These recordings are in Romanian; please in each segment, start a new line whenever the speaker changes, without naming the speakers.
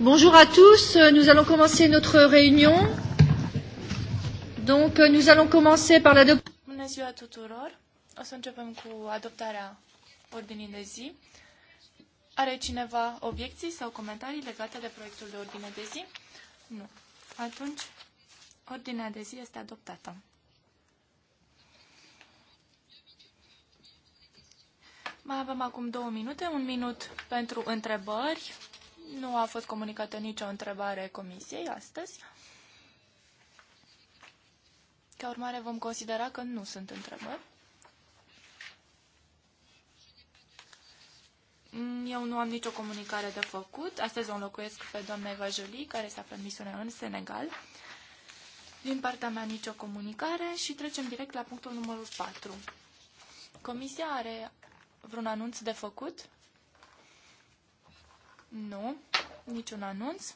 Bonjour à tous, nous allons commencer notre réunion. Donc nous allons commencer par l'adoption.
Bună ziua tuturor. O să începem cu adoptarea ordinii de zi. Are cineva obiecții sau comentarii legate de proiectul de ordine de zi? Nu. Atunci, ordinea de zi este adoptată. Mai avem acum două minute, un minut pentru întrebări. Nu a fost comunicată nicio întrebare comisiei astăzi. Ca urmare vom considera că nu sunt întrebări. Mm, eu nu am nicio comunicare de făcut. Astăzi o înlocuiesc pe doamna Eva Jolie, care s-a în misiune în Senegal. Din partea mea nicio comunicare și trecem direct la punctul numărul 4. Comisia are vreun anunț de făcut? Nu, niciun anunț.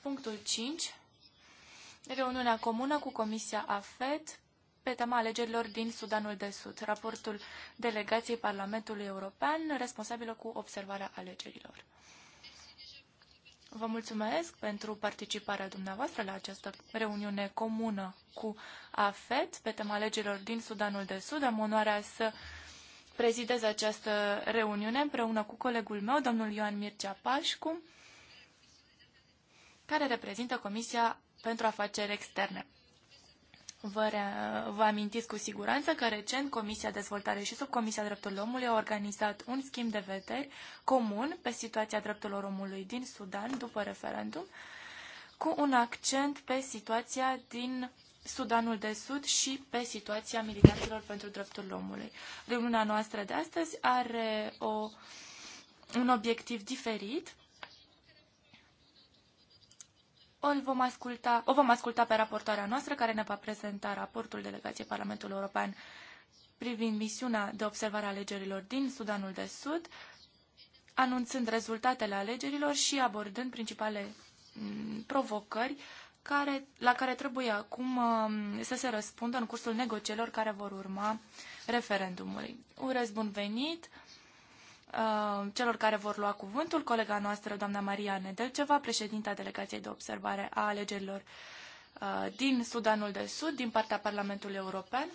Punctul 5. Reuniunea comună cu Comisia AFET pe tema alegerilor din Sudanul de Sud. Raportul delegației Parlamentului European responsabilă cu observarea alegerilor. Vă mulțumesc pentru participarea dumneavoastră la această reuniune comună cu AFET pe tema alegerilor din Sudanul de Sud. Am onoarea să prezidez această reuniune împreună cu colegul meu, domnul Ioan Mircea Pașcu, care reprezintă Comisia pentru Afaceri Externe. Vă, re- vă amintiți cu siguranță că recent Comisia Dezvoltare și Subcomisia Drepturilor Omului a organizat un schimb de vederi comun pe situația drepturilor omului din Sudan după referendum, cu un accent pe situația din Sudanul de Sud și pe situația militanților pentru drepturile omului. Reuniunea noastră de astăzi are o, un obiectiv diferit o vom asculta, o vom asculta pe raportoarea noastră care ne va prezenta raportul delegației Parlamentului European privind misiunea de observare a alegerilor din Sudanul de Sud, anunțând rezultatele alegerilor și abordând principale mm, provocări care, la care trebuie acum mm, să se răspundă în cursul negocierilor care vor urma referendumului. Urez bun venit Uh, celor care vor lua cuvântul, colega noastră, doamna Maria Nedelceva, președinta Delegației de Observare a Alegerilor uh, din Sudanul de Sud, din partea Parlamentului European.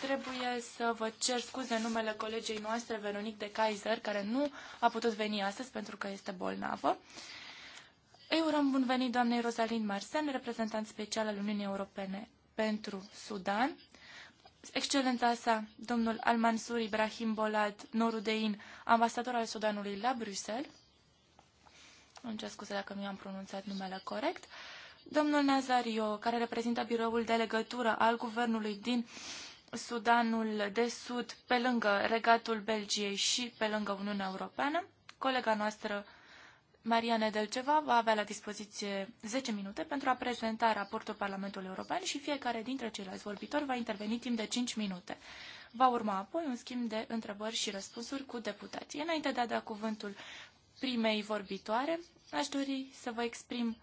Trebuie să vă cer scuze în numele colegei noastre, Veronique de Kaiser, care nu a putut veni astăzi pentru că este bolnavă. Îi urăm bun venit doamnei Rosalind Marsen, reprezentant special al Uniunii Europene pentru Sudan. Excelența sa, domnul Almansur Ibrahim Bolad Norudein, ambasador al Sudanului la Bruxelles. Îmi cer scuze dacă nu am pronunțat numele corect. Domnul Nazario, care reprezintă biroul de legătură al guvernului din Sudanul de Sud, pe lângă regatul Belgiei și pe lângă Uniunea Europeană. Colega noastră, Maria Nedelceva, va avea la dispoziție 10 minute pentru a prezenta raportul Parlamentului European și fiecare dintre ceilalți vorbitori va interveni timp de 5 minute. Va urma apoi un schimb de întrebări și răspunsuri cu deputații. Înainte de a da cuvântul primei vorbitoare, aș dori să vă exprim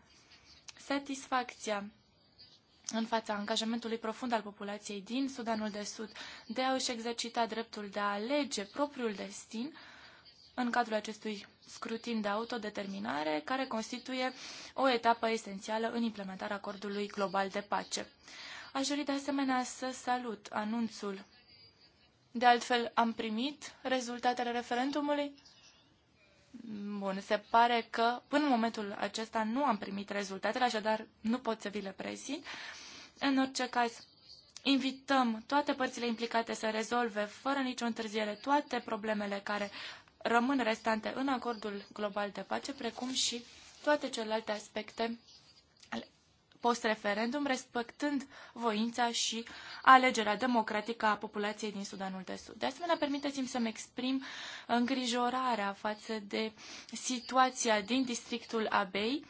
satisfacția în fața angajamentului profund al populației din Sudanul de Sud de a-și exercita dreptul de a alege propriul destin în cadrul acestui scrutin de autodeterminare, care constituie o etapă esențială în implementarea acordului global de pace. Aș dori de asemenea să salut anunțul de altfel, am primit rezultatele referendumului? Bun, se pare că până în momentul acesta nu am primit rezultatele, așadar nu pot să vi le prezint. În orice caz, invităm toate părțile implicate să rezolve fără nicio întârziere toate problemele care rămân restante în acordul global de pace, precum și toate celelalte aspecte post-referendum, respectând voința și alegerea democratică a populației din Sudanul de Sud. De asemenea, permiteți-mi să-mi exprim îngrijorarea față de situația din districtul Abei,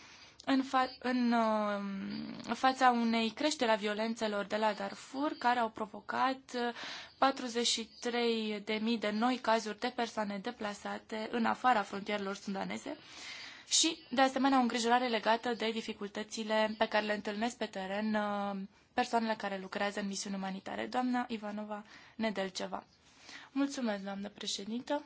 în, fa- în uh, fața unei creșteri a violențelor de la Darfur, care au provocat 43.000 uh, de noi cazuri de persoane deplasate în afara frontierelor sudaneze și, de asemenea, o îngrijorare legată de dificultățile pe care le întâlnesc pe teren uh, persoanele care lucrează în misiuni umanitare. Doamna Ivanova Nedelceva. Mulțumesc, doamnă președintă.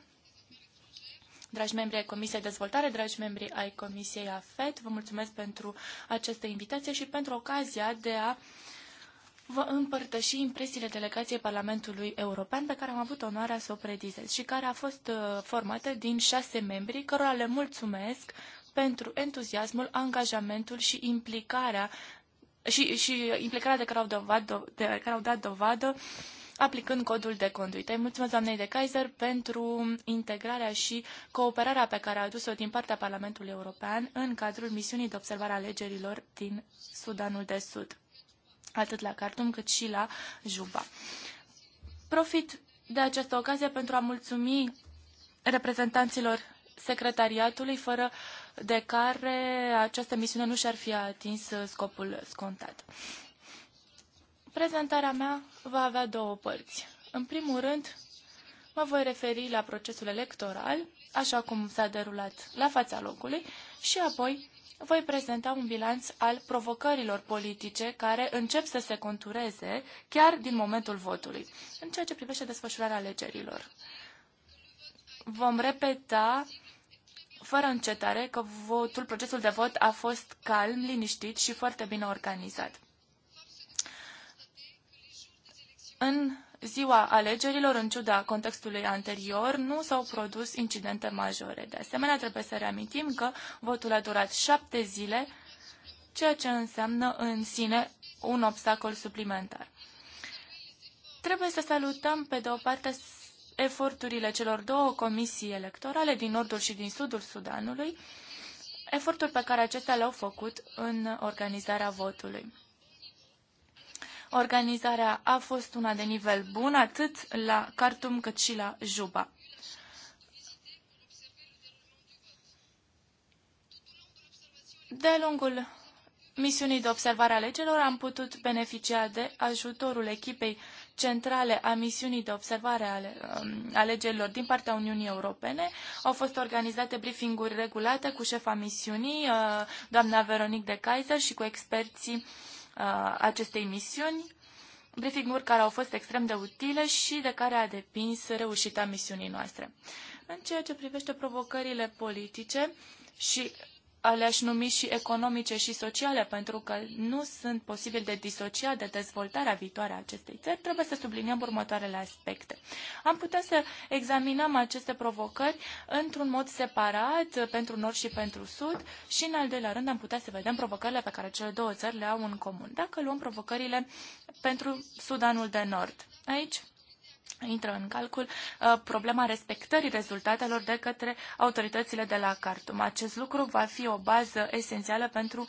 Dragi membri ai Comisiei Dezvoltare, dragi membri ai Comisiei AFET, vă mulțumesc pentru această invitație și pentru ocazia de a uh, vă împărtăși impresiile delegației Parlamentului European pe care am avut onoarea să o predizez și care a fost uh, formată din șase membri, cărora le mulțumesc pentru entuziasmul, angajamentul și implicarea și, și implicarea de care, au dovad, de care au dat dovadă aplicând codul de conduită. Îi mulțumesc doamnei de Kaiser pentru integrarea și cooperarea pe care a adus-o din partea Parlamentului European în cadrul misiunii de observare a alegerilor din Sudanul de Sud atât la Cartum cât și la Juba. Profit de această ocazie pentru a mulțumi reprezentanților secretariatului, fără de care această misiune nu și-ar fi atins scopul scontat. Prezentarea mea va avea două părți. În primul rând, mă voi referi la procesul electoral, așa cum s-a derulat la fața locului, și apoi voi prezenta un bilanț al provocărilor politice care încep să se contureze chiar din momentul votului, în ceea ce privește desfășurarea alegerilor. Vom repeta fără încetare că votul, procesul de vot a fost calm, liniștit și foarte bine organizat. În ziua alegerilor, în ciuda contextului anterior, nu s-au produs incidente majore. De asemenea, trebuie să reamintim că votul a durat șapte zile, ceea ce înseamnă în sine un obstacol suplimentar. Trebuie să salutăm, pe de o parte, eforturile celor două comisii electorale din nordul și din sudul Sudanului, eforturi pe care acestea le-au făcut în organizarea votului. Organizarea a fost una de nivel bun, atât la Khartoum cât și la Juba. de lungul misiunii de observare a legilor am putut beneficia de ajutorul echipei centrale a misiunii de observare ale um, alegerilor din partea Uniunii Europene. Au fost organizate briefinguri regulate cu șefa misiunii, uh, doamna Veronique de Kaiser și cu experții Uh, acestei misiuni, briefing-uri care au fost extrem de utile și de care a depins reușita misiunii noastre. În ceea ce privește provocările politice și le-aș numi și economice și sociale, pentru că nu sunt posibil de disociat de dezvoltarea viitoare a acestei țări, trebuie să subliniem următoarele aspecte. Am putea să examinăm aceste provocări într-un mod separat pentru nord și pentru sud și, în al doilea rând, am putea să vedem provocările pe care cele două țări le au în comun. Dacă luăm provocările pentru Sudanul de Nord, aici intră în calcul uh, problema respectării rezultatelor de către autoritățile de la Cartum. Acest lucru va fi o bază esențială pentru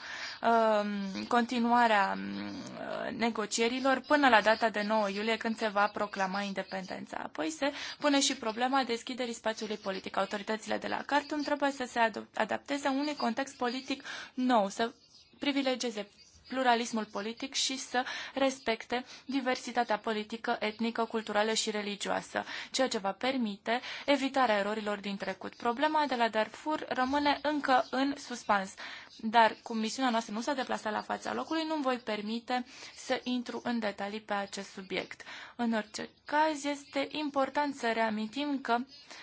uh, continuarea uh, negocierilor până la data de 9 iulie, când se va proclama independența. Apoi se pune și problema deschiderii spațiului politic. Autoritățile de la Cartum trebuie să se adapteze unui context politic nou, să privilegieze pluralismul politic și să respecte diversitatea politică, etnică, culturală și religioasă, ceea ce va permite evitarea erorilor din trecut. Problema de la Darfur rămâne încă în suspans, dar cum misiunea noastră nu s-a deplasat la fața locului, nu voi permite să intru în detalii pe acest subiect. În orice caz, este important să reamintim că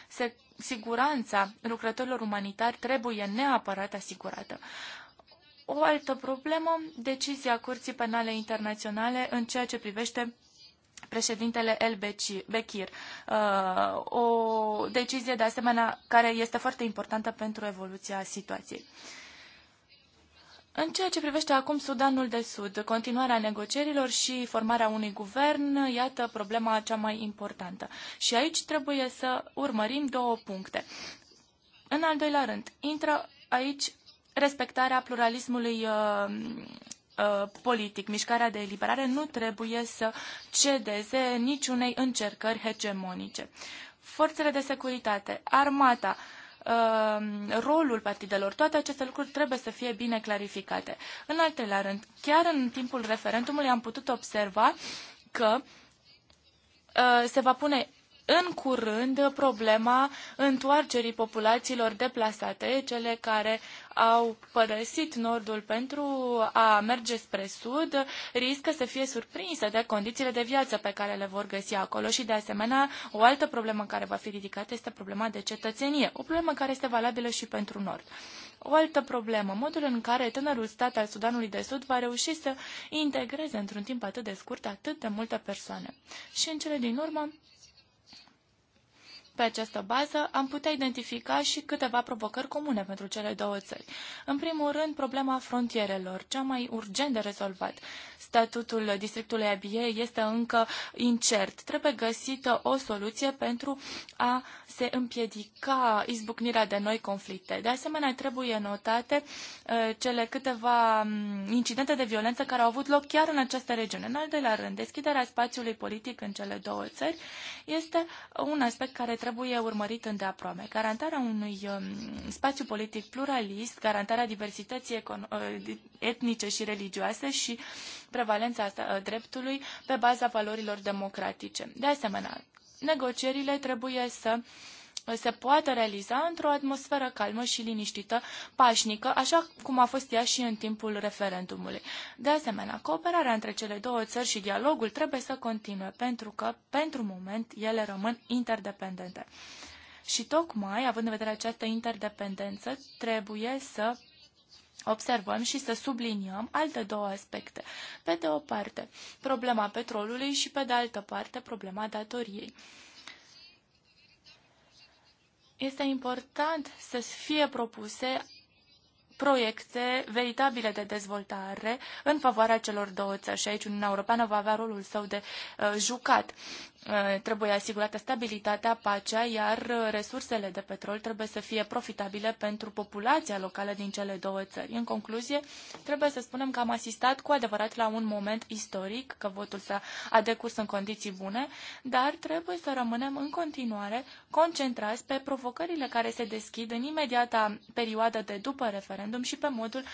se siguranța lucrătorilor umanitari trebuie neapărat asigurată. O altă problemă, decizia Curții Penale Internaționale în ceea ce privește președintele El Bekir. Uh, o decizie de asemenea care este foarte importantă pentru evoluția situației. În ceea ce privește acum Sudanul de Sud, continuarea negocierilor și formarea unui guvern, iată problema cea mai importantă. Și aici trebuie să urmărim două puncte. În al doilea rând, intră aici respectarea pluralismului uh, uh, politic. Mișcarea de eliberare nu trebuie să cedeze niciunei încercări hegemonice. Forțele de securitate, armata, uh, rolul partidelor, toate aceste lucruri trebuie să fie bine clarificate. În al treilea rând, chiar în timpul referendumului am putut observa că se va pune în curând problema întoarcerii populațiilor deplasate, cele care au părăsit nordul pentru a merge spre sud, riscă să fie surprinse de condițiile de viață pe care le vor găsi acolo și, de asemenea, o altă problemă care va fi ridicată este problema de cetățenie, o problemă care este valabilă și pentru nord. O altă problemă, modul în care tânărul stat al Sudanului de Sud va reuși să integreze într-un timp atât de scurt atât de multe persoane. Și în cele din urmă, pe această bază am putea identifica și câteva provocări comune pentru cele două țări. În primul rând, problema frontierelor, cea mai urgent de rezolvat. Statutul districtului Abiei este încă incert. Trebuie găsită o soluție pentru a se împiedica izbucnirea de noi conflicte. De asemenea, trebuie notate uh, cele câteva mm, incidente de violență care au avut loc chiar în această regiune. În al doilea rând, deschiderea spațiului politic în cele două țări este un aspect care trebuie trebuie urmărit îndeaproape. Garantarea unui um, spațiu politic pluralist, garantarea diversității uh, etnice și religioase și prevalența uh, dreptului pe baza valorilor democratice. De asemenea, negocierile trebuie să uh, se poate realiza într-o atmosferă calmă și liniștită, pașnică, așa cum a fost ea și în timpul referendumului. De asemenea, cooperarea între cele două țări și dialogul trebuie să continue, pentru că, pentru moment, ele rămân interdependente. Și tocmai, având în vedere această interdependență, trebuie să observăm și să subliniem alte două aspecte. Pe de o parte, problema petrolului și pe de altă parte, problema datoriei este important să fie propuse proiecte veritabile de dezvoltare în favoarea celor două țări și aici Uniunea Europeană va avea rolul său de uh, jucat. Eh, trebuie asigurată stabilitatea, pacea, iar eh, resursele de petrol trebuie să fie profitabile pentru populația locală din cele două țări. În concluzie, trebuie să spunem că am asistat cu adevărat la un moment istoric, că votul s-a adecurs în condiții bune, dar trebuie să rămânem în continuare concentrați pe provocările care se deschid în imediata perioadă de după referendum și pe modul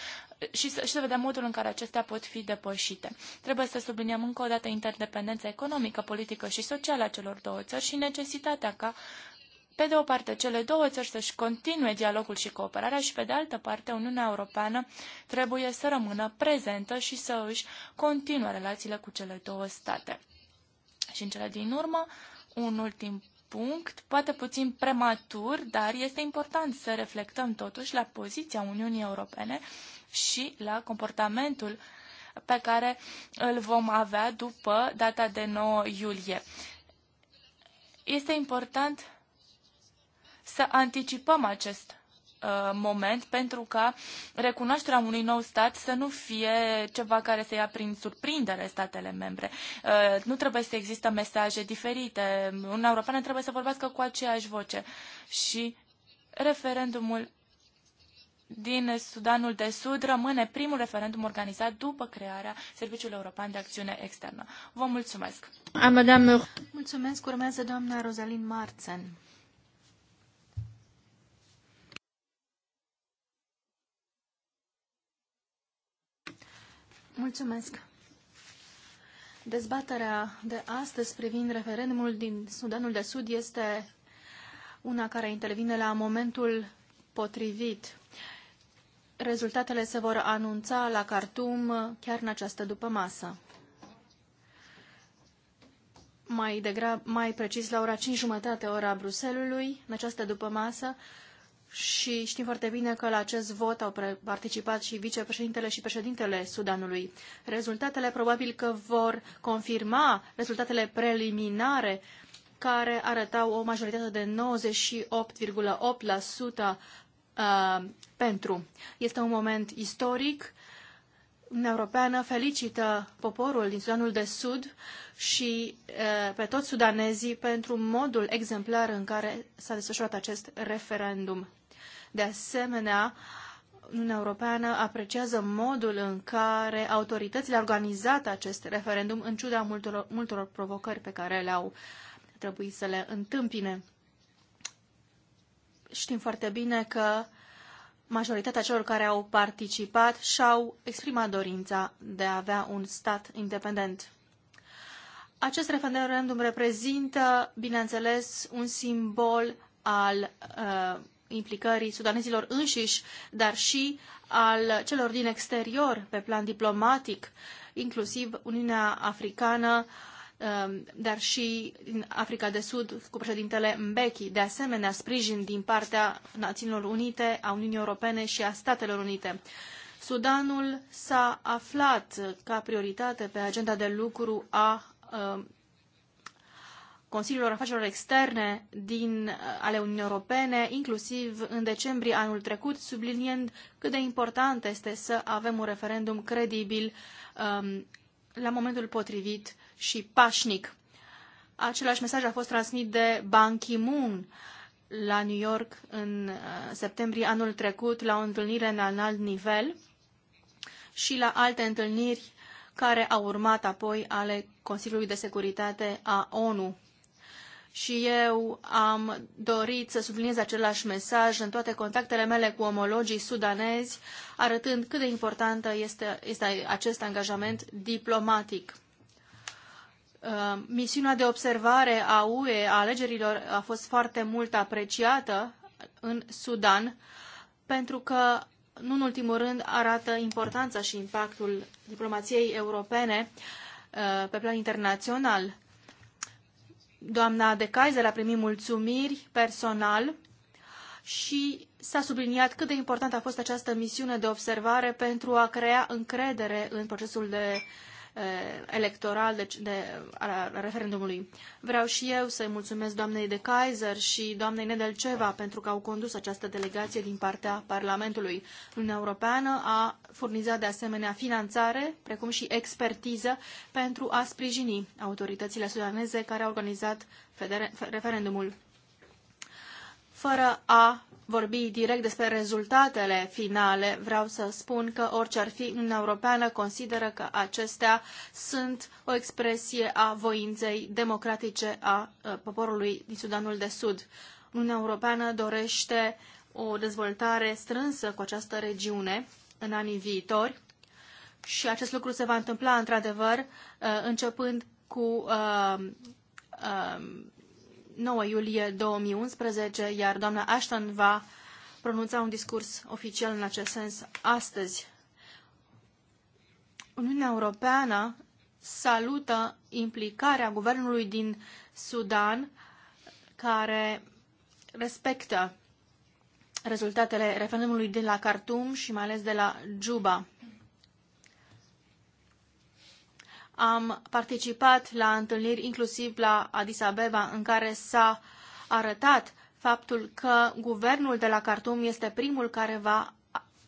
și să, și să vedem modul în care acestea pot fi depășite. Trebuie să subliniem încă o dată interdependența economică, politică și socială social a celor două țări și necesitatea ca, pe de o parte, cele două țări să-și continue dialogul și cooperarea și, pe de altă parte, Uniunea Europeană trebuie să rămână prezentă și să își continue relațiile cu cele două state. Și în cele din urmă, un ultim punct, poate puțin prematur, dar este important să reflectăm totuși la poziția Uniunii Europene și la comportamentul pe care îl vom avea după data de 9 iulie. Este important să anticipăm acest uh, moment pentru ca recunoașterea unui nou stat să nu fie ceva care să ia prin surprindere statele membre. Uh, nu trebuie să există mesaje diferite. Un Europeană trebuie să vorbească cu aceeași voce. Și referendumul din Sudanul de Sud rămâne primul referendum organizat după crearea Serviciului European de Acțiune Externă. Vă mulțumesc!
Ah, mulțumesc! Urmează doamna Rosalind Marțen. Mulțumesc! Dezbaterea de astăzi privind referendumul din Sudanul de Sud este una care intervine la momentul potrivit Rezultatele se vor anunța la Cartum chiar în această masă. Mai, degrab, mai precis la ora 5 jumătate ora Bruselului, în această masă, și știm foarte bine că la acest vot au participat și vicepreședintele și președintele Sudanului. Rezultatele probabil că vor confirma rezultatele preliminare care arătau o majoritate de 98,8% Uh, pentru. Este un moment istoric. Uniunea Europeană felicită poporul din Sudanul de Sud și uh, pe toți sudanezii pentru modul exemplar în care s-a desfășurat acest referendum. De asemenea, Uniunea Europeană apreciază modul în care autoritățile au organizat acest referendum în ciuda multor, multor provocări pe care le-au trebuit să le întâmpine. Știm foarte bine că majoritatea celor care au participat și-au exprimat dorința de a avea un stat independent. Acest referendum reprezintă, bineînțeles, un simbol al uh, implicării sudanezilor înșiși, dar și al celor din exterior, pe plan diplomatic, inclusiv Uniunea Africană uh, Um, dar și în Africa de Sud cu președintele Mbeki. De asemenea, sprijin din partea Națiunilor Unite, a Uniunii Europene și a Statelor Unite. Sudanul s-a aflat ca prioritate pe agenda de lucru a um, Consiliilor Afacerilor Externe din, uh, ale Uniunii Europene, inclusiv în decembrie anul trecut, subliniind cât de important este să avem un referendum credibil um, la momentul potrivit și pașnic. Același mesaj a fost transmis de Ban Ki-moon la New York în uh, septembrie anul trecut la o întâlnire în alt nivel și la alte întâlniri care au urmat apoi ale Consiliului de Securitate a ONU. Și eu am dorit să subliniez același mesaj în toate contactele mele cu omologii sudanezi, arătând cât de importantă este, este acest angajament diplomatic. Uh, misiunea de observare a UE a alegerilor a fost foarte mult apreciată în Sudan pentru că, nu în ultimul rând, arată importanța și impactul diplomației europene uh, pe plan internațional. Doamna de Kaiser a primit mulțumiri personal și s-a subliniat cât de importantă a fost această misiune de observare pentru a crea încredere în procesul de uh, Eh, electoral, deci de a referendumului. Vreau și eu să-i mulțumesc doamnei de Kaiser și doamnei Nedelceva pentru că au condus această delegație din partea Parlamentului. Uniunea Europeană a furnizat de asemenea finanțare, precum și expertiză pentru a sprijini autoritățile sudaneze care au organizat referendumul fără a vorbi direct despre rezultatele finale, vreau să spun că orice ar fi Uniunea Europeană consideră că acestea sunt o expresie a voinței democratice a uh, poporului din Sudanul de Sud. Uniunea Europeană dorește o dezvoltare strânsă cu această regiune în anii viitori și acest lucru se va întâmpla într-adevăr uh, începând cu uh, uh, 9 iulie 2011, iar doamna Ashton va pronunța un discurs oficial în acest sens astăzi. Uniunea Europeană salută implicarea guvernului din Sudan care respectă rezultatele referendumului de la Khartoum și mai ales de la Juba. Am participat la întâlniri inclusiv la Addis Abeba în care s-a arătat faptul că guvernul de la Khartoum este primul care va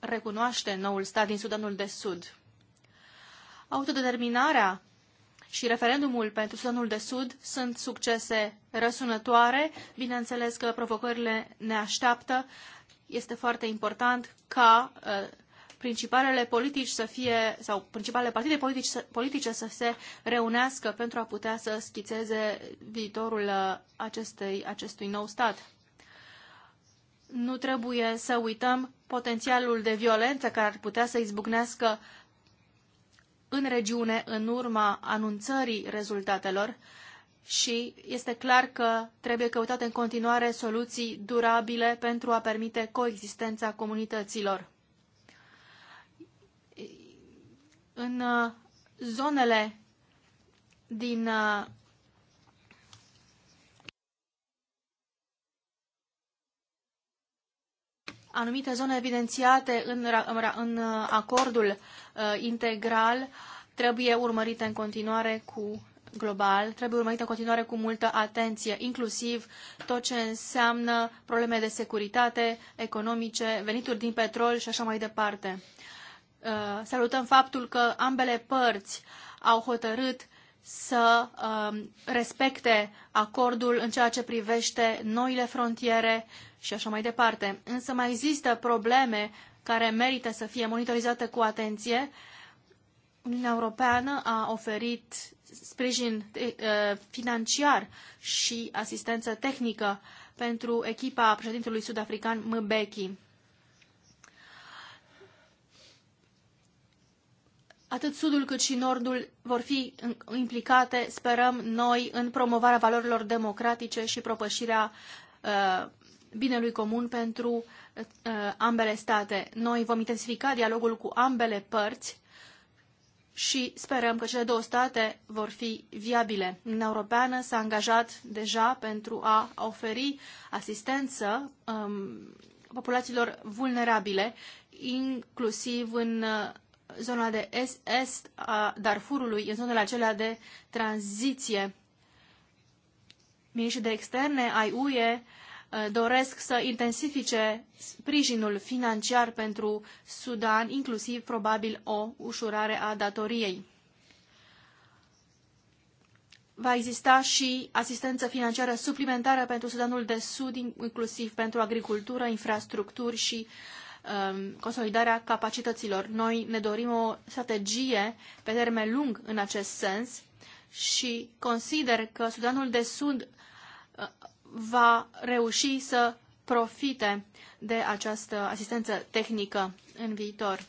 recunoaște noul stat din Sudanul de Sud. Autodeterminarea și referendumul pentru Sudanul de Sud sunt succese răsunătoare. Bineînțeles că provocările ne așteaptă. Este foarte important ca uh, principalele politici să fie, sau principalele partide politici, politice să se reunească pentru a putea să schițeze viitorul uh, acestei, acestui nou stat. Nu trebuie să uităm potențialul de violență care ar putea să izbucnească în regiune în urma anunțării rezultatelor și este clar că trebuie căutate în continuare soluții durabile pentru a permite coexistența comunităților. în uh, zonele din uh, anumite zone evidențiate în, în uh, acordul integral trebuie urmărite în continuare cu global, trebuie urmărite în continuare cu multă atenție, inclusiv tot ce înseamnă probleme de securitate, economice, venituri din petrol și așa mai departe. Uh, salutăm faptul că ambele părți au hotărât să uh, respecte acordul în ceea ce privește noile frontiere și așa mai departe. Însă mai există probleme care merită să fie monitorizate cu atenție. Uniunea Europeană a oferit sprijin uh, financiar și asistență tehnică pentru echipa președintelui sud-african Mbeki. Atât sudul cât și nordul vor fi implicate, sperăm noi, în promovarea valorilor democratice și propășirea uh, binelui comun pentru uh, ambele state. Noi vom intensifica dialogul cu ambele părți și sperăm că cele două state vor fi viabile. Uniunea Europeană s-a angajat deja pentru a oferi asistență um, populațiilor vulnerabile, inclusiv în uh, zona de est-est a Darfurului, în zonele acelea de tranziție. Miniștrii de externe ai UE uh, doresc să intensifice sprijinul financiar pentru Sudan, inclusiv probabil o ușurare a datoriei. Va exista și asistență financiară suplimentară pentru Sudanul de Sud, inclusiv pentru agricultură, infrastructuri și uh, Um, consolidarea capacităților. Noi ne dorim o strategie pe termen lung în acest sens și consider că Sudanul de Sud uh, va reuși să profite de această asistență tehnică în viitor.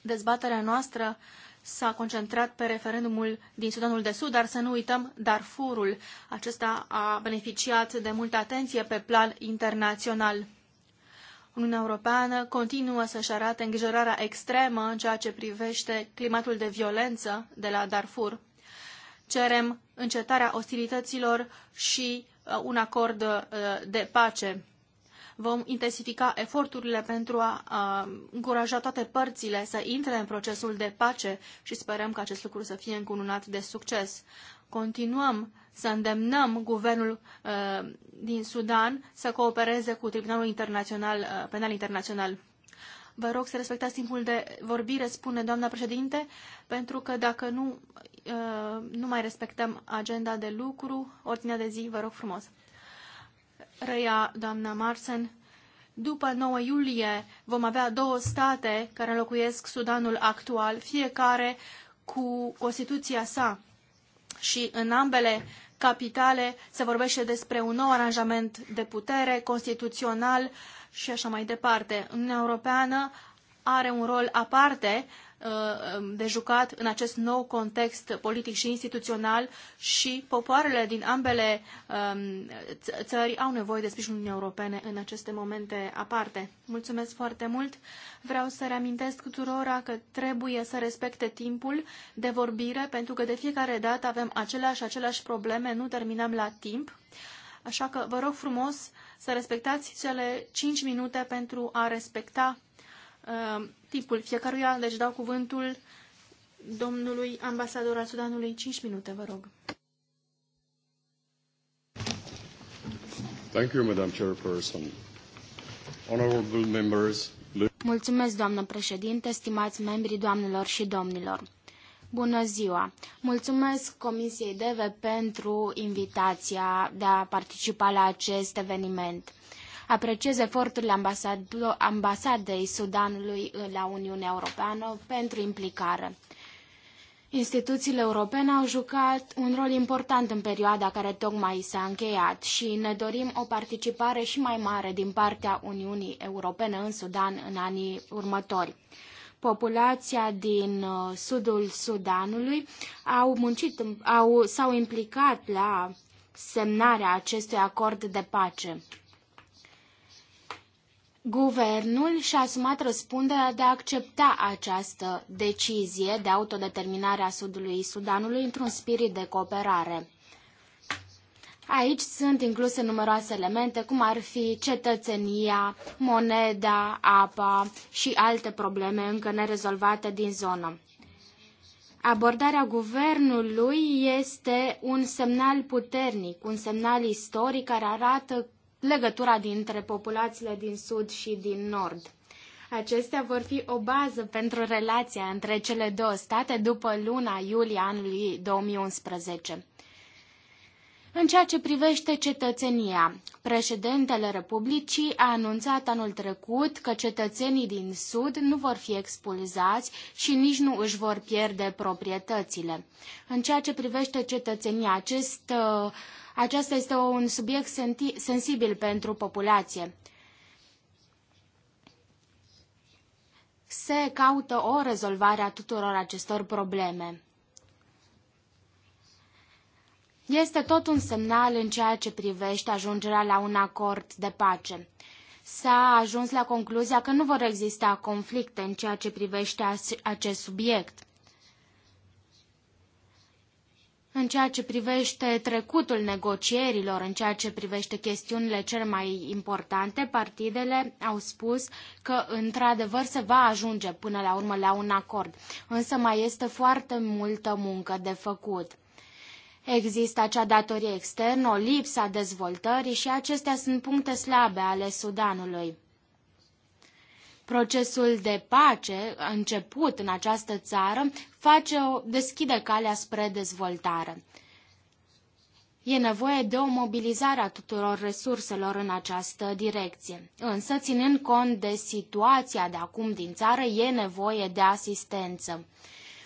Dezbaterea noastră s-a concentrat pe referendumul din Sudanul de Sud, dar să nu uităm Darfurul. Acesta a beneficiat de multă atenție pe plan internațional. Uniunea Europeană continuă să-și arate îngrijorarea extremă în ceea ce privește climatul de violență de la Darfur. Cerem încetarea ostilităților și uh, un acord uh, de pace. Vom intensifica eforturile pentru a, a încuraja toate părțile să intre în procesul de pace și sperăm că acest lucru să fie încununat de succes continuăm să îndemnăm guvernul uh, din Sudan să coopereze cu Tribunalul Internațional, uh, Penal Internațional. Vă rog să respectați timpul de vorbire, spune doamna președinte, pentru că dacă nu, uh, nu mai respectăm agenda de lucru, ordinea de zi, vă rog frumos. Răia doamna Marsen, după 9 iulie vom avea două state care înlocuiesc Sudanul actual, fiecare cu Constituția sa și în ambele capitale se vorbește despre un nou aranjament de putere constituțional și așa mai departe. Uniunea Europeană are un rol aparte Uh, de jucat în acest nou context politic și instituțional și popoarele din ambele um, țări au nevoie de sprijinul Uniunii Europene în aceste momente aparte. Mulțumesc foarte mult! Vreau să reamintesc tuturora că trebuie să respecte timpul de vorbire pentru că de fiecare dată avem aceleași aceleași probleme, nu terminăm la timp. Așa că vă rog frumos să respectați cele 5 minute pentru a respecta uh, timpul fiecăruia, deci dau cuvântul domnului ambasador al Sudanului. 5 minute, vă rog.
Thank you, Madam Chairperson. Honorable members, Mulțumesc, doamnă președinte, stimați membri, doamnelor și domnilor. Bună ziua! Mulțumesc Comisiei DEVE pentru invitația de a participa la acest eveniment. Apreciez efortul ambasadei Sudanului la Uniunea Europeană pentru implicare. Instituțiile europene au jucat un rol important în perioada care tocmai s-a încheiat și ne dorim o participare și mai mare din partea Uniunii Europene în Sudan în anii următori populația din uh, sudul Sudanului au muncit, au, s-au implicat la semnarea acestui acord de pace. Guvernul și-a asumat răspunderea de a accepta această decizie de autodeterminare a Sudului Sudanului într-un spirit de cooperare. Aici sunt incluse numeroase elemente, cum ar fi cetățenia, moneda, apa și alte probleme încă nerezolvate din zonă. Abordarea guvernului este un semnal puternic, un semnal istoric care arată legătura dintre populațiile din sud și din nord. Acestea vor fi o bază pentru relația între cele două state după luna iulie anului 2011. În ceea ce privește cetățenia, președintele Republicii a anunțat anul trecut că cetățenii din Sud nu vor fi expulzați și nici nu își vor pierde proprietățile. În ceea ce privește cetățenia, acest, uh, acesta este un subiect sensibil pentru populație. Se caută o rezolvare a tuturor acestor probleme. Este tot un semnal în ceea ce privește ajungerea la un acord de pace. S-a ajuns la concluzia că nu vor exista conflicte în ceea ce privește acest subiect. În ceea ce privește trecutul negocierilor, în ceea ce privește chestiunile cele mai importante, partidele au spus că într-adevăr se va ajunge până la urmă la un acord, însă mai este foarte multă muncă de făcut. Există acea datorie externă, o lipsa dezvoltării și acestea sunt puncte slabe ale Sudanului. Procesul de pace început în această țară face o, deschide calea spre dezvoltare. E nevoie de o mobilizare a tuturor resurselor în această direcție. Însă, ținând cont de situația de acum din țară, e nevoie de asistență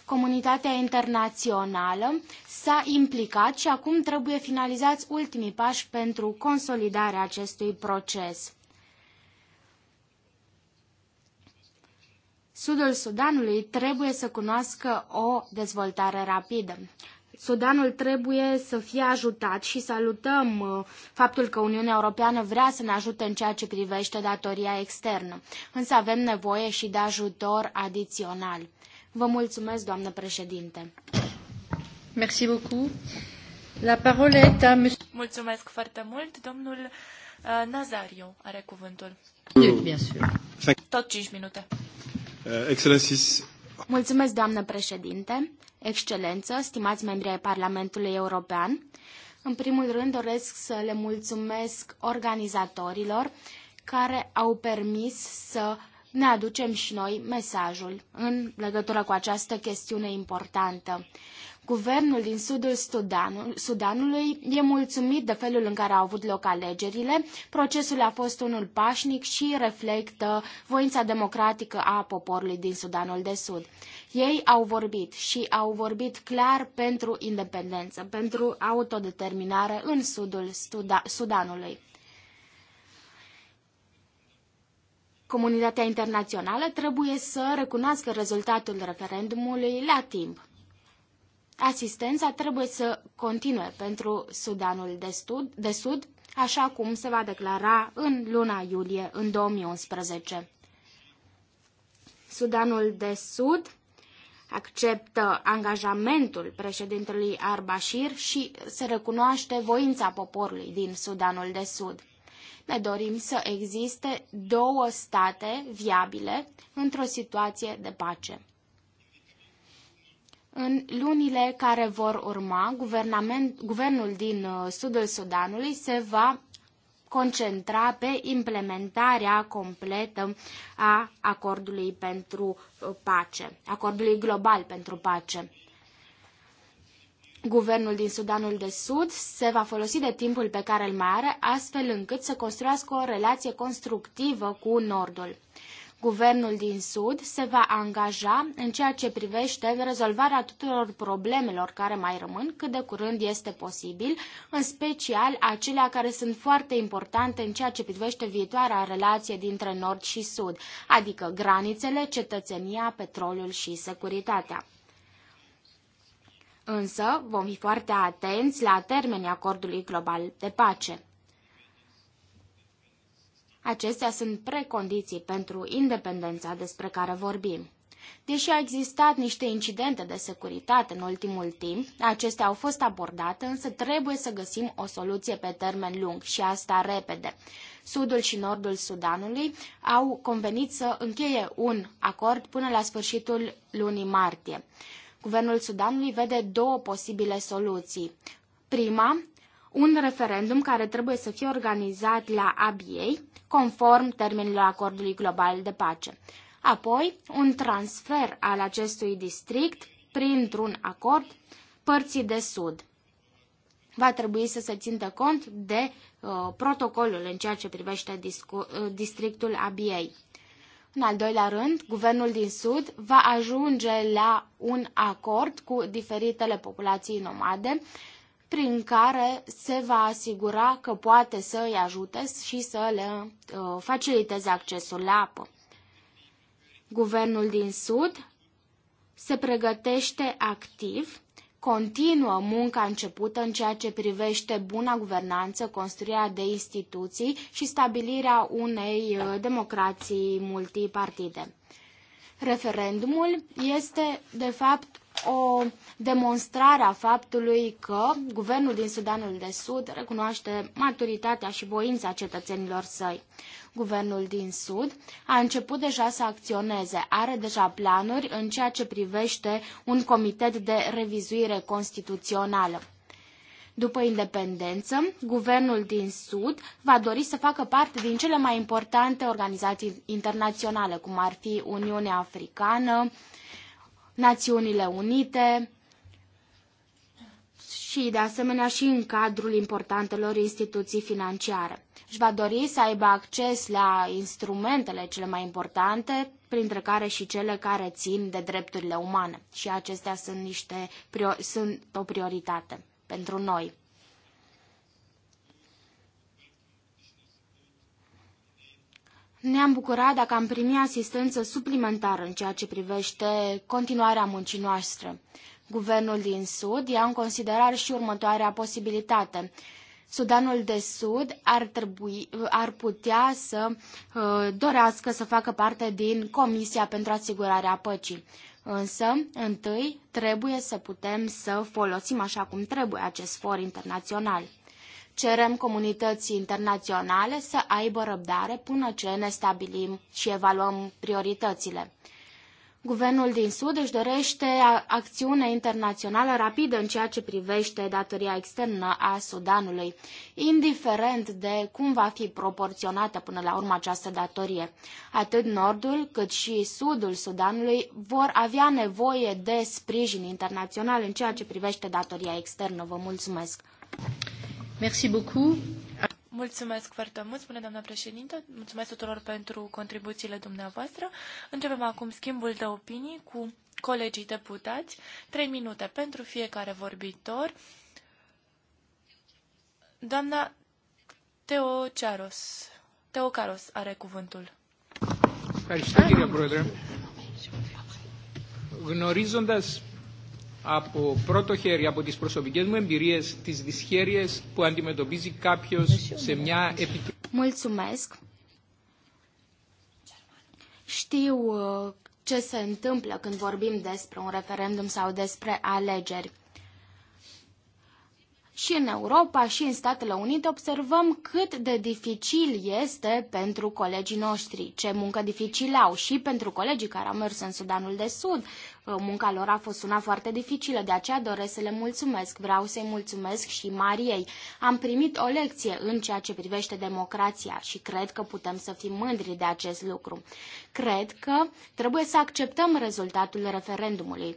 comunitatea internațională s-a implicat și acum trebuie finalizați ultimii pași pentru consolidarea acestui proces. Sudul Sudanului trebuie să cunoască o dezvoltare rapidă. Sudanul trebuie să fie ajutat și salutăm uh, faptul că Uniunea Europeană vrea să ne ajute în ceea ce privește datoria externă, însă avem nevoie și de ajutor adițional. Vă mulțumesc, doamnă președinte.
Merci beaucoup. La parole est à monsieur...
Mulțumesc foarte mult. Domnul uh, Nazario are cuvântul. Bien sûr. Tot 5 minute. Uh, excelencies.
Mulțumesc, doamnă președinte. Excelență, stimați membri ai Parlamentului European. În primul rând doresc să le mulțumesc organizatorilor care au permis să ne aducem și noi mesajul în legătură cu această chestiune importantă. Guvernul din sudul Sudanului e mulțumit de felul în care au avut loc alegerile. Procesul a fost unul pașnic și reflectă voința democratică a poporului din Sudanul de Sud. Ei au vorbit și au vorbit clar pentru independență, pentru autodeterminare în sudul Sudanului. comunitatea internațională trebuie să recunoască rezultatul referendumului la timp. Asistența trebuie să continue pentru Sudanul de, stud, de Sud, așa cum se va declara în luna iulie în 2011. Sudanul de Sud acceptă angajamentul președintelui Arbașir și se recunoaște voința poporului din Sudanul de Sud. Ne dorim să existe două state viabile într-o situație de pace. În lunile care vor urma, guvernul din uh, sudul Sudanului se va concentra pe implementarea completă a acordului pentru uh, pace, acordului global pentru pace. Guvernul din Sudanul de Sud se va folosi de timpul pe care îl mai are, astfel încât să construiască o relație constructivă cu Nordul. Guvernul din Sud se va angaja în ceea ce privește rezolvarea tuturor problemelor care mai rămân cât de curând este posibil, în special acelea care sunt foarte importante în ceea ce privește viitoarea relație dintre Nord și Sud, adică granițele, cetățenia, petrolul și securitatea. Însă vom fi foarte atenți la termenii acordului global de pace. Acestea sunt precondiții pentru independența despre care vorbim. Deși au existat niște incidente de securitate în ultimul timp, acestea au fost abordate, însă trebuie să găsim o soluție pe termen lung și asta repede. Sudul și nordul Sudanului au convenit să încheie un acord până la sfârșitul lunii martie. Guvernul Sudanului vede două posibile soluții. Prima, un referendum care trebuie să fie organizat la ABA, conform termenilor acordului global de pace. Apoi, un transfer al acestui district printr-un acord părții de sud. Va trebui să se țintă cont de uh, protocolul în ceea ce privește discu- uh, districtul ABA. În al doilea rând, guvernul din Sud va ajunge la un acord cu diferitele populații nomade, prin care se va asigura că poate să îi ajute și să le uh, faciliteze accesul la apă. Guvernul din Sud se pregătește activ continuă munca începută în ceea ce privește buna guvernanță, construirea de instituții și stabilirea unei uh, democrații multipartide. Referendumul este, de fapt, o demonstrare a faptului că guvernul din Sudanul de Sud recunoaște maturitatea și voința cetățenilor săi guvernul din Sud, a început deja să acționeze, are deja planuri în ceea ce privește un comitet de revizuire constituțională. După independență, guvernul din Sud va dori să facă parte din cele mai importante organizații internaționale, cum ar fi Uniunea Africană, Națiunile Unite, și, de asemenea, și în cadrul importantelor instituții financiare. Își va dori să aibă acces la instrumentele cele mai importante, printre care și cele care țin de drepturile umane. Și acestea sunt, niște, sunt o prioritate pentru noi. Ne-am bucurat dacă am primit asistență suplimentară în ceea ce privește continuarea muncii noastre. Guvernul din Sud ia în considerare și următoarea posibilitate. Sudanul de Sud ar, trebui, ar putea să uh, dorească să facă parte din Comisia pentru Asigurarea Păcii. Însă, întâi, trebuie să putem să folosim așa cum trebuie acest for internațional. Cerem comunității internaționale să aibă răbdare până ce ne stabilim și evaluăm prioritățile. Guvernul din Sud își dorește acțiune internațională rapidă în ceea ce privește datoria externă a Sudanului, indiferent de cum va fi proporționată până la urmă această datorie. Atât nordul cât și sudul Sudanului vor avea nevoie de sprijin internațional în ceea ce privește datoria externă. Vă mulțumesc!
Merci beaucoup. Mulțumesc foarte mult, spune doamna președintă. Mulțumesc tuturor pentru contribuțiile dumneavoastră. Începem acum schimbul de opinii cu colegii deputați. Trei minute pentru fiecare vorbitor. Doamna Teo Caros are cuvântul.
Ευχαριστώ κύριε Πρόεδρε. Γνωρίζοντας από πρώτο χέρι, από τις προσωπικές μου εμπειρίες, τις δυσχέρειες που αντιμετωπίζει κάποιος σε μια επικοινωνία.
Mulțumesc! Știu uh, ce se întâmplă când vorbim despre un referendum sau despre alegeri. Și în Europa și în Statele Unite observăm cât de dificil este pentru colegii noștri, ce muncă dificil au și pentru colegii care au mers în Sudanul de Sud, munca lor a fost una foarte dificilă, de aceea doresc să le mulțumesc. Vreau să-i mulțumesc și Mariei. Am primit o lecție în ceea ce privește democrația și cred că putem să fim mândri de acest lucru. Cred că trebuie să acceptăm rezultatul referendumului.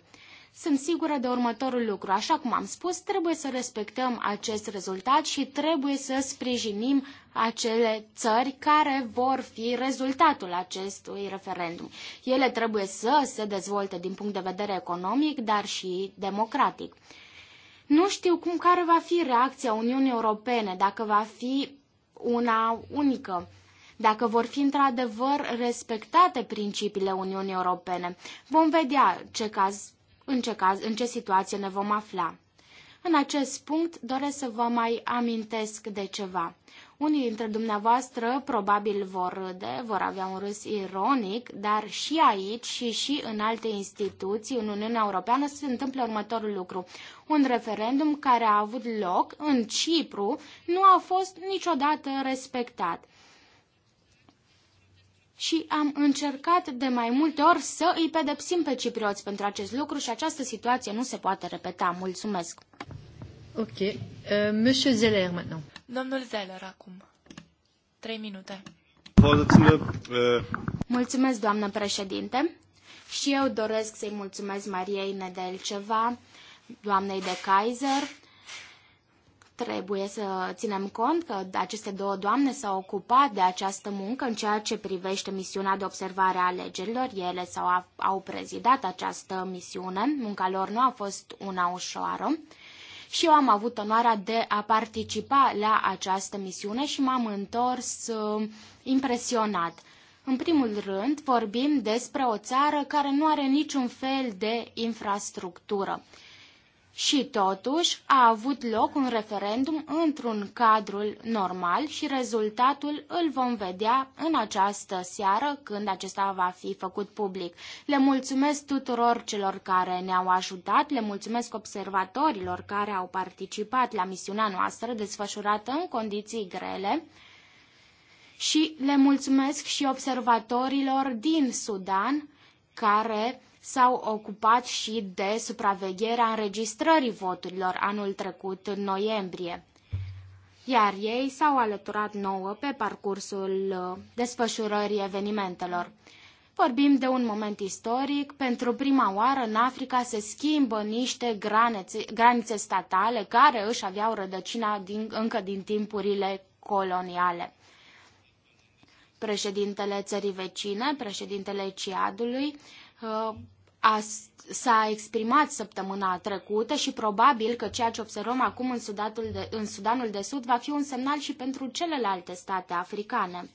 Sunt sigură de următorul lucru. Așa cum am spus, trebuie să respectăm acest rezultat și trebuie să sprijinim acele țări care vor fi rezultatul acestui referendum. Ele trebuie să se dezvolte din punct de vedere economic, dar și democratic. Nu știu cum care va fi reacția Uniunii Europene, dacă va fi una unică dacă vor fi într-adevăr respectate principiile Uniunii Europene. Vom vedea ce caz în ce, caz, în ce situație ne vom afla. În acest punct doresc să vă mai amintesc de ceva. Unii dintre dumneavoastră probabil vor râde, vor avea un râs ironic, dar și aici și și în alte instituții în Uniunea Europeană se întâmplă următorul lucru. Un referendum care a avut loc în Cipru nu a fost niciodată respectat și am încercat de mai multe ori să îi pedepsim pe ciprioți pentru acest lucru și această situație nu se poate repeta. Mulțumesc! Ok. Uh, Monsieur Zeller, maintenant.
Domnul Zeller, acum. Trei minute.
Uh,
mulțumesc, doamnă președinte. Și eu doresc să-i mulțumesc Mariei Nedelceva, doamnei de Kaiser Trebuie să ținem cont că aceste două doamne s-au ocupat de această muncă în ceea ce privește misiunea de observare a alegerilor. Ele s-au, au prezidat această misiune. Munca lor nu a fost una ușoară. Și eu am avut onoarea de a participa la această misiune și m-am întors uh, impresionat. În primul rând, vorbim despre o țară care nu are niciun fel de infrastructură. Și totuși a avut loc un referendum într-un cadru normal și rezultatul îl vom vedea în această seară când acesta va fi făcut public. Le mulțumesc tuturor celor care ne-au ajutat, le mulțumesc observatorilor care au participat la misiunea noastră desfășurată în condiții grele și le mulțumesc și observatorilor din Sudan care s-au ocupat și de supravegherea înregistrării voturilor anul trecut în noiembrie. Iar ei s-au alăturat nouă pe parcursul uh, desfășurării evenimentelor. Vorbim de un moment istoric. Pentru prima oară în Africa se schimbă niște granițe, granițe statale care își aveau rădăcina din, încă din timpurile coloniale. Președintele țării vecine, președintele Ciadului, uh, s-a exprimat săptămâna trecută și probabil că ceea ce observăm acum în, de, în Sudanul de Sud va fi un semnal și pentru celelalte state africane.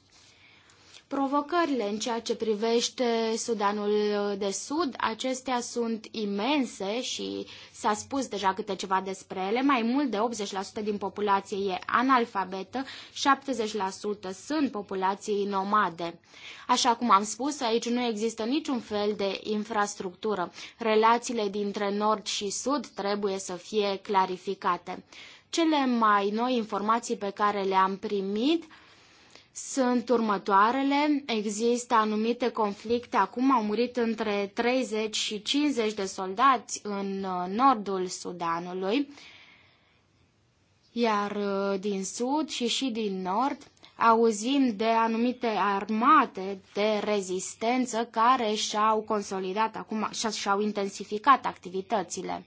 Provocările în ceea ce privește Sudanul de Sud, acestea sunt imense și s-a spus deja câte ceva despre ele. Mai mult de 80% din populație e analfabetă, 70% sunt populații nomade. Așa cum am spus, aici nu există niciun fel de infrastructură. Relațiile dintre nord și sud trebuie să fie clarificate. Cele mai noi informații pe care le-am primit sunt următoarele. Există anumite conflicte. Acum au murit între 30 și 50 de soldați în uh, nordul Sudanului, iar uh, din sud și și din nord auzim de anumite armate de rezistență care și-au consolidat acum și-au intensificat activitățile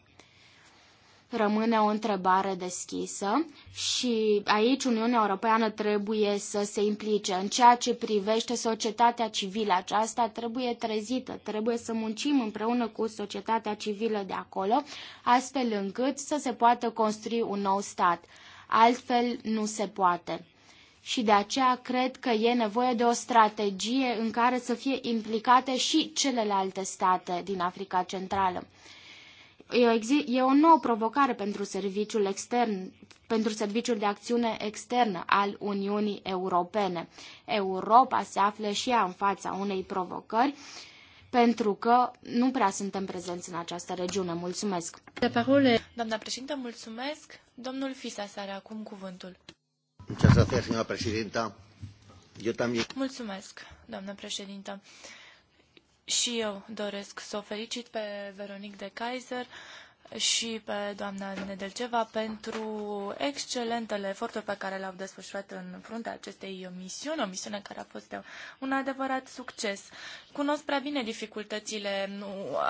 rămâne o întrebare deschisă și aici Uniunea Europeană trebuie să se implice. În ceea ce privește societatea civilă aceasta trebuie trezită, trebuie să muncim împreună cu societatea civilă de acolo, astfel încât să se poată construi un nou stat. Altfel nu se poate. Și de aceea cred că e nevoie de o strategie în care să fie implicate și celelalte state din Africa Centrală e o nouă provocare pentru serviciul extern, pentru serviciul de acțiune externă al Uniunii Europene. Europa se află și ea în fața unei provocări pentru că nu prea suntem prezenți în această regiune. Mulțumesc! De parole. Doamna președintă,
mulțumesc! Domnul Fisa are acum cuvântul.
Mulțumesc, doamna președintă.
Mulțumesc, președintă. Și eu doresc să o felicit pe veronique de Kaiser și pe doamna Nedelceva pentru excelentele eforturi pe care le-au desfășurat în fruntea acestei misiuni, o misiune care a fost un adevărat succes. Cunosc prea bine dificultățile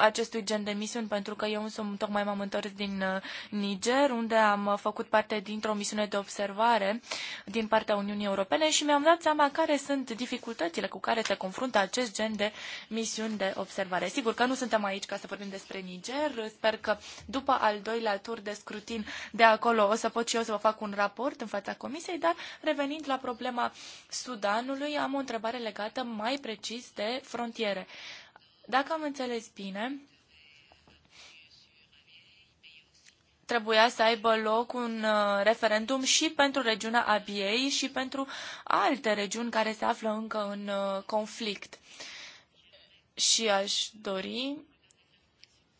acestui gen de misiuni pentru că eu însumi tocmai m-am întors din uh, Niger, unde am uh, făcut parte dintr-o misiune de observare din partea Uniunii Europene și mi-am dat seama care sunt dificultățile cu care se confruntă acest gen de misiuni de observare. Sigur că nu suntem aici ca să vorbim despre Niger, sper că după al doilea tur de scrutin de acolo o să pot și eu să vă fac un raport în fața comisiei, dar revenind la problema Sudanului, am o întrebare legată mai precis de frontiere. Dacă am înțeles bine, trebuia să aibă loc un uh, referendum și pentru regiunea Abiei și pentru alte regiuni care se află încă în uh, conflict. Și aș dori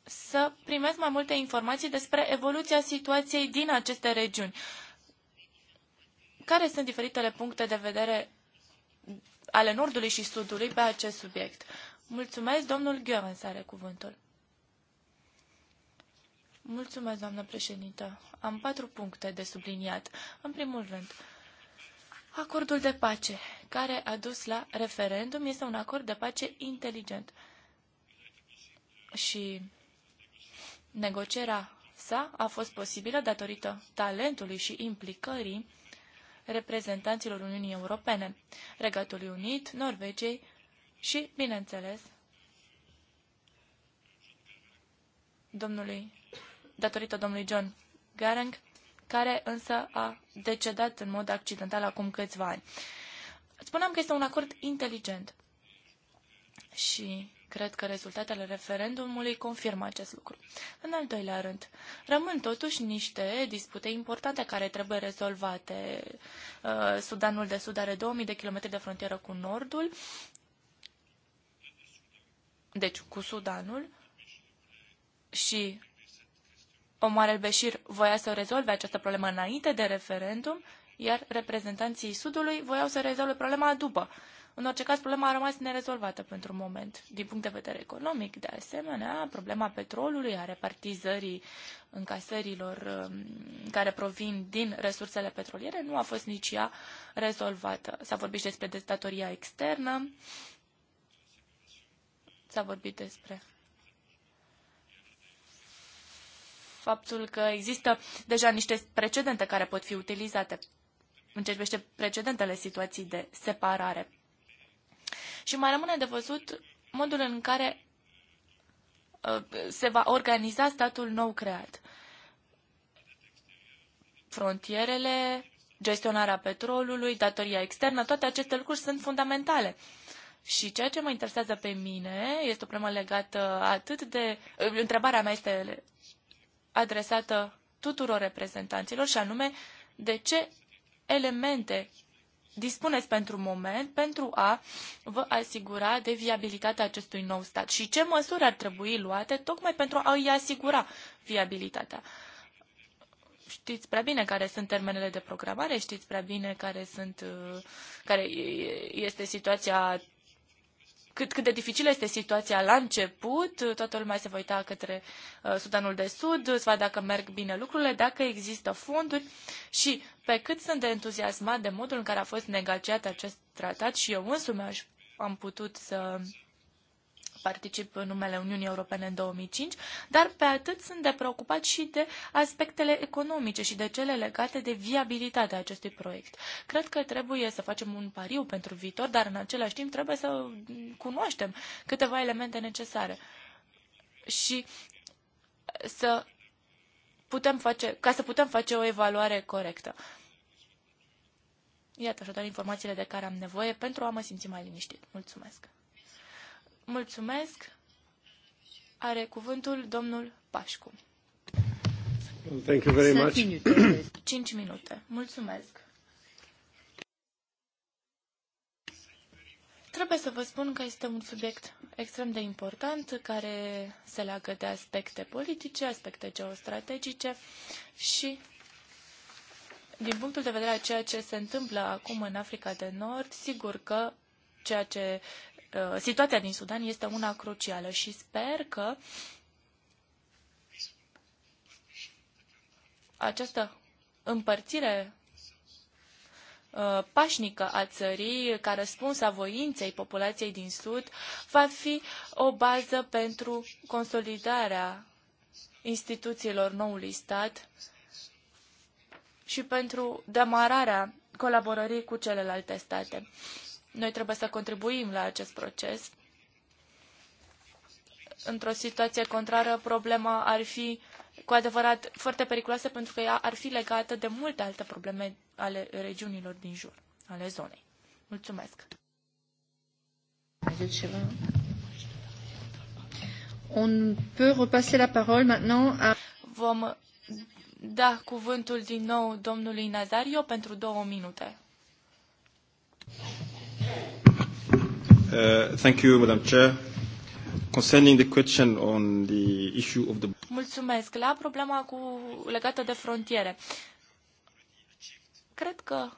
să primesc mai multe informații despre evoluția situației din aceste regiuni. Care sunt diferitele puncte de vedere ale Nordului și Sudului pe acest subiect? Mulțumesc, domnul Gheorens are cuvântul. Mulțumesc, doamnă președintă. Am patru puncte de subliniat. În primul rând, acordul de pace care a dus la referendum este un acord de pace inteligent. Și Negocierea sa a fost posibilă datorită talentului și implicării reprezentanților Uniunii Europene, Regatului Unit, Norvegiei și, bineînțeles, domnului, datorită domnului John Garang, care însă a decedat în mod accidental acum câțiva ani. Spuneam că este un acord inteligent și cred că rezultatele referendumului confirmă acest lucru. În al doilea rând, rămân totuși niște dispute importante care trebuie rezolvate. Uh, Sudanul de Sud are 2000 de kilometri de frontieră cu Nordul, deci cu Sudanul, și Omar el-Bashir voia să rezolve această problemă înainte de referendum, iar reprezentanții Sudului voiau să rezolve problema după. În orice caz, problema a rămas nerezolvată pentru un moment. Din punct de vedere economic, de asemenea, problema petrolului, a repartizării încasărilor um, care provin din resursele petroliere nu a fost nici ea rezolvată. S-a vorbit și despre destatoria externă, s-a vorbit despre faptul că există deja niște precedente care pot fi utilizate în ce privește precedentele situații de separare. Și mai rămâne de văzut modul în care uh, se va organiza statul nou creat. Frontierele, gestionarea petrolului, datoria externă, toate aceste lucruri sunt fundamentale. Și ceea ce mă interesează pe mine este o problemă legată atât de... Uh, întrebarea mea este adresată tuturor reprezentanților și anume de ce elemente dispuneți pentru moment pentru a vă asigura de viabilitatea acestui nou stat și ce măsuri ar trebui luate tocmai pentru a îi asigura viabilitatea. Știți prea bine care sunt termenele de programare, știți prea bine care, sunt, uh, care este situația cât, cât de dificilă este situația la început, toată lumea se va uita către uh, Sudanul de Sud, să vadă dacă merg bine lucrurile, dacă există fonduri și pe cât sunt de entuziasmat de modul în care a fost negociat acest tratat și eu însumi aș, am putut să particip în numele Uniunii Europene în 2005, dar pe atât sunt de preocupat și de aspectele economice și de cele legate de viabilitatea acestui proiect. Cred că trebuie să facem un pariu pentru viitor, dar în același timp trebuie să cunoaștem câteva elemente necesare. Și să putem face, ca să putem face o evaluare corectă. Iată așadar informațiile de care am nevoie pentru a mă simți mai liniștit. Mulțumesc! Mulțumesc. Are cuvântul domnul Pașcu. Thank you very much. 5 minute. Mulțumesc. Trebuie să vă spun că este un subiect extrem de important care se leagă de aspecte politice, aspecte geostrategice și din punctul de vedere a ceea ce se întâmplă acum în Africa de Nord, sigur că ceea ce Uh, situația din Sudan este una crucială și sper că această împărțire uh, pașnică a țării ca răspuns a voinței populației din Sud va fi o bază pentru consolidarea instituțiilor noului stat și pentru demararea colaborării cu celelalte state. Noi trebuie să contribuim la acest proces. Într-o situație contrară, problema ar fi cu adevărat foarte periculoasă pentru că ea ar fi legată de multe alte probleme ale regiunilor din jur, ale zonei. Mulțumesc!
On peut repasser la parole maintenant à...
Vom da cuvântul din nou domnului Nazario pentru două minute.
Uh, thank you, Madam Chair. Concerning the question on the issue of the...
Mulțumesc. La problema cu, legată de frontiere. Cred că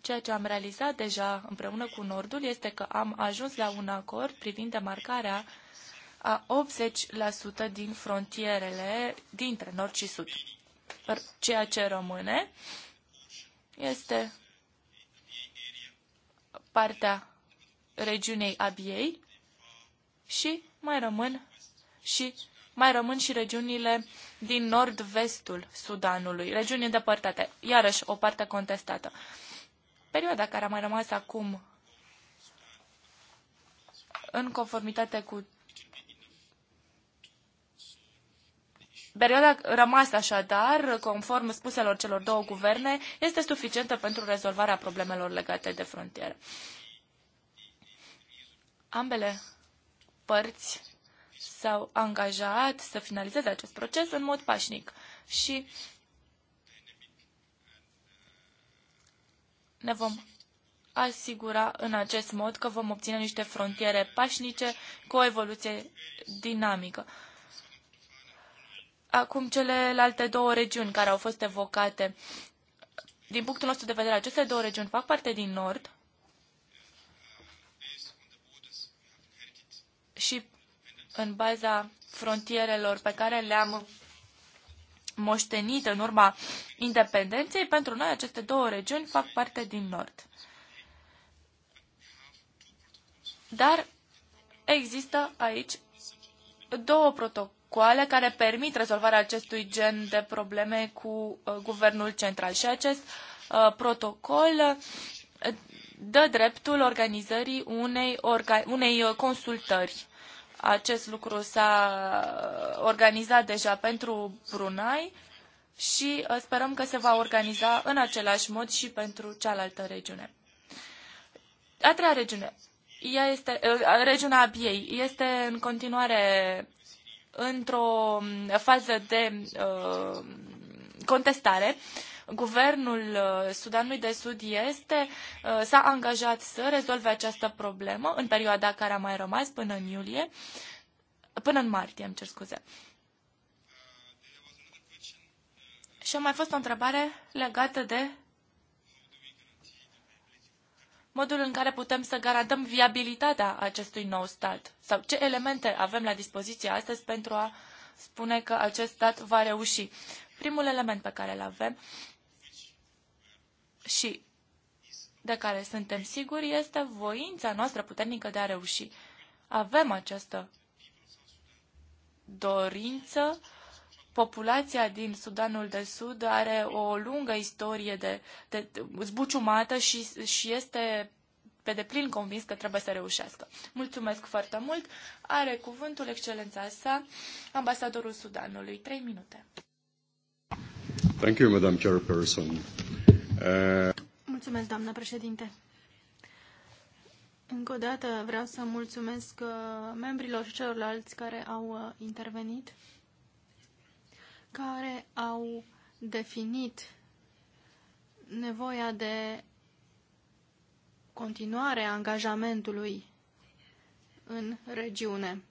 ceea ce am realizat deja împreună cu Nordul este că am ajuns la un acord privind demarcarea a 80% din frontierele dintre Nord și Sud. Ceea ce rămâne este partea regiunei Abiei și mai rămân și mai rămân și regiunile din nord-vestul Sudanului, regiuni îndepărtate, iarăși o parte contestată. Perioada care a mai rămas acum în conformitate cu Perioada rămasă așadar, conform spuselor celor două guverne, este suficientă pentru rezolvarea problemelor legate de frontieră. Ambele părți s-au angajat să finalizeze acest proces în mod pașnic și ne vom asigura în acest mod că vom obține niște frontiere pașnice cu o evoluție dinamică. Acum celelalte două regiuni care au fost evocate. Din punctul nostru de vedere, aceste două regiuni fac parte din nord și în baza frontierelor pe care le-am moștenit în urma independenței, pentru noi aceste două regiuni fac parte din nord. Dar există aici două protocoale care permit rezolvarea acestui gen de probleme cu uh, guvernul central și acest uh, protocol uh, dă dreptul organizării unei, orga- unei consultări acest lucru s-a uh, organizat deja pentru Brunei și uh, sperăm că se va organiza în același mod și pentru cealaltă regiune. A treia regiune, ea este, uh, regiunea Abiei, este în continuare într-o mm, fază de uh, contestare. Uh, Guvernul uh, Sudanului de Sud este, uh, s-a angajat să rezolve această problemă în perioada care a mai rămas până în iulie, până în martie, îmi cer scuze. Și a mai fost o întrebare legată de modul în care putem să garantăm viabilitatea acestui nou stat sau ce elemente avem la dispoziție astăzi pentru a spune că acest stat va reuși. Primul element pe care îl avem și de care suntem siguri este voința noastră puternică de a reuși. Avem această dorință. Populația din Sudanul de Sud are o lungă istorie de, de, de zbuciumată și, și este pe deplin convins că trebuie să reușească. Mulțumesc foarte mult. Are cuvântul excelența sa, ambasadorul Sudanului. Trei minute.
Thank you, Madam Chairperson.
Mulțumesc, doamnă președinte.
Încă o dată vreau să mulțumesc uh, membrilor și celorlalți care au uh, intervenit, care au definit nevoia de continuare a angajamentului în regiune.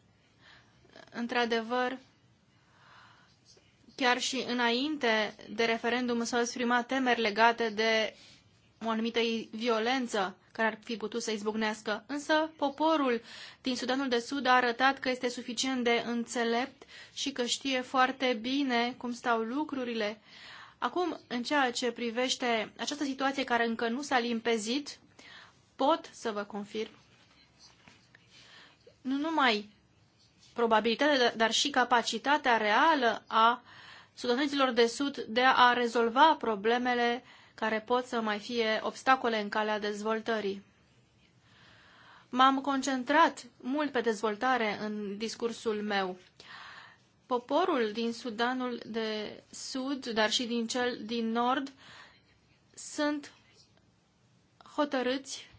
Într-adevăr, chiar și înainte de referendum s-au exprimat temeri legate de o anumită violență care ar fi putut să izbucnească. Însă poporul din Sudanul de Sud a arătat că este suficient de înțelept și că știe foarte bine cum stau lucrurile. Acum, în ceea ce privește această situație care încă nu s-a limpezit, pot să vă confirm nu numai probabilitatea, dar și capacitatea reală a sudanezilor de sud de a rezolva problemele care pot să mai fie obstacole în calea dezvoltării. M-am concentrat mult pe dezvoltare în discursul meu. Poporul din Sudanul de Sud, dar și din cel din Nord, sunt hotărâți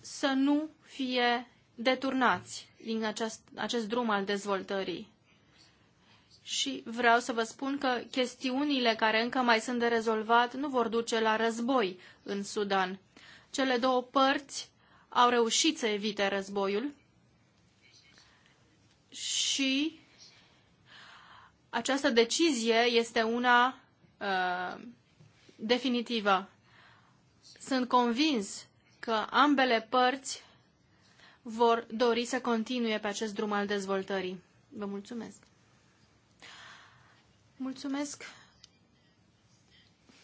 să nu fie deturnați din acest, acest drum al dezvoltării și vreau să vă spun că chestiunile care încă mai sunt de rezolvat nu vor duce la război în Sudan. Cele două părți au reușit să evite războiul și această decizie este una uh, definitivă. Sunt convins că ambele părți vor dori să continue pe acest drum al dezvoltării. Vă mulțumesc! Mulțumesc.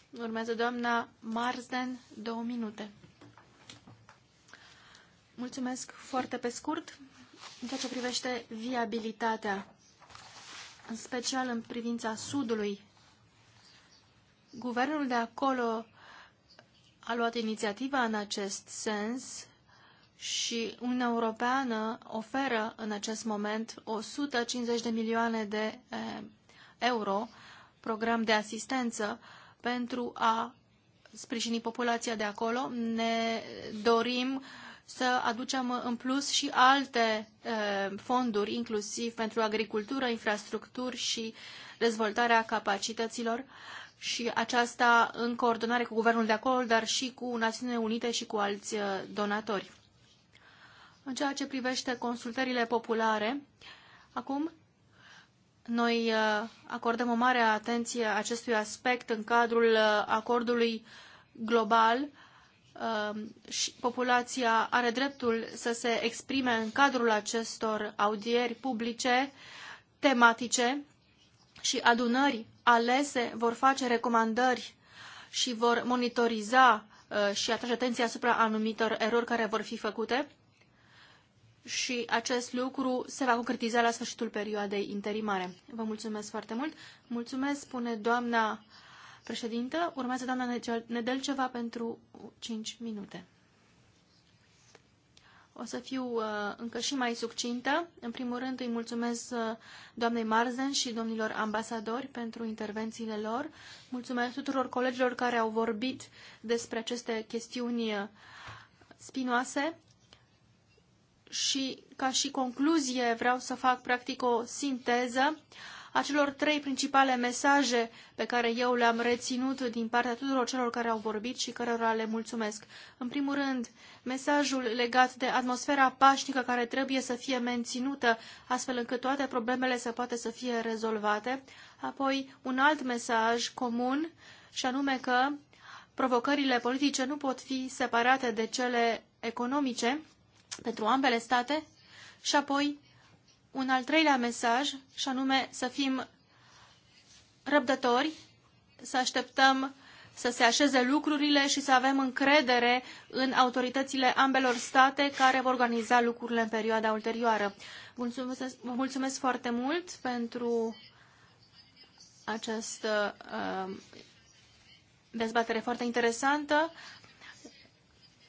Urmează doamna Marsden, două minute. Mulțumesc foarte pe scurt. În ceea ce privește viabilitatea, în special în privința Sudului, guvernul de acolo a luat inițiativa în acest sens și Uniunea Europeană oferă în acest moment 150 de milioane de eh, euro program de asistență pentru a sprijini populația de acolo. Ne dorim să aducem în plus și alte fonduri, inclusiv pentru agricultură, infrastructuri și dezvoltarea capacităților și aceasta în coordonare cu guvernul de acolo, dar și cu Națiunile Unite și cu alți donatori. În ceea ce privește consultările populare, acum noi uh, acordăm o mare atenție acestui aspect în cadrul uh, acordului global uh, și populația are dreptul să se exprime în cadrul acestor audieri publice, tematice și adunări alese vor face recomandări și vor monitoriza și atrage atenția asupra anumitor erori care vor fi făcute și acest lucru se va concretiza la sfârșitul perioadei interimare. Vă mulțumesc foarte mult. Mulțumesc, spune doamna președintă. Urmează doamna Nedelceva pentru 5 minute. O să fiu uh, încă și mai succintă. În primul rând îi mulțumesc uh, doamnei Marzen și domnilor ambasadori pentru intervențiile lor. Mulțumesc tuturor colegilor care au vorbit despre aceste chestiuni uh, spinoase și ca și concluzie vreau să fac practic o sinteză a celor trei principale mesaje pe care eu le-am reținut din partea tuturor celor care au vorbit și cărora le mulțumesc. În primul rând, mesajul legat de atmosfera pașnică care trebuie să fie menținută astfel încât toate problemele să poată să fie rezolvate. Apoi, un alt mesaj comun și anume că provocările politice nu pot fi separate de cele economice pentru ambele state și apoi un al treilea mesaj, și anume să fim răbdători, să așteptăm să se așeze lucrurile și să avem încredere în autoritățile ambelor state care vor organiza lucrurile în perioada ulterioară. Mulțumesc, vă mulțumesc foarte mult pentru această uh, dezbatere foarte interesantă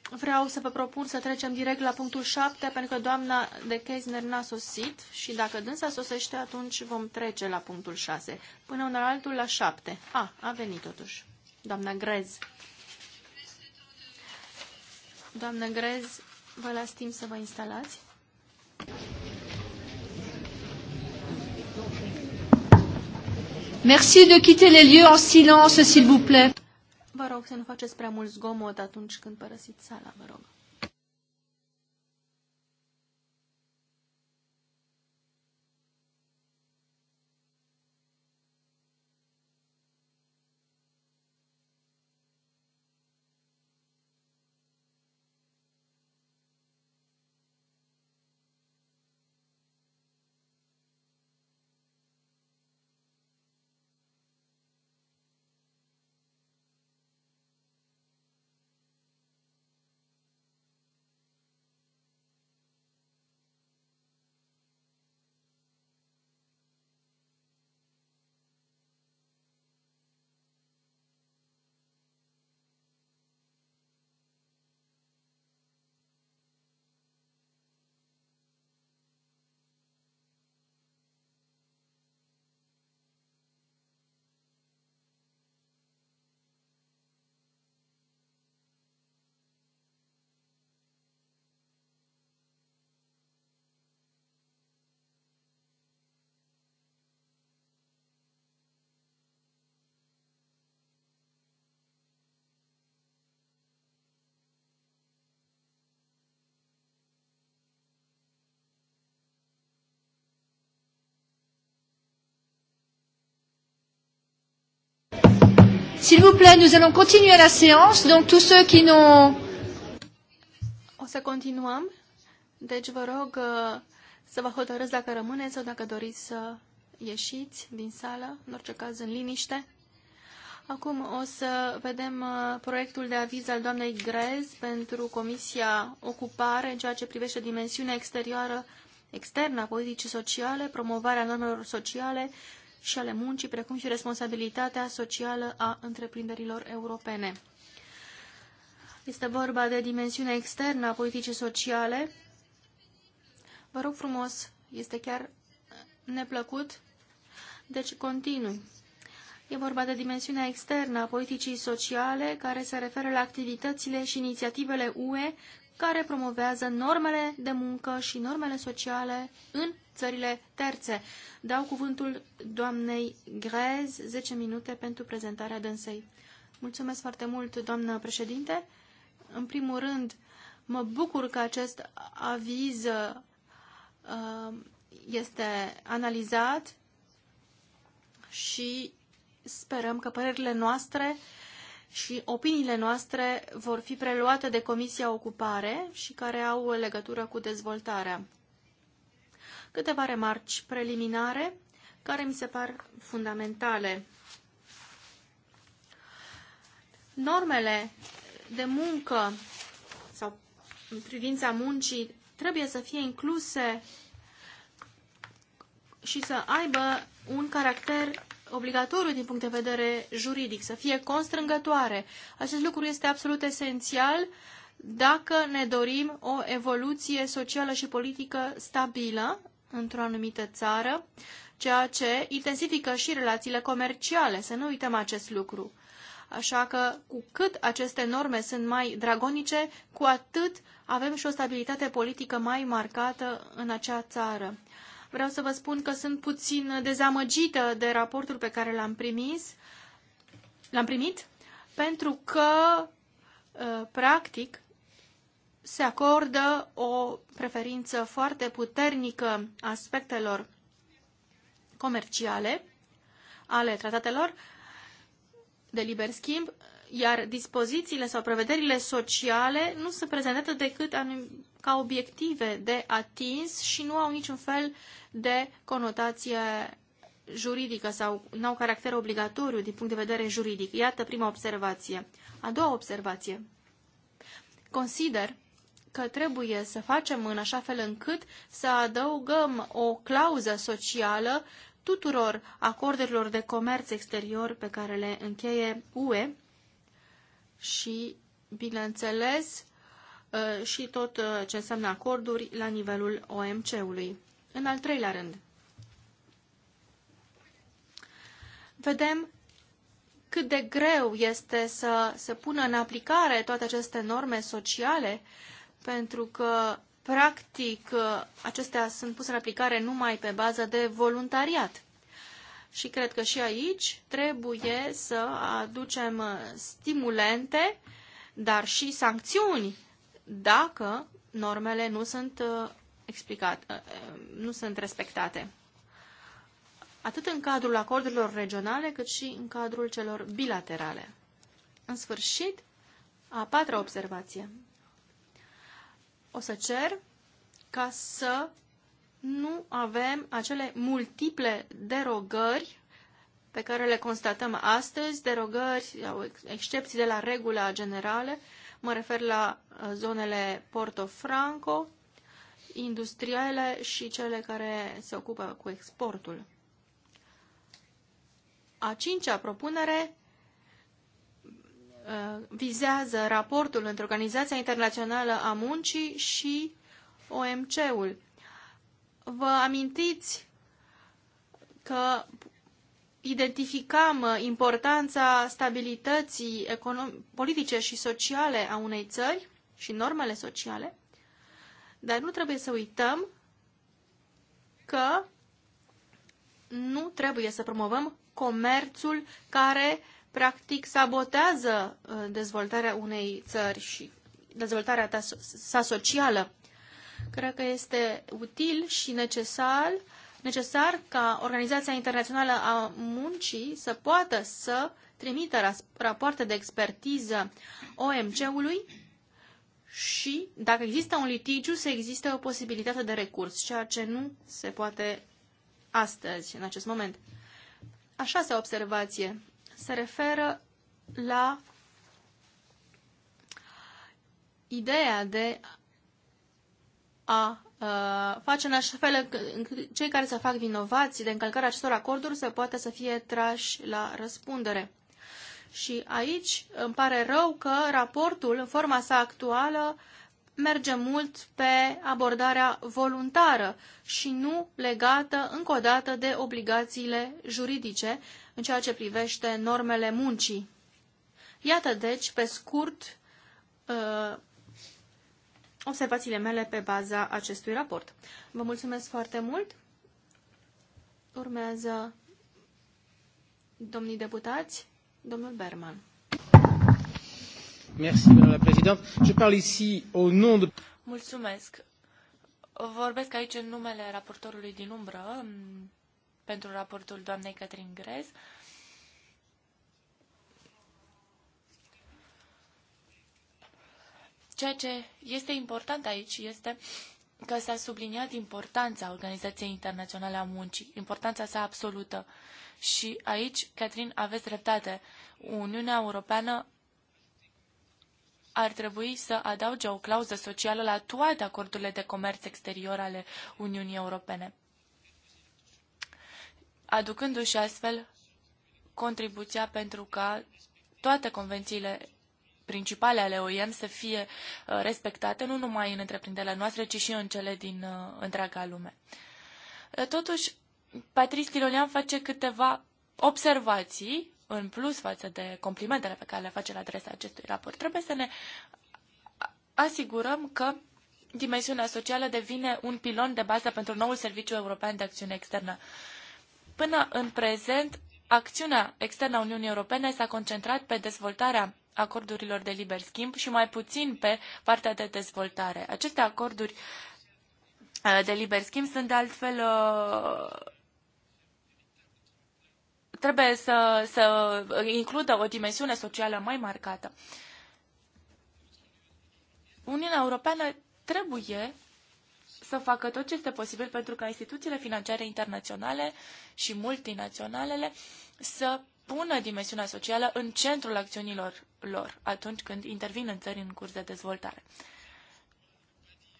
vreau să vă propun să trecem direct la punctul 7, pentru că doamna de Keisner n-a sosit și dacă dânsa sosește, atunci vom trece la punctul 6, până în altul la 7. A, a venit totuși. Doamna Grez. Doamna Grez, vă las timp să vă instalați.
Merci de quitter les lieux en silence,
s'il vous
plaît. Vă rog să nu faceți prea mult zgomot atunci când părăsiți sala, vă rog. S'il vous plaît, nous allons continuer la séance. Donc tous ceux qui n'ont se să continuăm. je deci, vă rog uh, să vă hotărâți dacă rămâneți sau dacă doriți să ieșiți din sală, în orice caz în liniște. Acum o să vedem uh, proiectul de aviz al doamnei Grez pentru Comisia Ocupare în ceea ce privește dimensiunea exterioară externă a politicii sociale, promovarea normelor sociale și ale muncii, precum și responsabilitatea socială a întreprinderilor europene. Este vorba de dimensiunea externă a politicii sociale. Vă rog frumos, este chiar neplăcut, deci continui. E vorba de dimensiunea externă a politicii sociale, care se referă la activitățile și inițiativele UE care promovează normele de muncă și normele sociale în țările terțe. Dau cuvântul doamnei Grez, 10 minute pentru prezentarea dânsei. Mulțumesc foarte mult, doamnă președinte. În primul rând, mă bucur că acest aviz uh, este analizat și sperăm că părerile noastre uh, și opiniile noastre vor fi preluate de Comisia Ocupare și care au legătură cu dezvoltarea. Câteva remarci preliminare care mi se par fundamentale. Normele de muncă sau în privința muncii trebuie să fie incluse și să aibă un caracter obligatoriu din punct de vedere juridic, să fie constrângătoare. Acest lucru este absolut esențial dacă ne dorim o evoluție socială și politică stabilă într-o anumită țară, ceea ce intensifică și relațiile comerciale, să nu uităm acest lucru. Așa că cu cât aceste norme sunt mai dragonice, cu atât avem și o stabilitate politică mai marcată în acea țară. Vreau să vă spun că sunt puțin dezamăgită de raportul pe care l-am primit, l-am primit, pentru că, uh, practic, se acordă o preferință foarte puternică aspectelor comerciale ale tratatelor de liber schimb, iar dispozițiile sau prevederile sociale nu sunt prezentate decât ca obiective de atins și nu au niciun fel de conotație juridică sau nu au caracter obligatoriu din punct de vedere juridic. Iată prima observație. A doua observație. Consider că trebuie să facem în așa fel încât să adăugăm o clauză socială tuturor acordurilor de comerț exterior pe care le încheie UE și, bineînțeles, Uh, și tot uh, ce înseamnă acorduri la nivelul OMC-ului. În al treilea rând, vedem cât de greu este să se pună în aplicare toate aceste norme sociale, pentru că, practic, uh, acestea sunt puse în aplicare numai pe bază de voluntariat. Și cred că și aici trebuie să aducem stimulente, dar și sancțiuni dacă normele nu sunt, uh, explicate, uh, uh, nu sunt respectate, atât în cadrul acordurilor regionale, cât și în cadrul celor bilaterale. În sfârșit, a patra observație. O să cer ca să nu avem acele multiple derogări pe care le constatăm astăzi, derogări sau excepții de la regula generală. Mă refer la uh, zonele Portofranco, industriale și cele care se ocupă cu exportul. A cincea propunere uh, vizează raportul între Organizația Internațională a Muncii și OMC-ul. Vă amintiți că identificam uh, importanța stabilității politice și sociale a unei țări și normele sociale, dar nu trebuie să uităm că nu trebuie să promovăm comerțul care, practic, sabotează uh, dezvoltarea unei țări și dezvoltarea ta, sa socială. Cred că este util și necesar necesar ca Organizația Internațională a Muncii să poată să trimită rapoarte de expertiză OMC-ului și, dacă există un litigiu, să existe o posibilitate de recurs, ceea ce nu se poate astăzi, în acest moment. A șasea observație se referă la ideea de a Uh, face în așa fel încât cei care se fac vinovați de încălcarea acestor acorduri să poată să fie trași la răspundere. Și aici îmi pare rău că raportul, în forma sa actuală, merge mult pe abordarea voluntară și nu legată încă o dată de obligațiile juridice în ceea ce privește normele muncii. Iată deci, pe scurt, uh, observațiile mele pe baza acestui raport. Vă mulțumesc foarte mult. Urmează domnii deputați, domnul Berman. Merci, la Je parle ici au nom de...
Mulțumesc. Vorbesc aici în numele raportorului din umbră mm, pentru raportul doamnei Catherine Grez. Ceea ce este important aici este că s-a subliniat importanța Organizației Internaționale a Muncii, importanța sa absolută. Și aici, Catherine, aveți dreptate. Uniunea Europeană ar trebui să adauge o clauză socială la toate acordurile de comerț exterior ale Uniunii Europene, aducându-și astfel contribuția pentru ca toate convențiile principale ale OIM să fie uh, respectate nu numai în întreprinderile noastre, ci și în cele din uh, întreaga lume. Uh, totuși, Patrice Tilonian face câteva observații în plus față de complimentele pe care le face la adresa acestui raport. Trebuie să ne asigurăm că dimensiunea socială devine un pilon de bază pentru noul Serviciu European de Acțiune Externă. Până în prezent, acțiunea externă a Uniunii Europene s-a concentrat pe dezvoltarea acordurilor de liber schimb și mai puțin pe partea de dezvoltare. Aceste acorduri uh, de liber schimb sunt de altfel uh, trebuie să, să includă o dimensiune socială mai marcată. Uniunea Europeană trebuie să facă tot ce este posibil pentru ca instituțiile financiare internaționale și multinaționalele să pună dimensiunea socială în centrul acțiunilor lor atunci când intervin în țări în curs de dezvoltare.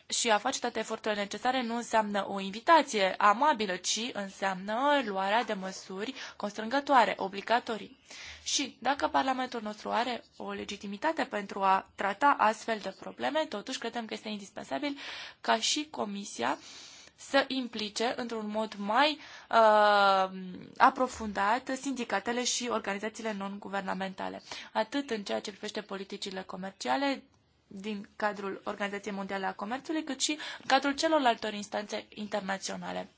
Și a face toate eforturile necesare nu înseamnă o invitație amabilă, ci înseamnă luarea de măsuri constrângătoare, obligatorii. Și dacă Parlamentul nostru are o legitimitate pentru a trata astfel de probleme, totuși credem că este indispensabil ca și Comisia uh, să implice într-un mod mai uh, aprofundat sindicatele și organizațiile non-guvernamentale, atât în ceea ce privește politicile comerciale din cadrul Organizației Mondiale a Comerțului, cât și în cadrul celorlalte instanțe internaționale,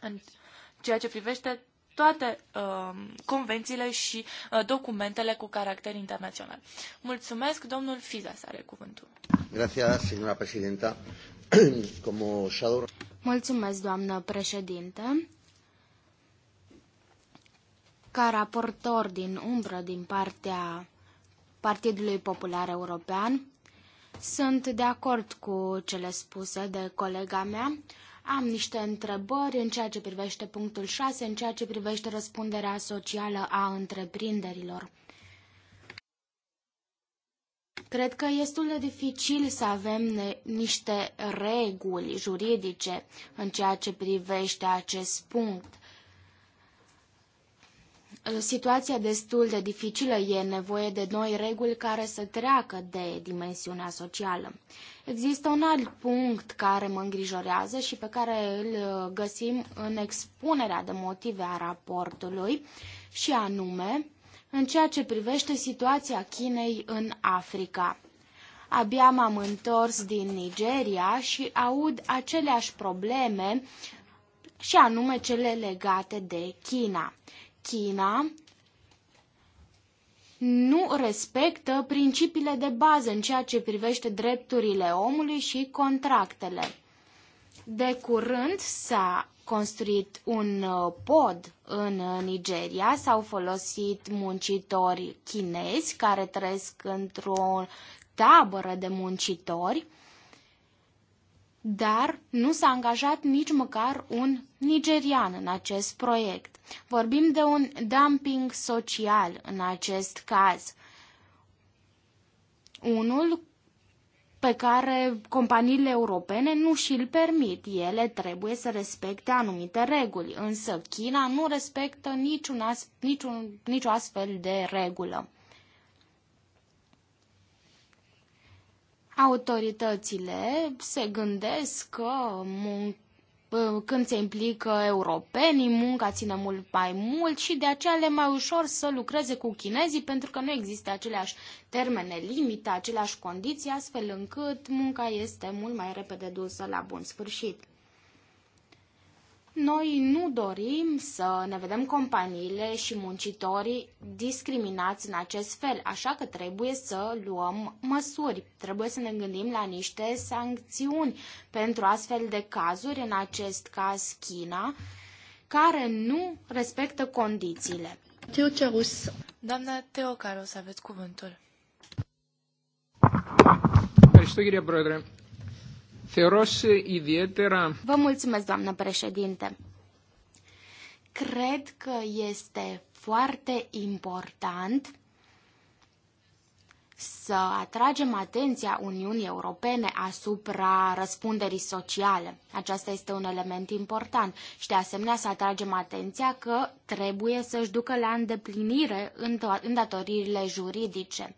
în ceea ce privește toate uh, convențiile și uh, documentele cu caracter internațional. Mulțumesc, domnul Fiza, să are cuvântul.
Gracias, señora presidenta.
Mulțumesc, doamnă
președinte.
Ca raportor din umbră din partea Partidului Popular European, sunt de acord cu cele spuse de colega mea. Am niște întrebări în ceea ce privește punctul 6, în ceea ce privește răspunderea socială a întreprinderilor. Cred că este destul de dificil să avem niște reguli juridice în ceea ce privește acest punct. Situația destul de dificilă e nevoie de noi reguli care să treacă de dimensiunea socială. Există un alt punct care mă îngrijorează și pe care îl uh, găsim în expunerea de motive a raportului și anume în ceea ce privește situația Chinei în Africa. Abia m-am întors din Nigeria și aud aceleași probleme și anume cele legate de China. China nu respectă principiile de bază în ceea ce privește drepturile omului și contractele. De curând s-a construit un uh, pod în uh, Nigeria, s-au folosit muncitori chinezi care trăiesc într-o tabără de muncitori, dar nu s-a angajat nici măcar un nigerian în acest proiect. Vorbim de un dumping social în acest caz, unul pe care companiile europene nu și-l permit. Ele trebuie să respecte anumite reguli, însă China nu respectă niciun as, niciun, nicio astfel de regulă. Autoritățile se gândesc că munca când se implică europenii, munca ține mult mai mult și de aceea le mai ușor să lucreze cu chinezii pentru că nu există aceleași termene limite, aceleași condiții, astfel încât munca este mult mai repede dusă la bun sfârșit. Noi nu dorim să ne vedem companiile și muncitorii discriminați în acest fel, așa că trebuie să luăm măsuri. Trebuie să ne gândim la niște sancțiuni pentru astfel de cazuri, în acest caz China, care nu respectă condițiile. Teocarus. Doamna Teocarus, aveți cuvântul. Ευχαριστώ κύριε Vă mulțumesc, doamnă președinte. Cred că este foarte important să atragem atenția Uniunii Europene asupra răspunderii sociale. Aceasta este un element important și de asemenea să atragem atenția că trebuie să-și ducă la îndeplinire îndatoririle juridice.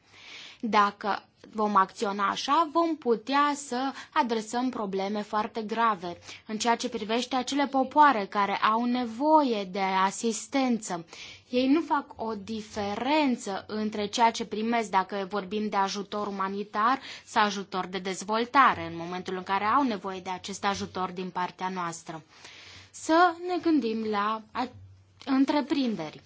Dacă vom acționa așa, vom putea să adresăm probleme foarte grave în ceea ce privește acele popoare care au nevoie de asistență. Ei nu fac o diferență între ceea ce primesc dacă vorbim de ajutor umanitar sau ajutor de dezvoltare în momentul în care au nevoie de acest ajutor din partea noastră. Să ne gândim la întreprinderi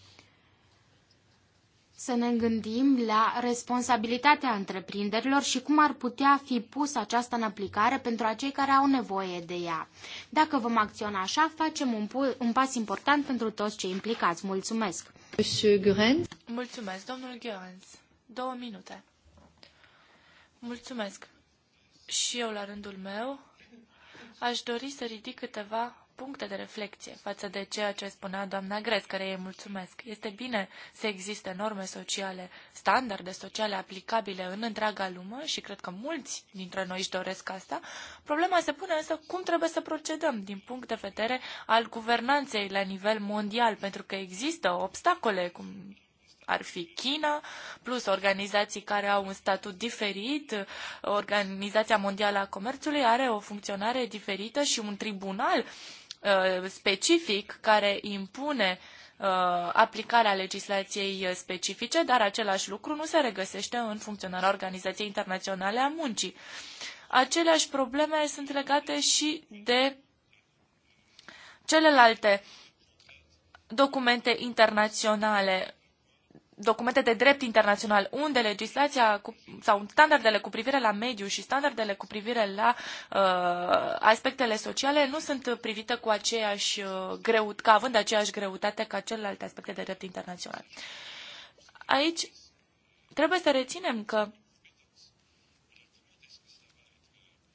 să ne gândim la responsabilitatea întreprinderilor și cum ar putea fi pusă aceasta în aplicare pentru acei care au nevoie de ea. Dacă vom acționa așa, facem un, un pas important pentru toți cei implicați. Mulțumesc!
Mulțumesc, domnul Gheorens. Două minute. Mulțumesc. Și eu, la rândul meu, aș dori să ridic câteva puncte de reflexie față de ceea ce spunea doamna Gres, care îi mulțumesc. Este bine să existe norme sociale, standarde sociale aplicabile în întreaga lume și cred că mulți dintre noi își doresc asta. Problema se pune însă cum trebuie să procedăm din punct de vedere al guvernanței la nivel mondial, pentru că există obstacole, cum ar fi China, plus organizații care au un statut diferit. Organizația Mondială a Comerțului are o funcționare diferită și un tribunal Uh, specific care impune uh, aplicarea legislației specifice, dar același lucru nu se regăsește în funcționarea Organizației Internaționale a Muncii. Aceleași probleme sunt legate și de celelalte documente internaționale documente de drept internațional, unde legislația cu, sau standardele cu privire la mediu și standardele cu privire la uh, aspectele sociale nu sunt privite cu aceeași uh, greut, ca având aceeași greutate ca celelalte aspecte de drept internațional. Aici trebuie să reținem că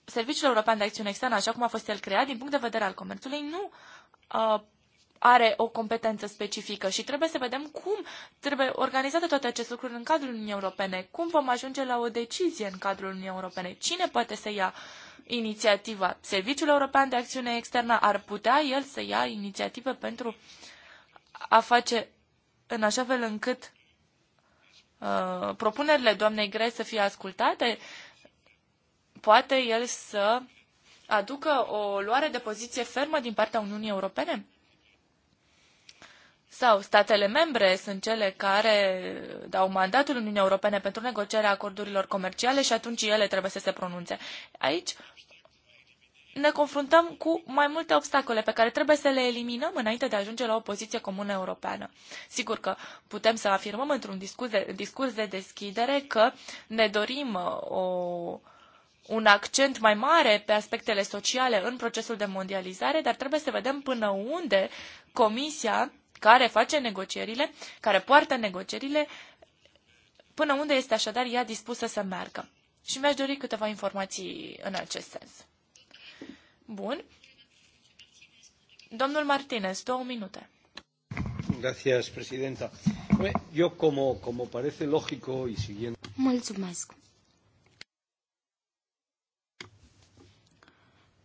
Serviciul European de Acțiune Externă, așa cum a fost el creat, din punct de vedere al comerțului, nu uh, are o competență specifică și trebuie să vedem cum trebuie organizate toate aceste lucruri în cadrul Uniunii Europene, cum vom ajunge la o decizie în cadrul Uniunii Europene, cine poate să ia inițiativa. Serviciul European de Acțiune Externă ar putea el să ia inițiative pentru a face în așa fel încât uh, propunerile doamnei Grei să fie ascultate, poate el să aducă o luare de poziție fermă din partea Uniunii Europene? sau statele membre sunt cele care dau mandatul Uniunii Europene pentru negocierea acordurilor comerciale și atunci ele trebuie să se pronunțe. Aici ne confruntăm cu mai multe obstacole pe care trebuie să le eliminăm înainte de a ajunge la o poziție comună europeană. Sigur că putem să afirmăm într-un discurs de, discurs de deschidere că ne dorim uh, o, un accent mai mare pe aspectele sociale în procesul de mondializare, dar trebuie să vedem până unde Comisia care face negocierile, care poartă negocierile, până unde este așadar ea dispusă să meargă. Și mi-aș dori câteva informații în acest sens. Bun. Domnul Martinez, două minute.
Gracias, presidenta. como, como parece logico y siguiendo...
Mulțumesc.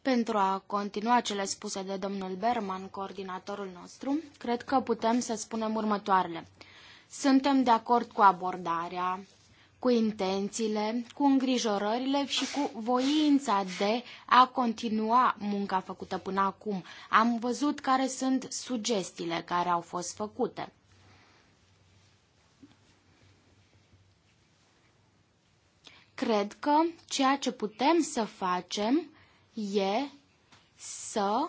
Pentru a continua cele spuse de domnul Berman, coordinatorul nostru, cred că putem să spunem următoarele. Suntem de acord cu abordarea, cu intențiile, cu îngrijorările și cu voința de a continua munca făcută până acum. Am văzut care sunt sugestiile care au fost făcute. Cred că ceea ce putem să facem e să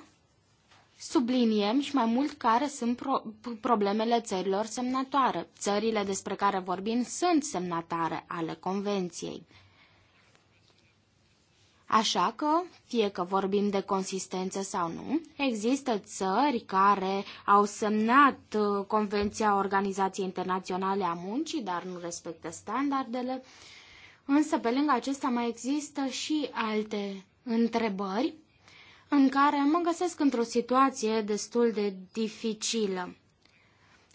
subliniem și mai mult care sunt pro- problemele țărilor semnatoare. Țările despre care vorbim sunt semnatare ale Convenției. Așa că, fie că vorbim de consistență sau nu, există țări care au semnat uh, Convenția Organizației Internaționale a Muncii, dar nu respectă standardele. Însă, pe lângă acestea, mai există și alte întrebări în care mă găsesc într-o situație destul de dificilă.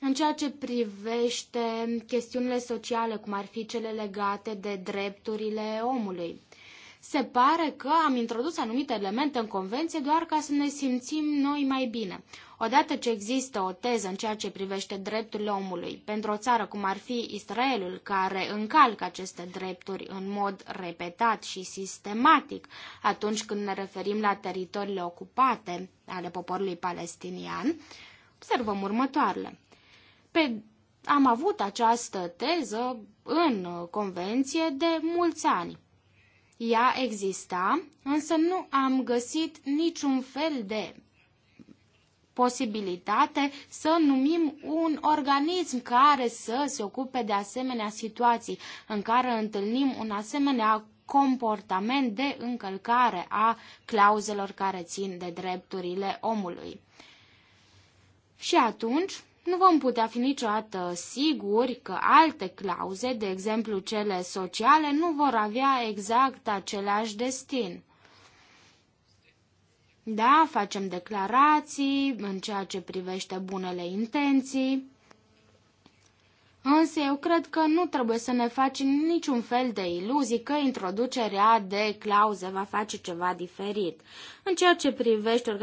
În ceea ce privește chestiunile sociale, cum ar fi cele legate de drepturile omului, se pare că am introdus anumite elemente în convenție doar ca să ne simțim noi mai bine. Odată ce există o teză în ceea ce privește drepturile omului pentru o țară cum ar fi Israelul, care încalcă aceste drepturi în mod repetat și sistematic atunci când ne referim la teritoriile ocupate ale poporului palestinian, observăm următoarele. Pe am avut această teză în convenție de mulți ani. Ea exista, însă nu am găsit niciun fel de posibilitate să numim un organism care să se ocupe de asemenea situații în care întâlnim un asemenea comportament de încălcare a clauzelor care țin de drepturile omului. Și atunci, nu vom putea fi niciodată siguri că alte clauze, de exemplu cele sociale, nu vor avea exact același destin. Da, facem declarații în ceea ce privește bunele intenții, Însă eu cred că nu trebuie să ne facem niciun fel de iluzii că introducerea de clauze va face ceva diferit. În ceea ce privește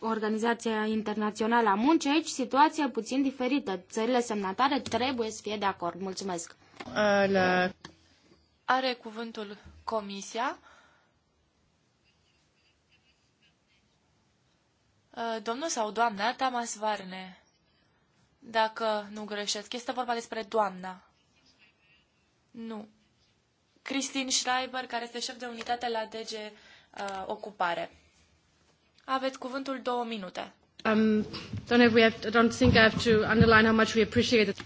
Organizația Internațională a Muncii, aici situația e puțin diferită. Țările semnatare trebuie să fie de acord. Mulțumesc!
Ale.
Are cuvântul Comisia. Domnul sau doamna Tamas Varne dacă nu greșesc. Este vorba despre doamna. Nu. Christine Schreiber, care este șef de unitate la DG uh, Ocupare. Aveți cuvântul două minute.
Um, don't, have, we have, don't think I have to underline how much we appreciate it.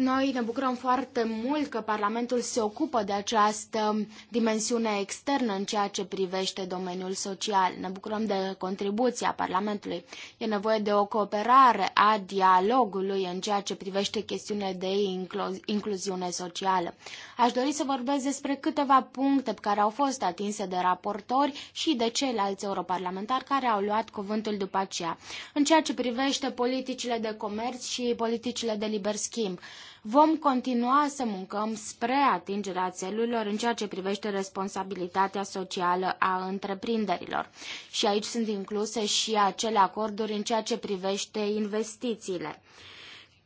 Noi ne bucurăm foarte mult că Parlamentul se ocupă de această dimensiune externă în ceea ce privește domeniul social. Ne bucurăm de contribuția Parlamentului. E nevoie de o cooperare a dialogului în ceea ce privește chestiunile de incluziune socială. Aș dori să vorbesc despre câteva puncte care au fost atinse de raportori și de ceilalți europarlamentari care au luat cuvântul după aceea. În ceea ce privește politicile de comerț și politicile de liber schimb. Vom continua să muncăm spre atingerea țelurilor în ceea ce privește responsabilitatea socială a întreprinderilor. Și aici sunt incluse și acele acorduri în ceea ce privește investițiile.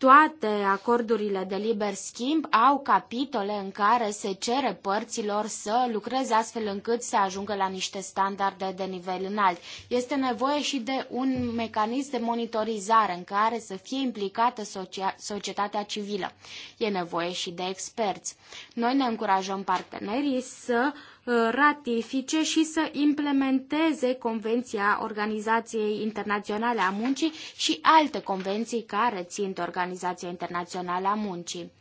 Toate acordurile de liber schimb au capitole în care se cere părților să lucreze astfel încât să ajungă la niște standarde de nivel înalt. Este nevoie și de un mecanism de monitorizare în care să fie implicată societatea civilă. E nevoie și de experți. Noi ne încurajăm partenerii să uh, Uh, ratifice și să implementeze Convenția Organizației Internaționale a Muncii și alte convenții care țin de Organizația Internațională a Muncii.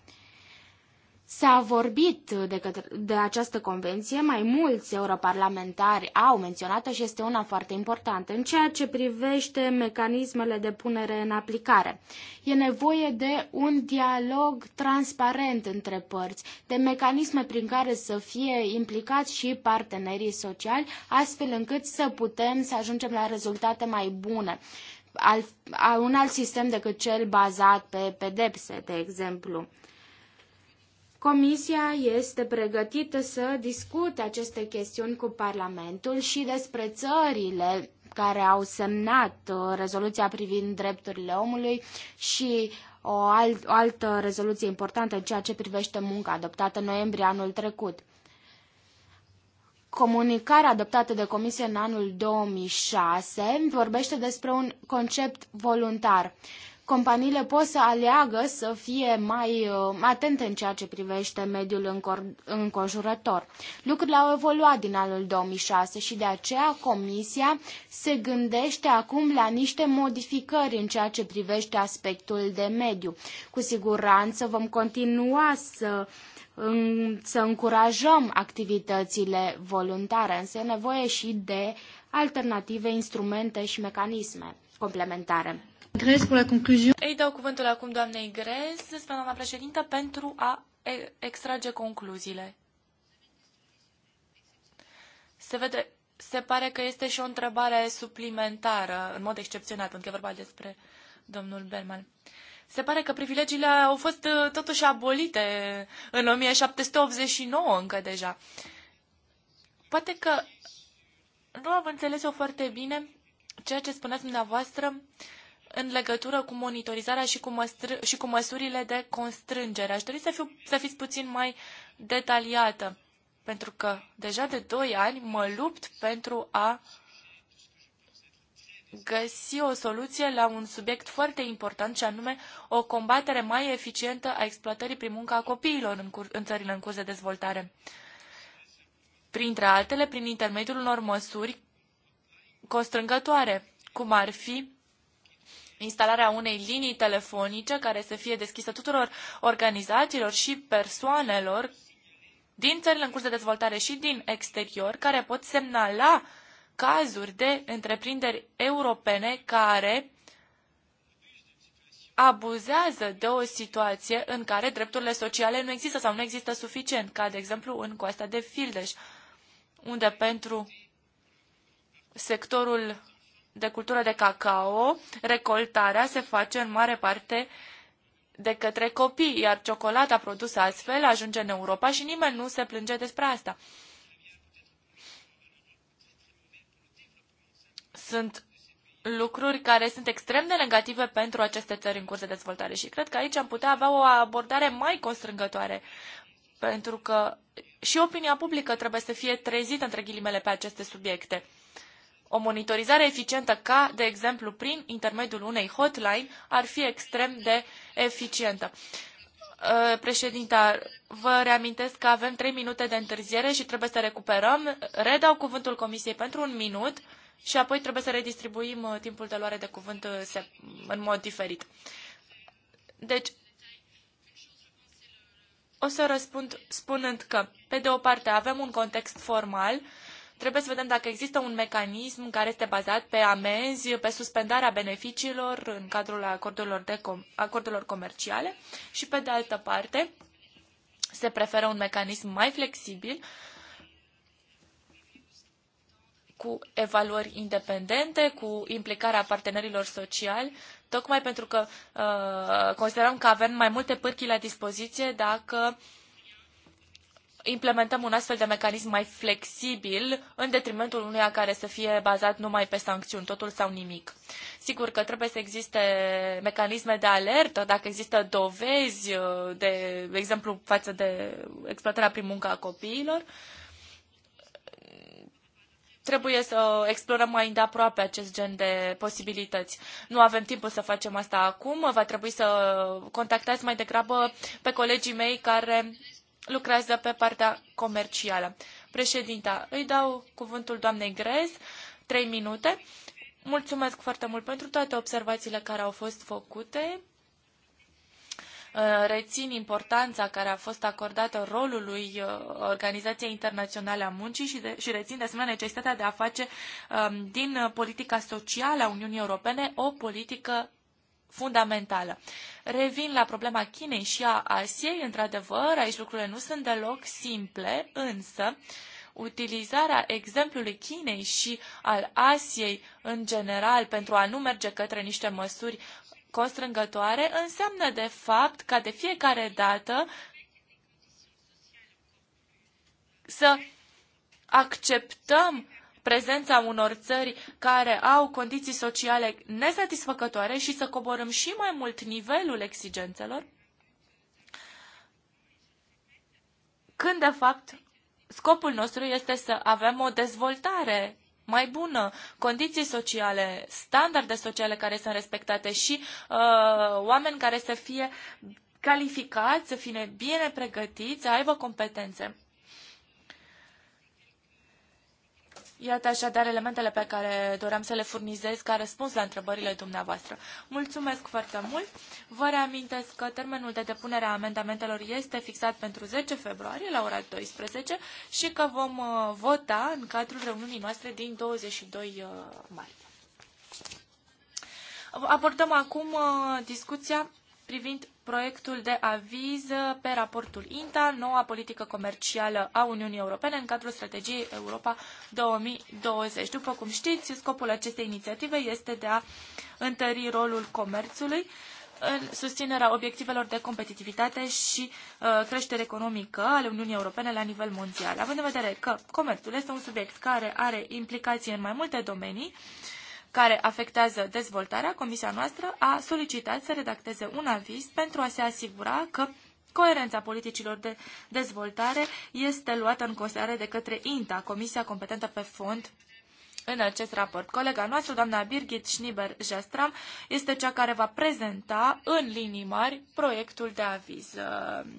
S-a vorbit de, către, de această convenție, mai mulți europarlamentari au menționat-o și este una foarte importantă în ceea ce privește mecanismele de punere în aplicare. E nevoie de un dialog transparent între părți, de mecanisme prin care să fie implicați și partenerii sociali, astfel încât să putem să ajungem la rezultate mai bune. Al, un alt sistem decât cel bazat pe pedepse, de exemplu. Comisia este pregătită să discute aceste chestiuni cu Parlamentul și despre țările care au semnat uh, rezoluția privind drepturile omului și o, alt, o altă rezoluție importantă în ceea ce privește munca adoptată în noiembrie anul trecut. Comunicarea adoptată de Comisie în anul 2006 vorbește despre un concept voluntar companiile pot să aleagă să fie mai uh, atente în ceea ce privește mediul înconjurător. Lucrurile au evoluat din anul 2006 și de aceea Comisia se gândește acum la niște modificări în ceea ce privește aspectul de mediu. Cu siguranță vom continua să să încurajăm activitățile voluntare, însă e nevoie și de alternative, instrumente și mecanisme complementare. Grez, la conclusion.
Îi dau cuvântul acum doamnei Grez, spre doamna președintă, pentru a extrage concluziile. Se vede, se pare că este și o întrebare suplimentară, în mod excepțional, pentru că e vorba despre domnul Berman. Se pare că privilegiile au fost uh, totuși abolite în 1789 încă deja. Poate că nu am înțeles-o foarte bine ceea ce spuneați dumneavoastră în legătură cu monitorizarea și cu, măstr- și cu măsurile de constrângere. Aș dori să, fiu, să fiți puțin mai detaliată, pentru că deja de 2 ani mă lupt pentru a găsi o soluție la un subiect foarte important și anume o combatere mai eficientă a exploatării prin munca a copiilor în, cur- în țările în curs de dezvoltare. Printre altele, prin intermediul unor măsuri constrângătoare, cum ar fi instalarea unei linii telefonice care să fie deschisă tuturor organizațiilor și persoanelor din țările în curs de dezvoltare și din exterior care pot semnala cazuri de întreprinderi europene care abuzează de o situație în care drepturile sociale nu există sau nu există suficient, ca de exemplu în coasta de Fildeș, unde pentru sectorul de cultură de cacao, recoltarea se face în mare parte de către copii, iar ciocolata produsă astfel ajunge în Europa și nimeni nu se plânge despre asta. Sunt lucruri care sunt extrem de negative pentru aceste țări în curs de dezvoltare și cred că aici am putea avea o abordare mai constrângătoare, pentru că și opinia publică trebuie să fie trezită între ghilimele pe aceste subiecte. O monitorizare eficientă ca, de exemplu, prin intermediul unei hotline, ar fi extrem de eficientă. Ă, președinta, vă reamintesc că avem trei minute de întârziere și trebuie să recuperăm. Redau cuvântul Comisiei pentru un minut și apoi trebuie să redistribuim ă, timpul de luare de cuvânt ă, în mod diferit. Deci, o să răspund spunând că, pe de o parte, avem un context formal Trebuie să vedem dacă există un mecanism care este bazat pe amenzi, pe suspendarea beneficiilor în cadrul acordurilor, de com- acordurilor comerciale și, pe de altă parte, se preferă un mecanism mai flexibil cu evaluări independente, cu implicarea partenerilor sociali, tocmai pentru că uh, considerăm că avem mai multe pârchii la dispoziție dacă uh, implementăm un astfel de mecanism mai flexibil în detrimentul unuia care să fie bazat numai pe sancțiuni, totul sau nimic. Sigur că trebuie să existe mecanisme de alertă dacă există dovezi, uh, de, exemplu, față de exploatarea prin muncă a copiilor. Trebuie să explorăm mai îndeaproape acest gen de posibilități. Nu avem timpul să facem asta acum, va trebui să contactați mai degrabă pe colegii mei care lucrează pe partea comercială. Președinta, îi dau cuvântul doamnei Grez, trei minute. Mulțumesc foarte mult pentru toate observațiile care au fost făcute. Uh, rețin importanța care a fost acordată rolului uh, Organizației Internaționale a Muncii și, de, și rețin de asemenea necesitatea de a face um, din politica socială a Uniunii Europene o politică fundamentală. Revin la problema Chinei și a Asiei, într-adevăr, aici lucrurile nu sunt deloc simple, însă utilizarea exemplului Chinei și al Asiei în general pentru a nu merge către niște măsuri constrângătoare înseamnă de fapt ca de fiecare dată să acceptăm prezența unor țări care au condiții sociale nesatisfăcătoare și să coborâm și mai mult nivelul exigențelor? Când, de fapt, scopul nostru este să avem o dezvoltare mai bună, condiții sociale, standarde sociale care sunt respectate și uh, oameni care să fie calificați, să fie bine pregătiți, să aibă competențe. Iată așadar elementele pe care doream să le furnizez ca răspuns la întrebările dumneavoastră. Mulțumesc foarte mult! Vă reamintesc că termenul de depunere a amendamentelor este fixat pentru 10 februarie la ora 12 și că vom uh, vota în cadrul reuniunii noastre din 22 uh, martie. Abordăm acum uh, discuția privind proiectul de aviz pe raportul INTA, noua politică comercială a Uniunii Europene în cadrul strategiei Europa 2020. După cum știți, scopul acestei inițiative este de a întări rolul comerțului în susținerea obiectivelor de competitivitate și uh, creștere economică ale Uniunii Europene la nivel mondial. Având în vedere că comerțul este un subiect care are implicații în mai multe domenii, uh, care afectează dezvoltarea, comisia noastră a solicitat să redacteze un aviz pentru a se asigura că coerența politicilor de dezvoltare este luată în considerare de către INTA, comisia competentă pe fond în acest raport. Colega noastră, doamna Birgit Schnieber-Jastram, este cea care va prezenta în linii mari proiectul de aviz.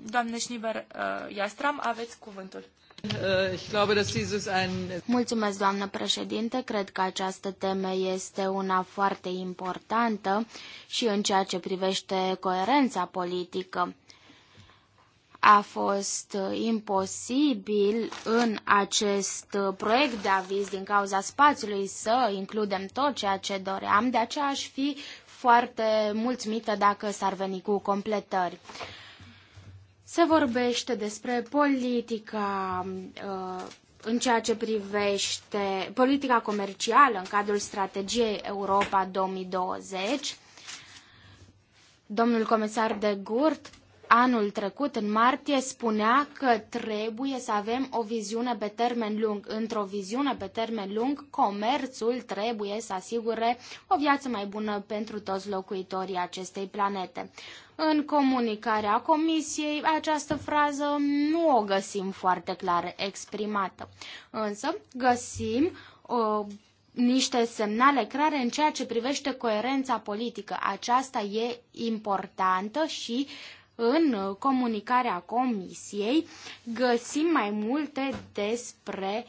Doamne Schnieber-Jastram, aveți cuvântul. Äh,
Mulțumesc, doamnă președinte. Cred că această temă este una foarte importantă și în ceea ce privește coerența politică. A fost imposibil în acest proiect de aviz din cauza spațiului să includem tot ceea ce doream, de aceea aș fi foarte mulțumită dacă s-ar veni cu completări. Se vorbește despre politica uh, în ceea ce privește politica comercială în cadrul strategiei Europa 2020. Domnul comisar de Gurt anul trecut, în martie, spunea că trebuie să avem o viziune pe termen lung. Într-o viziune pe termen lung, comerțul trebuie să asigure o viață mai bună pentru toți locuitorii acestei planete. În comunicarea Comisiei, această frază nu o găsim foarte clar exprimată, însă găsim o niște semnale clare în ceea ce privește coerența politică. Aceasta e importantă și uh, în comunicarea comisiei găsim mai multe despre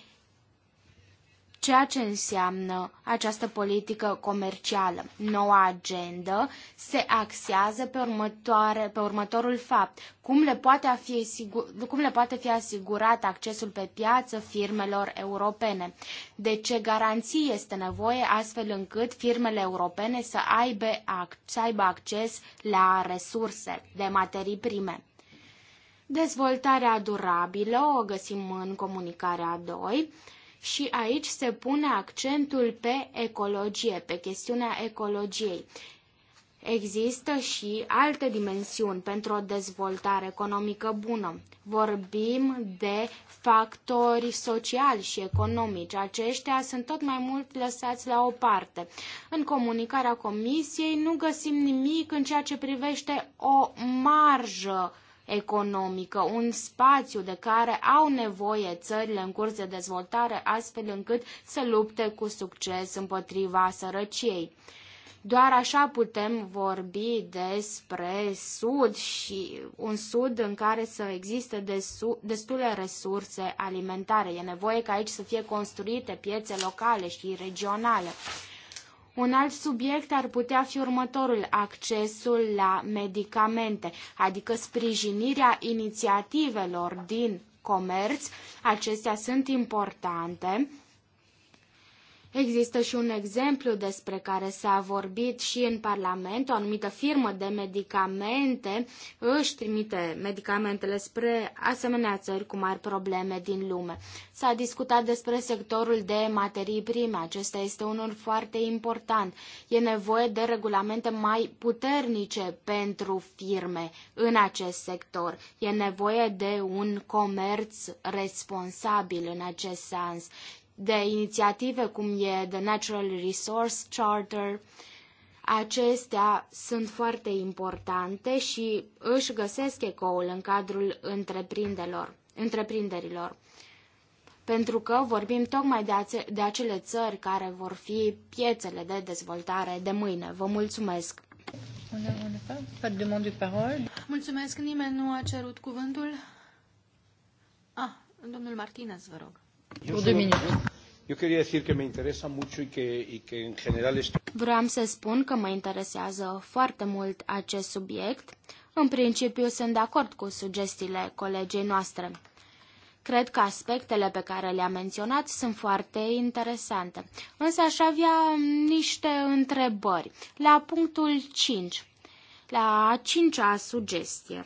ceea ce înseamnă această politică comercială. Noua agendă se axează pe, următoare, pe următorul fapt. Cum le, poate fi sigur, cum le poate fi asigurat accesul pe piață firmelor europene? De ce garanții este nevoie astfel încât firmele europene să aibă, să aibă acces la resurse de materii prime? Dezvoltarea durabilă o găsim în comunicarea doi și aici se pune accentul pe ecologie, pe chestiunea ecologiei. Există și alte dimensiuni pentru o dezvoltare economică bună. Vorbim de factori sociali și economici. Aceștia sunt tot mai mult lăsați la o parte. În comunicarea Comisiei nu găsim nimic în ceea ce privește o marjă economică, un spațiu de care au nevoie țările în curs de dezvoltare, astfel încât să lupte cu succes împotriva sărăciei. Doar așa putem vorbi despre Sud și un Sud în care să existe destule resurse alimentare. E nevoie ca aici să fie construite piețe locale și regionale. Un alt subiect ar putea fi următorul, accesul la medicamente, adică sprijinirea inițiativelor din comerț. Acestea sunt importante Există și un exemplu despre care s-a vorbit și în Parlament. O anumită firmă de medicamente își trimite medicamentele spre asemenea țări cu mari probleme din lume. S-a discutat despre sectorul de materii prime. Acesta este unul foarte important. E nevoie de regulamente mai puternice pentru firme în acest sector. E nevoie de un comerț responsabil în acest sens de inițiative cum e The Natural Resource Charter. Acestea sunt foarte importante și își găsesc ecoul în cadrul întreprinderilor. întreprinderilor pentru că vorbim tocmai de, ace- de acele țări care vor fi piețele de dezvoltare de mâine. Vă mulțumesc!
Mulțumesc, nimeni nu a cerut cuvântul. Ah, domnul Martinez, vă rog.
Eu,
Vreau să spun că mă interesează foarte mult acest subiect. În principiu sunt de acord cu sugestiile colegii noastre. Cred că aspectele pe care le a menționat sunt foarte interesante. Însă aș avea niște întrebări. La punctul 5, la a cincea sugestie.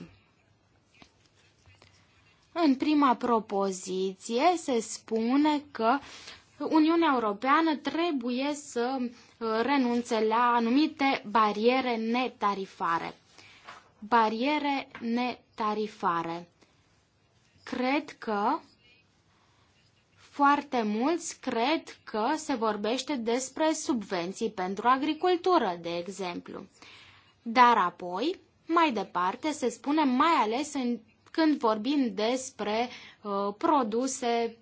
În prima propoziție se spune că Uniunea Europeană trebuie să uh, renunțe la anumite bariere netarifare. Bariere netarifare. Cred că foarte mulți cred că se vorbește despre subvenții pentru agricultură, de exemplu. Dar apoi, mai departe, se spune mai ales în când vorbim despre uh, produse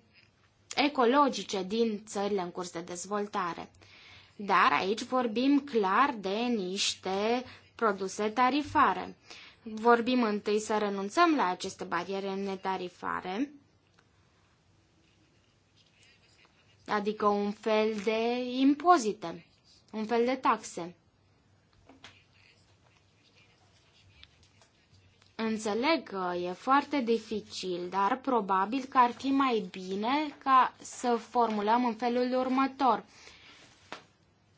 ecologice din țările în curs de dezvoltare. Dar aici vorbim clar de niște produse tarifare. Vorbim întâi să renunțăm la aceste bariere netarifare, adică un fel de impozite, un fel de taxe. Înțeleg că e foarte dificil, dar probabil că ar fi mai bine ca să formulăm în felul următor.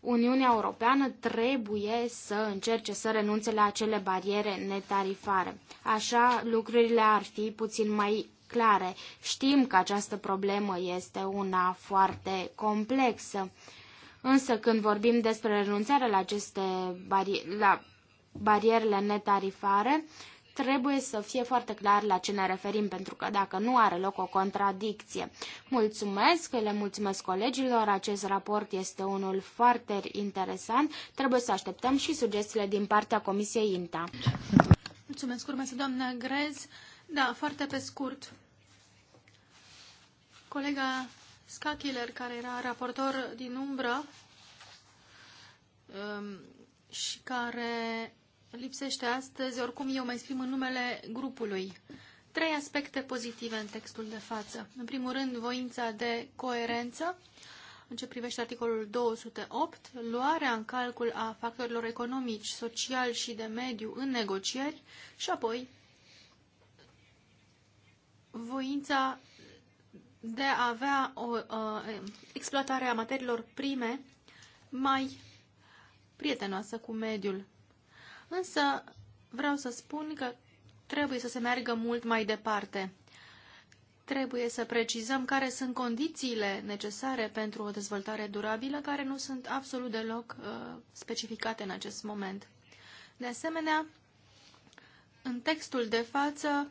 Uniunea Europeană trebuie să încerce să renunțe la acele bariere netarifare. Așa lucrurile ar fi puțin mai clare. Știm că această problemă este una foarte complexă. Însă când vorbim despre renunțarea la aceste bari- la barierele netarifare, uh, trebuie să fie foarte clar la ce ne referim, pentru că dacă nu are loc o contradicție. Mulțumesc, le mulțumesc colegilor, acest raport este unul foarte interesant, trebuie să așteptăm și sugestiile din partea Comisiei INTA.
Mulțumesc, urmează
doamna Grez. Da,
foarte pe scurt. Colega Skakiller, care era raportor din umbră um, și care lipsește astăzi, oricum eu mă exprim în numele grupului. Trei aspecte pozitive în textul de față. În primul rând, voința de coerență în ce privește articolul 208, luarea în calcul a factorilor economici, social și de mediu în negocieri și apoi voința de a avea o a, uh, exploatare a materiilor prime mai prietenoasă cu mediul. Însă vreau să spun că trebuie să se meargă mult mai departe. Trebuie să precizăm care sunt condițiile necesare pentru o dezvoltare durabilă, care nu sunt absolut deloc uh, specificate în acest moment. De asemenea, în textul de față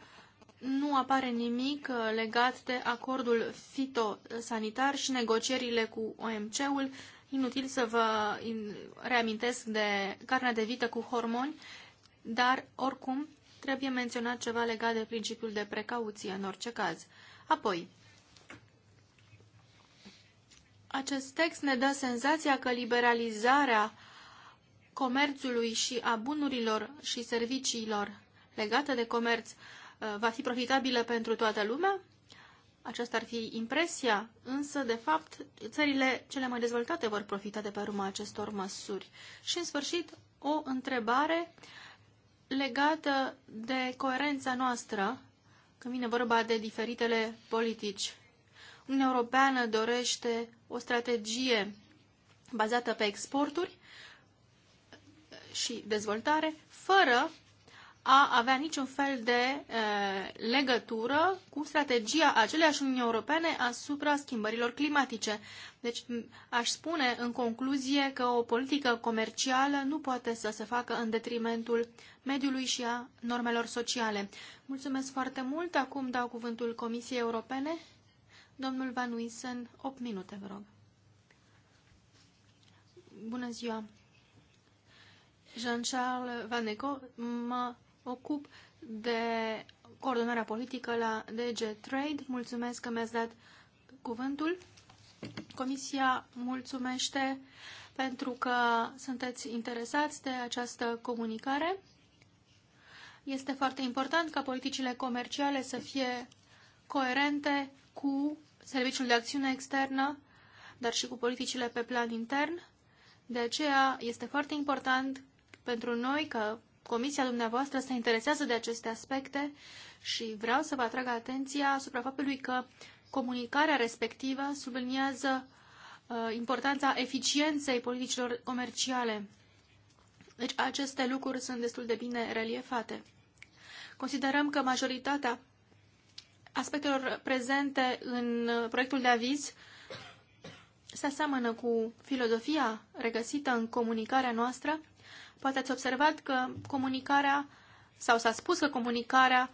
nu apare nimic uh, legat de acordul fitosanitar și negocierile cu OMC-ul Inutil să vă reamintesc de carnea de vită cu hormoni, dar, oricum, trebuie menționat ceva legat de principiul de precauție în orice caz. Apoi, acest text ne dă senzația că liberalizarea comerțului și a bunurilor și serviciilor legate de comerț uh, va fi profitabilă pentru toată lumea? Aceasta ar fi impresia, însă, de fapt, țările cele mai dezvoltate vor profita de pe urma acestor măsuri. Și, în sfârșit, o întrebare legată de coerența noastră când vine vorba de diferitele politici. Uniunea Europeană dorește o strategie bazată pe exporturi și dezvoltare, fără a avea niciun fel de uh, legătură cu strategia aceleași Uniunii Europene asupra schimbărilor climatice. Deci aș spune în concluzie că o politică comercială nu poate să se facă în detrimentul mediului și a normelor sociale. Mulțumesc foarte mult. Acum dau cuvântul Comisiei Europene. Domnul Van Uysen, 8 minute, vă rog. Bună ziua! Jean-Charles Vaneco, mă ocup de coordonarea politică la DG Trade. Mulțumesc că mi-ați dat cuvântul. Comisia mulțumește pentru că sunteți interesați de această comunicare. Este foarte important ca politicile comerciale să fie coerente cu Serviciul de Acțiune Externă, dar și cu politicile pe plan intern. De aceea este foarte important pentru noi, ca comisia dumneavoastră se interesează de aceste aspecte și vreau să vă atrag atenția asupra faptului că comunicarea respectivă subliniază uh, importanța eficienței politicilor comerciale. Deci aceste lucruri sunt destul de bine reliefate. Considerăm că majoritatea aspectelor prezente în uh, proiectul de aviz se aseamănă cu filozofia regăsită în comunicarea noastră Poate ați observat că comunicarea sau s-a spus că comunicarea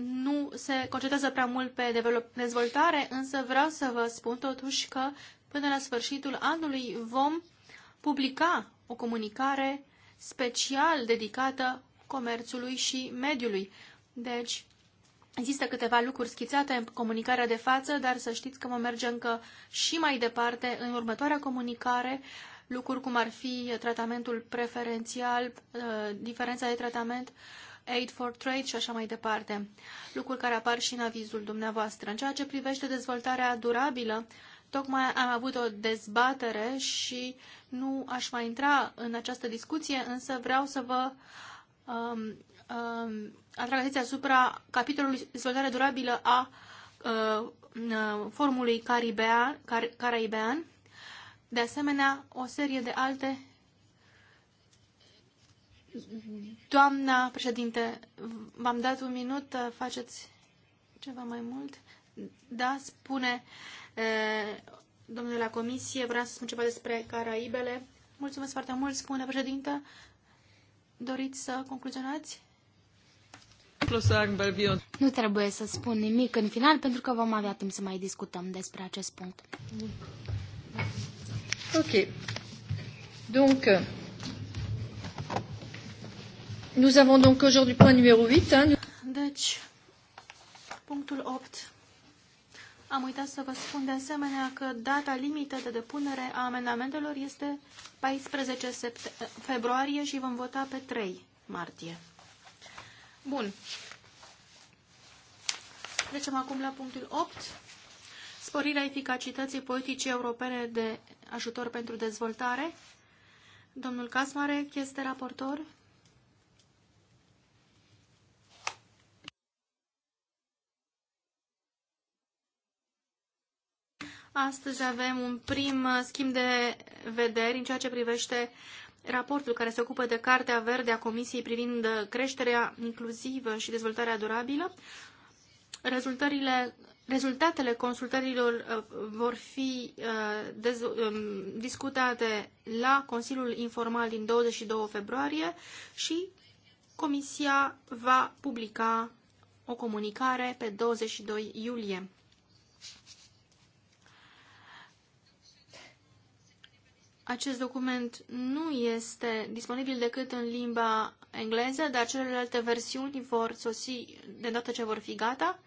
nu se concentrează prea mult pe dezvoltare, însă vreau să vă spun totuși că până la sfârșitul anului vom publica o comunicare special dedicată comerțului și mediului. Deci, există câteva lucruri schițate în comunicarea de față, dar să știți că vom merge încă și mai departe în următoarea comunicare lucruri cum ar fi tratamentul preferențial, uh, diferența de tratament, aid for trade și așa mai departe, lucruri care apar și în avizul dumneavoastră. În ceea ce privește dezvoltarea durabilă, tocmai am avut o dezbatere și nu aș mai intra în această discuție, însă vreau să vă um, um, atrag atenția asupra capitolului dezvoltare durabilă a uh, formului caribean, car, caraibean de asemenea, o serie de alte. Doamna președinte, v-am dat un minut, faceți ceva mai mult? Da, spune e, domnul la comisie, vreau să spun ceva despre Caraibele. Mulțumesc foarte mult, spune președinte.
Doriți să concluzionați? Nu trebuie să spun nimic în final pentru că vom avea timp să mai discutăm despre acest punct. Ok.
Donc, euh, nous avons donc aujourd'hui point numéro 8. Hein. Deci, punctul 8. Am uitat să vă spun de asemenea că data limită de depunere a amendamentelor este 14 februarie și vom vota pe 3 martie. Bun. Trecem acum la punctul 8 sporirea eficacității politicii europene de ajutor pentru dezvoltare. Domnul Casmare, este raportor. Astăzi avem un prim schimb de vederi în ceea ce privește raportul care se ocupă de Cartea Verde a Comisiei privind creșterea inclusivă și dezvoltarea durabilă. Rezultările Rezultatele consultărilor uh, vor fi uh, um, discutate la Consiliul Informal din 22 februarie și Comisia va publica o comunicare pe 22 iulie. Acest document nu este disponibil decât în limba engleză, dar celelalte versiuni vor sosi de data ce vor fi gata.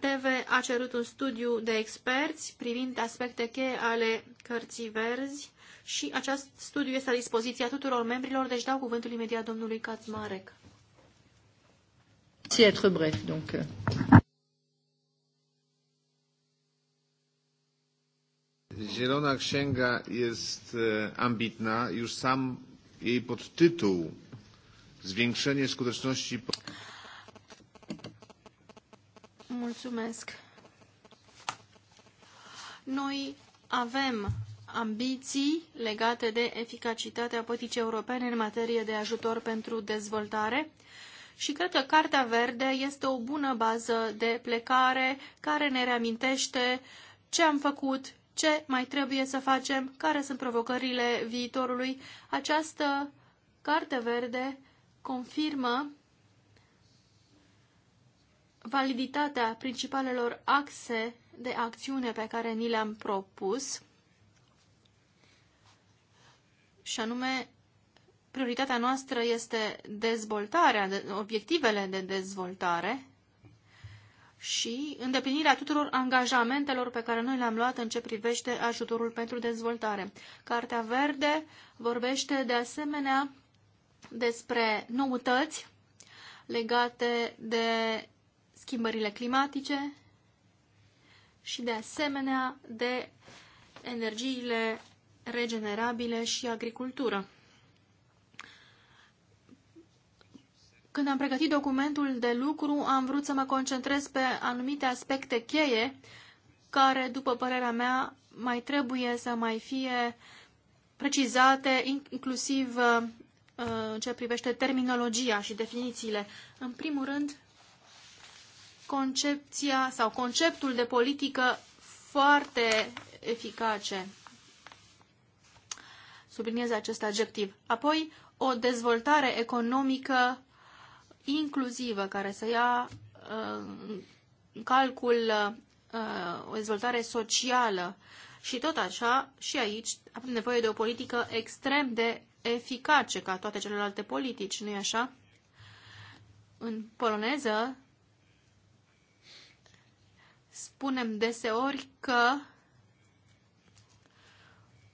DEVE a cerut un studiu de experți privind aspecte cheie ale cărții verzi și acest studiu este la dispoziția tuturor membrilor, deci dau cuvântul imediat domnului Kacmarek. Si être bref, donc. Euh. Zielona Księga jest ambitna, już sam jej podtytuł Zwiększenie skuteczności. Mulțumesc. Noi avem ambiții legate de eficacitatea politicii europene în materie de ajutor pentru dezvoltare și cred că Cartea Verde este o bună bază de plecare care ne reamintește ce am făcut, ce mai trebuie să facem, care sunt provocările viitorului. Această Carte Verde confirmă validitatea principalelor axe de acțiune pe care ni le-am propus, și anume prioritatea noastră este dezvoltarea, obiectivele de dezvoltare și îndeplinirea tuturor angajamentelor pe care noi le-am luat în ce privește ajutorul pentru dezvoltare. Cartea Verde vorbește de asemenea despre noutăți legate de schimbările climatice și de asemenea de energiile regenerabile și agricultură. Când am pregătit documentul de lucru, am vrut să mă concentrez pe anumite aspecte cheie care, după părerea mea, mai trebuie să mai fie precizate, inclusiv uh, în ce privește terminologia și definițiile. În primul rând, concepția sau conceptul de politică foarte eficace. Subliniez acest adjectiv. Apoi, o dezvoltare economică inclusivă care să ia uh, în uh, calcul uh, o dezvoltare socială și tot așa, și aici avem nevoie de o politică extrem de eficace ca toate celelalte politici, nu-i așa? În poloneză spunem deseori că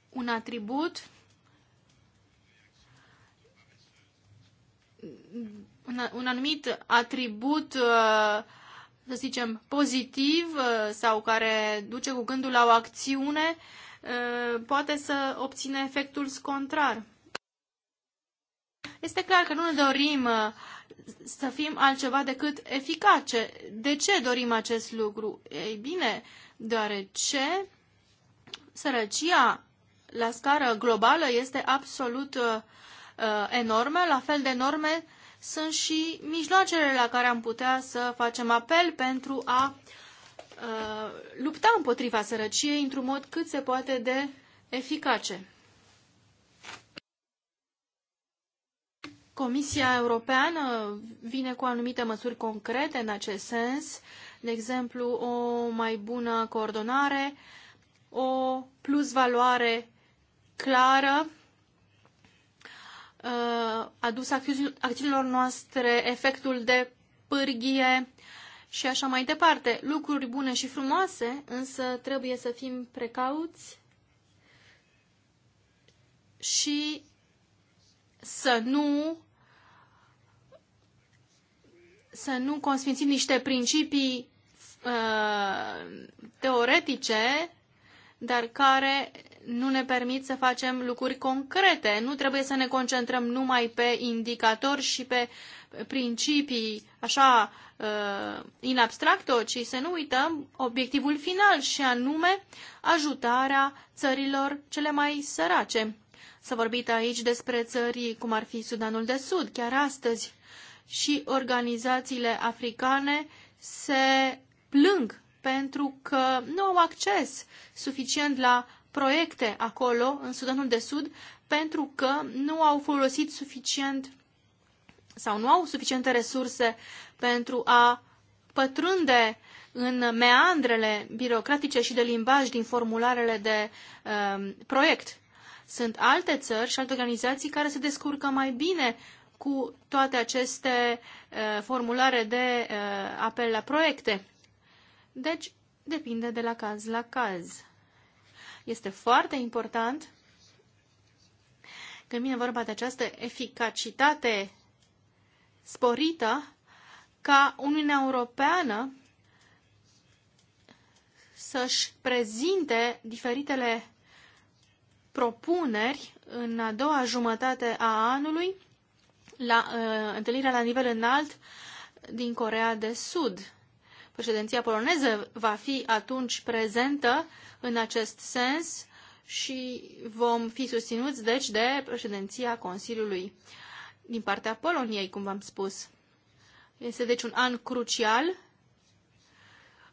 un atribut un anumit atribut, uh, să zicem, pozitiv uh, sau care duce cu gândul la o acțiune, uh, poate să obține efectul contrar. Este clar că nu ne dorim uh, să fim altceva decât eficace. De ce dorim acest lucru? Ei bine, deoarece sărăcia la scară globală este absolut uh, uh, enormă, la fel de enorme sunt și mijloacele la care am putea să facem apel pentru a uh, lupta împotriva sărăciei într-un mod cât se poate de eficace. Comisia Europeană vine cu anumite măsuri concrete în acest sens, de exemplu o mai bună coordonare, o plusvaloare clară uh, adusă acțiunilor noastre, efectul de pârghie și așa mai departe. Lucruri bune și frumoase, însă trebuie să fim precauți și să nu să nu consfințim niște principii uh, teoretice, dar care nu ne permit să facem lucruri concrete. Nu trebuie să ne concentrăm numai pe indicatori și pe principii așa uh, in abstracto, ci să nu uităm obiectivul final și anume ajutarea țărilor cele mai sărace. Să vorbim vorbit aici despre țări cum ar fi Sudanul de Sud, chiar astăzi și organizațiile africane se plâng pentru că nu au acces suficient la proiecte acolo, în Sudanul de Sud, pentru că nu au folosit suficient sau nu au suficiente resurse pentru a pătrunde în meandrele birocratice și de limbaj din formularele de um, proiect. Sunt alte țări și alte organizații care se descurcă mai bine cu toate aceste formulare de apel la proiecte. Deci, depinde de la caz la caz. Este foarte important când vine vorba de această eficacitate sporită ca Uniunea Europeană să-și prezinte diferitele propuneri în a doua jumătate a anului la uh, întâlnirea la nivel înalt din Corea de Sud. Președinția poloneză va fi atunci prezentă în acest sens și vom fi susținuți, deci, de președinția Consiliului din partea Poloniei, cum v-am spus. Este, deci, un an crucial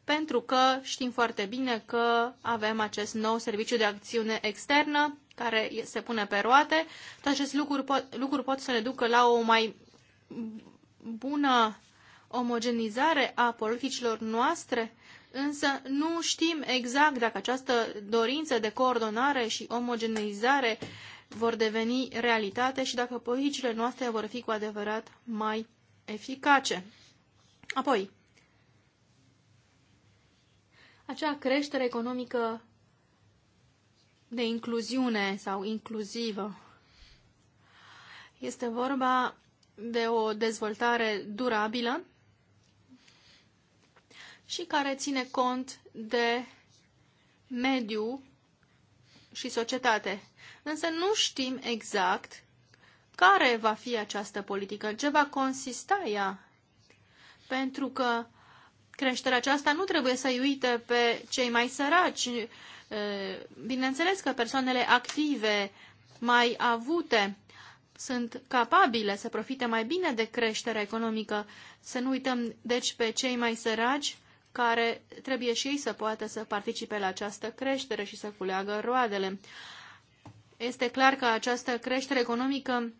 pentru că știm foarte bine că avem acest nou serviciu de acțiune externă care se pune pe roate. Toate aceste lucruri pot, lucruri pot să ne ducă la o mai bună omogenizare a politicilor noastre, însă nu știm exact dacă această dorință de coordonare și omogenizare vor deveni realitate și dacă politicile noastre vor fi cu adevărat mai eficace. Apoi, acea creștere economică de incluziune sau inclusivă. Este vorba de o dezvoltare durabilă și care ține cont de mediu și societate. Însă nu știm exact care va fi această politică, ce va consista ea, pentru că creșterea aceasta nu trebuie să-i uite pe cei mai săraci, Eh, bineînțeles că persoanele active mai avute sunt capabile să profite mai bine de creșterea economică. Să nu uităm, deci, pe cei mai săraci care trebuie și ei să poată să participe la această creștere și să culeagă roadele. Este clar că această creștere economică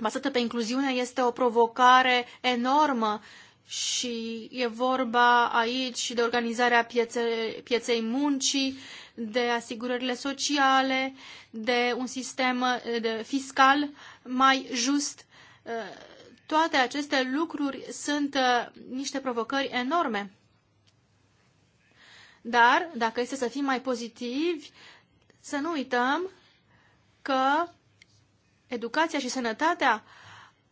bazată pe incluziune este o provocare enormă și e vorba aici de organizarea pieței, pieței muncii, de asigurările sociale, de un sistem de fiscal mai just. Toate aceste lucruri sunt uh, niște provocări enorme. Dar, dacă este să fim mai pozitivi, să nu uităm că educația și sănătatea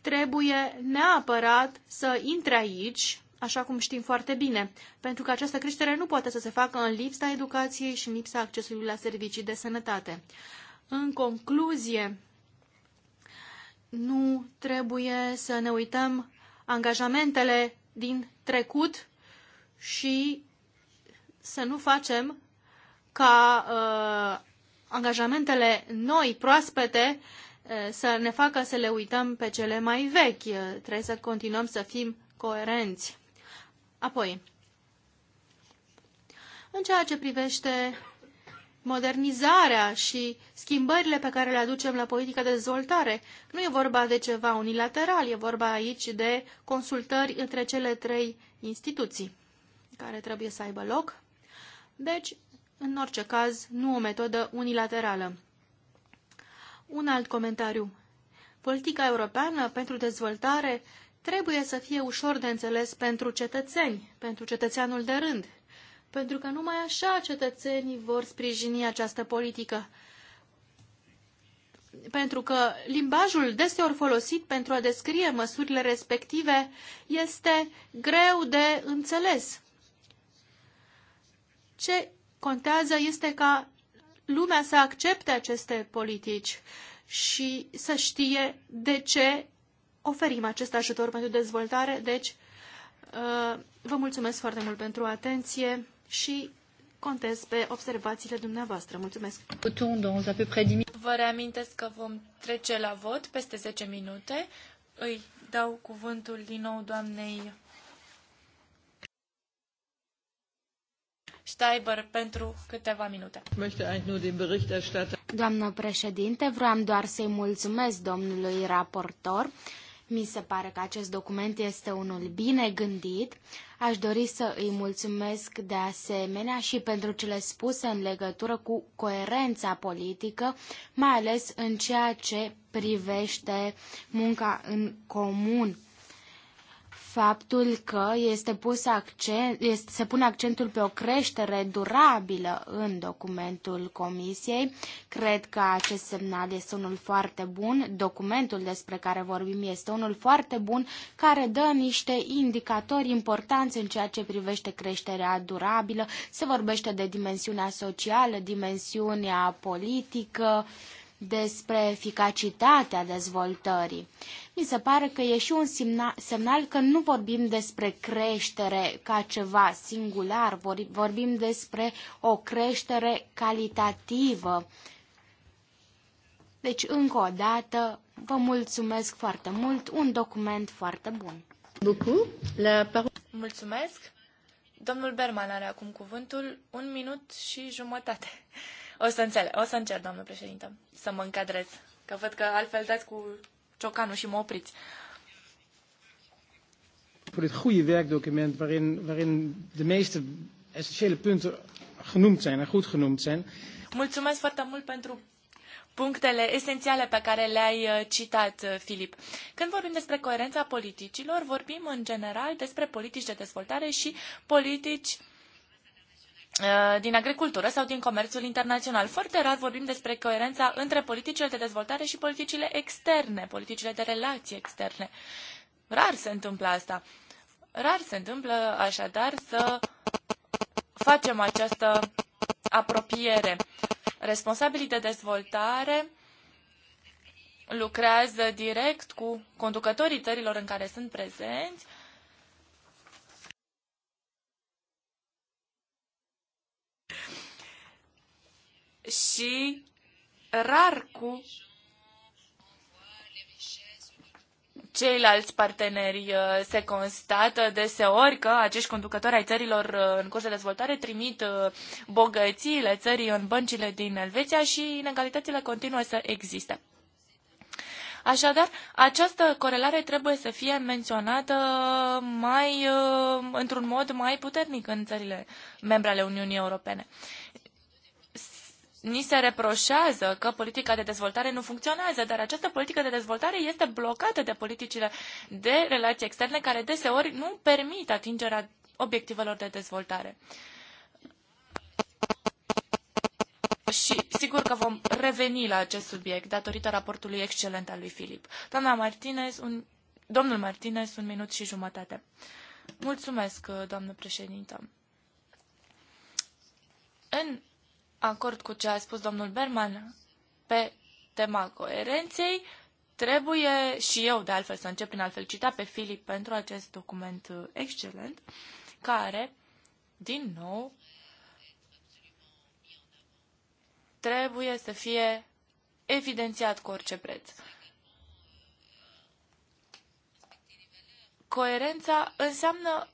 trebuie neapărat să intre aici, așa cum știm foarte bine, pentru că această creștere nu poate să se facă în lipsa educației și în lipsa accesului la servicii de sănătate. În concluzie, nu trebuie să ne uităm angajamentele din trecut și să nu facem ca uh, angajamentele noi, proaspete, uh, Eh, să ne facă să le uităm pe cele mai vechi. Eh, trebuie să continuăm să fim coerenți. Apoi, în ceea ce privește modernizarea și schimbările pe care le aducem la politica de dezvoltare. Nu e vorba de ceva unilateral, e vorba aici de consultări între cele trei instituții care trebuie să aibă loc. Deci, în orice caz, nu o metodă unilaterală. Un alt comentariu. Politica europeană pentru dezvoltare trebuie să fie ușor de înțeles pentru cetățeni, pentru cetățeanul de rând, pentru că numai așa cetățenii vor sprijini această politică. Pentru că limbajul deseori folosit pentru a descrie măsurile respective este greu de înțeles. Ce contează este ca lumea să accepte aceste politici și să știe de ce oferim acest ajutor pentru dezvoltare. Deci, uh, vă mulțumesc foarte mult pentru atenție și contez pe observațiile dumneavoastră. Mulțumesc!
Vă reamintesc că vom trece la vot peste 10 minute. Îi dau cuvântul din nou doamnei Steiber pentru câteva minute.
Doamnă președinte, vreau doar să-i mulțumesc domnului raportor. Mi se pare că acest document este unul bine gândit. Aș dori să îi mulțumesc de asemenea și pentru cele spuse în legătură cu coerența politică, mai ales în ceea ce privește munca în comun faptul că este pus accent, este, se pune accentul pe o creștere durabilă în documentul Comisiei. Cred că acest semnal este unul foarte bun. Documentul despre care vorbim este unul foarte bun care dă niște indicatori importanți în ceea ce privește creșterea durabilă. Se vorbește de dimensiunea socială, dimensiunea politică, despre eficacitatea dezvoltării. Mi se pare că e și un semnal, că nu vorbim despre creștere ca ceva singular, vorbim despre o creștere calitativă. Deci, încă o dată, vă mulțumesc foarte mult, un document foarte bun.
Mulțumesc. Domnul Berman are acum cuvântul, un minut și jumătate. O să, înțeleg, o să încerc, doamnă președintă, să mă încadrez, că văd că altfel dați cu ciocanul și mă opriți.
Voor dit goede werkdocument waarin, waarin de meeste essentiële punten genoemd zijn en goed genoemd zijn.
Mulțumesc foarte mult pentru punctele esențiale pe care le-ai uh, citat, uh, Filip. Când vorbim despre coerența politicilor, vorbim în general despre politici de dezvoltare și politici uh, Uh, din agricultură sau din comerțul internațional. Foarte rar vorbim despre coerența între politicile de dezvoltare și politicile externe, politicile de relații externe. Rar se întâmplă asta. Rar se întâmplă așadar să facem această apropiere. Responsabilii de dezvoltare lucrează direct cu conducătorii țărilor în care sunt prezenți și rar cu ceilalți parteneri uh, se constată deseori că acești conducători ai țărilor uh, în curs de dezvoltare trimit uh, bogățiile țării în băncile din Elveția și inegalitățile continuă să existe. Așadar, această corelare trebuie să fie menționată mai, într-un mod mai puternic în țările membre ale Uniunii Europene ni se reproșează că politica de dezvoltare nu funcționează, dar această politică de dezvoltare este blocată de politicile de relații externe care deseori nu permit atingerea obiectivelor de dezvoltare. Și sigur că vom reveni la acest subiect datorită raportului excelent al lui Filip. Doamna Martinez, un... domnul Martinez, un minut și jumătate. Mulțumesc, doamnă președintă. În acord cu ce a spus domnul Berman pe tema coerenței. Trebuie și eu, de altfel, să încep prin a-l felicita pe Filip pentru acest document uh, excelent, care, din nou, trebuie să fie evidențiat cu orice preț. Coerența înseamnă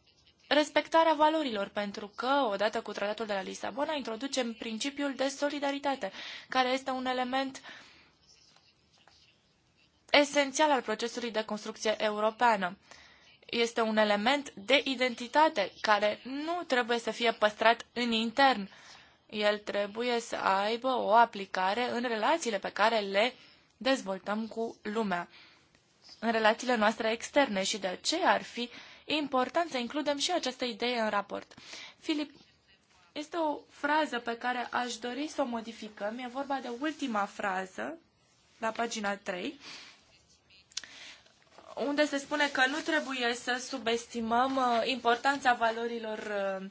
respectarea valorilor, pentru că, odată cu tratatul de la Lisabona, introducem principiul de solidaritate, care este un element esențial al procesului de construcție europeană. Este un element de identitate care nu trebuie să fie păstrat în intern. El trebuie să aibă o aplicare în relațiile pe care le dezvoltăm cu lumea, în relațiile noastre externe și de aceea ar fi uh, important să includem și această idee în raport. Filip, este o frază pe care aș dori să o modificăm. E vorba de ultima frază, la pagina 3, unde se spune că nu trebuie să subestimăm uh, importanța valorilor uh,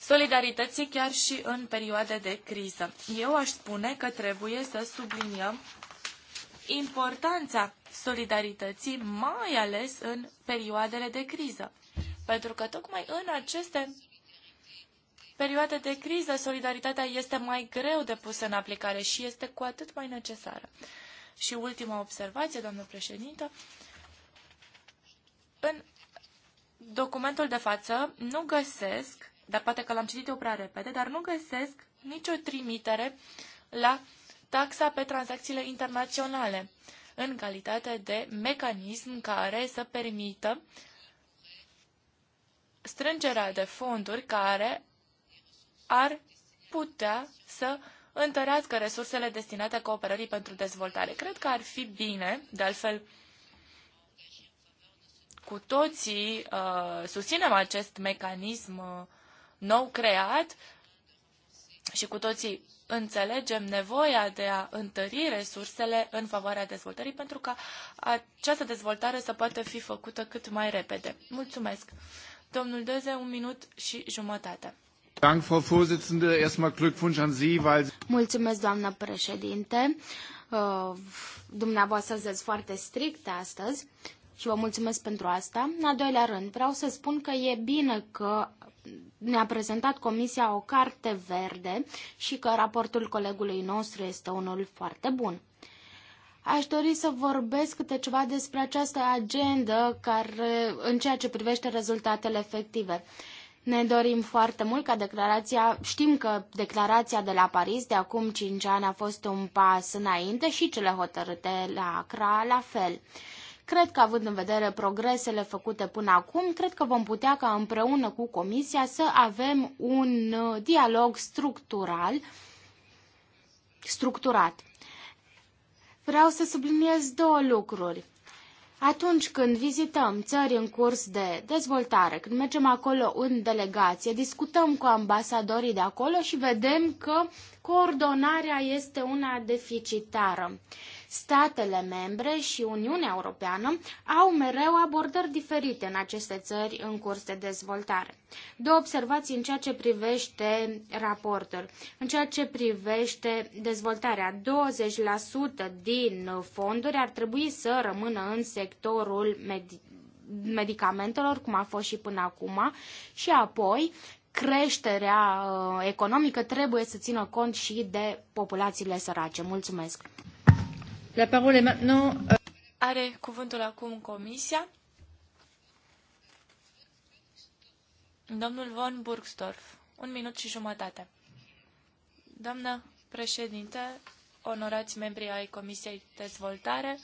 solidarității chiar și în perioade de criză. Eu aș spune că trebuie să subliniem importanța solidarității, mai ales în perioadele de criză. Pentru că tocmai în aceste perioade de criză, solidaritatea este mai greu de pusă în aplicare și este cu atât mai necesară. Și ultima observație, doamnă președintă, în documentul de față nu găsesc, dar poate că l-am citit eu prea repede, dar nu găsesc nicio trimitere la taxa pe tranzacțiile internaționale în calitate de mecanism care să permită strângerea de fonduri care ar putea să întărească resursele destinate cooperării pentru dezvoltare. Cred că ar fi bine, de altfel, cu toții uh, susținem acest mecanism uh, nou creat și cu toții înțelegem nevoia de a întări resursele în favoarea dezvoltării pentru ca această dezvoltare să poată fi făcută cât mai repede. Mulțumesc. Domnul Deze, un minut și jumătate.
Mulțumesc, doamnă președinte. Uh, dumneavoastră sunteți foarte strict astăzi și vă mulțumesc pentru asta. În a doilea rând, vreau să spun că e bine că ne-a prezentat Comisia o carte verde și că raportul colegului nostru este unul foarte bun. Aș dori să vorbesc câte ceva despre această agendă care, în ceea ce privește rezultatele efective. Ne dorim foarte mult ca declarația, știm că declarația de la Paris de acum 5 ani a fost un pas înainte și cele hotărâte la Accra la fel. Cred că, având în vedere progresele făcute până acum, cred că vom putea ca împreună cu Comisia să avem un uh, dialog structural, structurat. Vreau să subliniez două lucruri. Atunci când vizităm țări în curs de dezvoltare, când mergem acolo în delegație, discutăm cu ambasadorii de acolo și vedem că coordonarea este una deficitară. Statele membre și Uniunea Europeană au mereu abordări diferite în aceste țări în curs de dezvoltare. Două observații în ceea ce privește raportul. În ceea ce privește dezvoltarea, 20% din fonduri ar trebui să rămână în sectorul medicamentelor, cum a fost și până acum, și apoi creșterea uh, economică trebuie să țină cont și de populațiile sărace. Mulțumesc! La parole est maintenant... Euh,
Are cuvântul acum Comisia. Domnul von Burgstorf, un minut și jumătate. Doamnă președinte, onorați membri ai Comisiei Dezvoltare,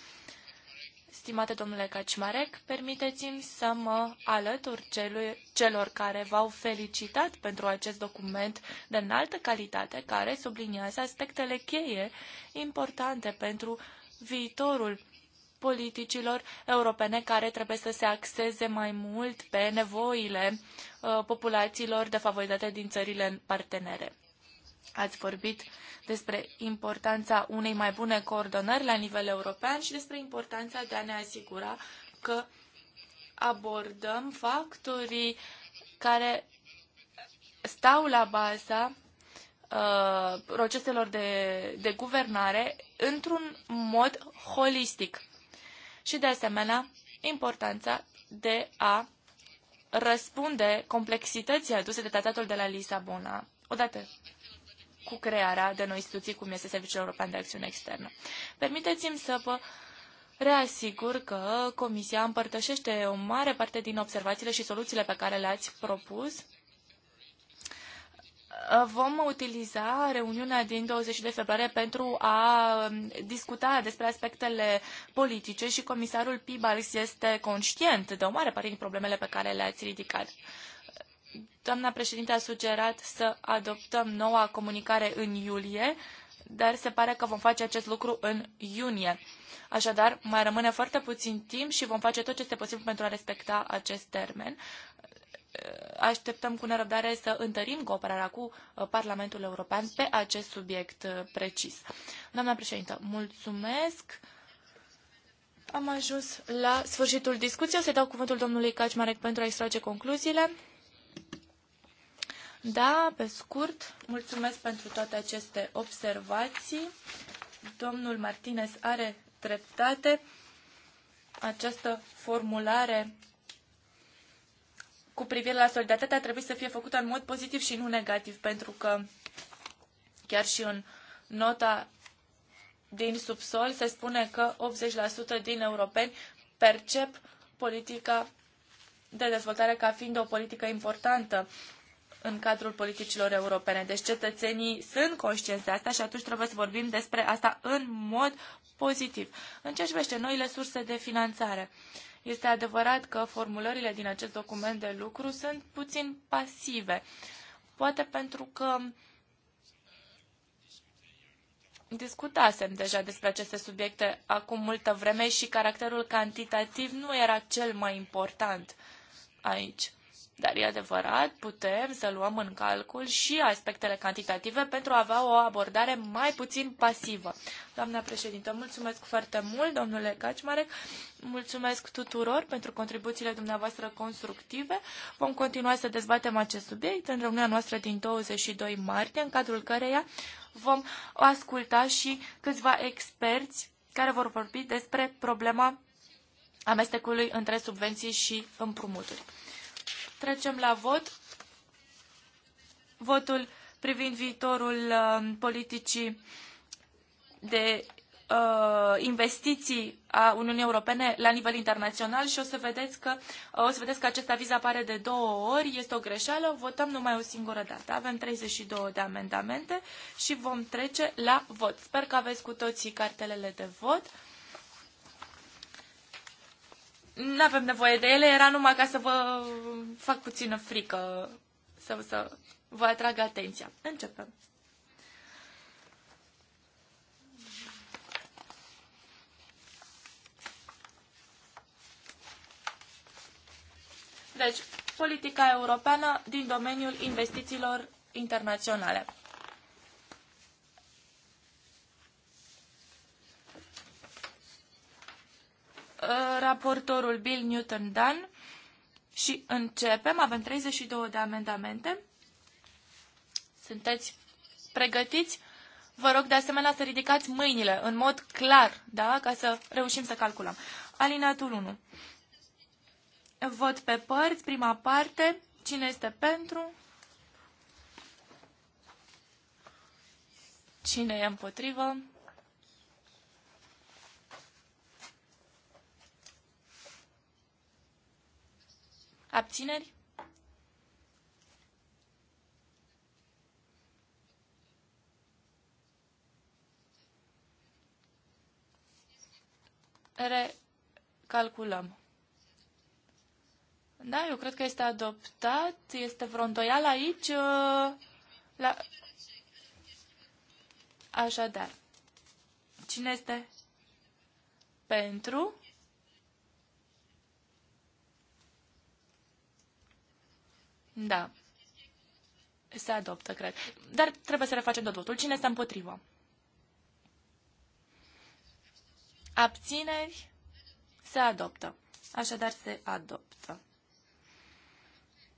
stimate domnule Cacimarec, permiteți-mi să mă alătur celui, celor care v-au felicitat pentru acest document de înaltă calitate, care subliniază aspectele cheie importante pentru viitorul politicilor europene care trebuie să se axeze mai mult pe nevoile uh, populațiilor defavorizate din țările partenere. Ați vorbit despre importanța unei mai bune coordonări la nivel european și despre importanța de a ne asigura că abordăm factorii care stau la baza Uh, proceselor de, de guvernare într-un mod holistic. Și de asemenea, importanța de a răspunde complexității aduse de tratatul de la Lisabona, odată cu crearea de noi instituții, cum este Serviciul European de Acțiune Externă. Permiteți-mi să vă reasigur că Comisia împărtășește o mare parte din observațiile și soluțiile pe care le-ați propus Uh, vom utiliza reuniunea din de februarie pentru a um, discuta despre aspectele politice și comisarul Pibals este conștient de o mare parte din problemele pe care le-ați ridicat. Doamna președinte a sugerat să adoptăm noua comunicare în iulie, dar se pare că vom face acest lucru în iunie. Așadar, mai rămâne foarte puțin timp și vom face tot ce este posibil pentru a respecta acest termen așteptăm cu nerăbdare să întărim cooperarea cu uh, Parlamentul European pe acest subiect uh, precis. Doamna președintă, mulțumesc! Am ajuns la sfârșitul discuției. O să-i dau cuvântul domnului Cacimarec pentru a extrage concluziile. Da, pe scurt, mulțumesc pentru toate aceste observații. Domnul Martinez are dreptate. Această formulare cu privire la solidaritate ar trebui să fie făcută în mod pozitiv și nu negativ, pentru că chiar și în nota din subsol se spune că 80% din europeni percep politica de dezvoltare ca fiind o politică importantă în cadrul politicilor europene. Deci cetățenii sunt conștienți de asta și atunci trebuie să vorbim despre asta în mod pozitiv. În ce privește noile surse de finanțare? Uh, este adevărat că formulările din acest document de lucru sunt puțin pasive. Poate pentru că discutasem deja despre aceste subiecte acum multă vreme și caracterul cantitativ nu era cel mai important aici. Dar e adevărat, putem să luăm în calcul și aspectele cantitative pentru a avea o abordare mai puțin pasivă. Doamna președintă, mulțumesc foarte mult, domnule Cacimarec, mulțumesc tuturor pentru contribuțiile dumneavoastră constructive. Vom continua să dezbatem acest subiect în reuniunea noastră din 22 martie, în cadrul căreia vom asculta și câțiva experți care vor vorbi despre problema amestecului între subvenții și împrumuturi. Trecem la vot. Votul privind viitorul um, politicii de uh, investiții a Uniunii Europene la nivel internațional și o să vedeți că, uh, o să vedeți că acest aviz apare de două ori, este o greșeală, votăm numai o singură dată. Avem 32 de amendamente și vom trece la vot. Sper că aveți cu toții cartelele de vot nu avem nevoie de ele, era numai ca să vă fac puțină frică, să, să vă atrag atenția. Începem. Deci, politica europeană din domeniul investițiilor internaționale. Uh, raportorul Bill Newton Dunn și începem. Avem 32 de amendamente. Sunteți pregătiți? Vă rog de asemenea să ridicați mâinile în mod clar, da? ca să reușim să calculăm. Alinatul 1. Vot pe părți, prima parte. Cine este pentru? Cine e împotrivă? Abțineri? Recalculăm. Da, eu cred că este adoptat. Este vreo îndoială aici. La... Așadar, cine este pentru? Da. Se adoptă, cred. Dar trebuie să refacem tot votul. Cine este împotrivă? Abțineri? Se adoptă. Așadar, se adoptă.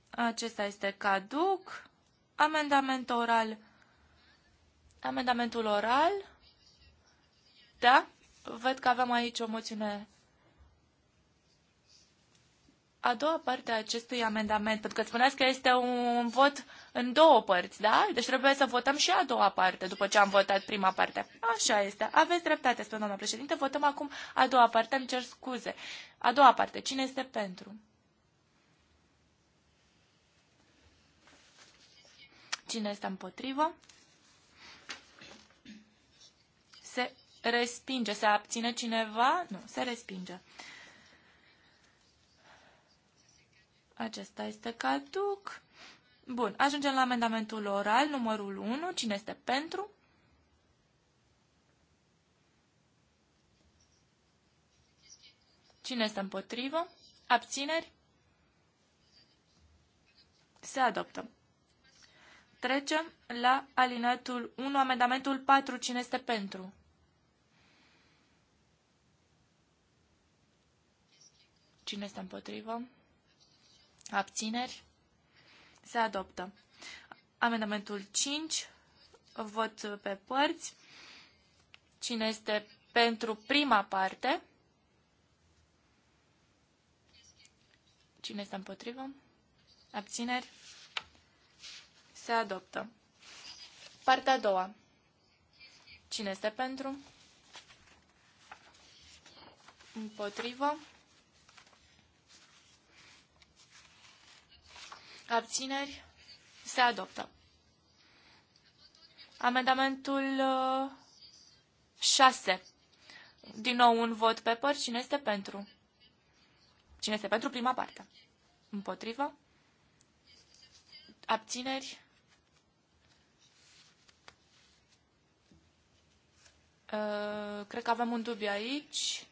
Acesta este caduc. Amendament oral. Amendamentul oral. Da? Văd că avem aici o moțiune a doua parte a acestui amendament, pentru că spuneați că este un vot în două părți, da? Deci trebuie să votăm și a doua parte după ce am votat prima parte. Așa este. Aveți dreptate, spune doamna președinte. Votăm acum a doua parte. Îmi cer scuze. A doua parte. Cine este pentru? Cine este împotrivă? Se respinge. Se abține cineva? Nu, se respinge. Acesta este caduc. Bun, ajungem la amendamentul oral, numărul 1. Cine este pentru? Cine este împotrivă? Abțineri? Se adoptă. Trecem la alinatul 1, amendamentul 4. Cine este pentru? Cine este împotrivă? Abțineri? Se adoptă. Amendamentul 5, vot pe părți. Cine este pentru prima parte? Cine este împotrivă? Abțineri? Se adoptă. Partea a doua. Cine este pentru? Împotrivă? Abțineri? Se adoptă. Amendamentul 6. Uh, Din nou un vot pe păr. Cine este pentru? Cine este pentru prima parte? Împotrivă? Abțineri? Uh, cred că avem un dubiu aici.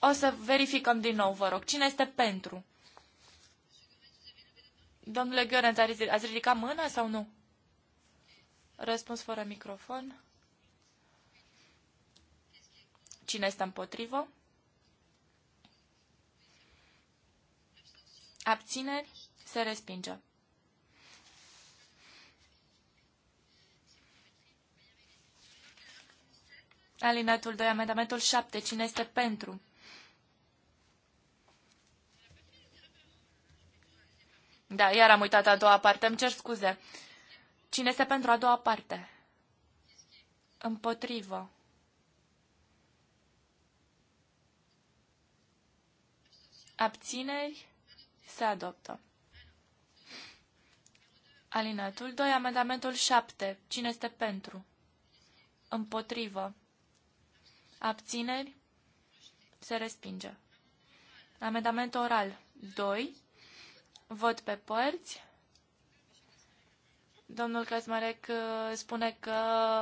O să verificăm din nou, vă rog. Cine este pentru? Domnule Gheorenț, ați ridicat mâna sau nu? Răspuns fără microfon. Cine este împotrivă? Abțineri? Se respinge. Alinatul 2, amendamentul 7. Cine este pentru? Da, iar am uitat a doua parte. Îmi cer scuze. Cine este pentru a doua parte? Împotrivă. Abțineri se adoptă. Alinatul 2, amendamentul 7. Cine este pentru? Împotrivă. Abțineri se respinge. Amendament oral 2 Vot pe părți. Domnul Căsmarec uh, spune că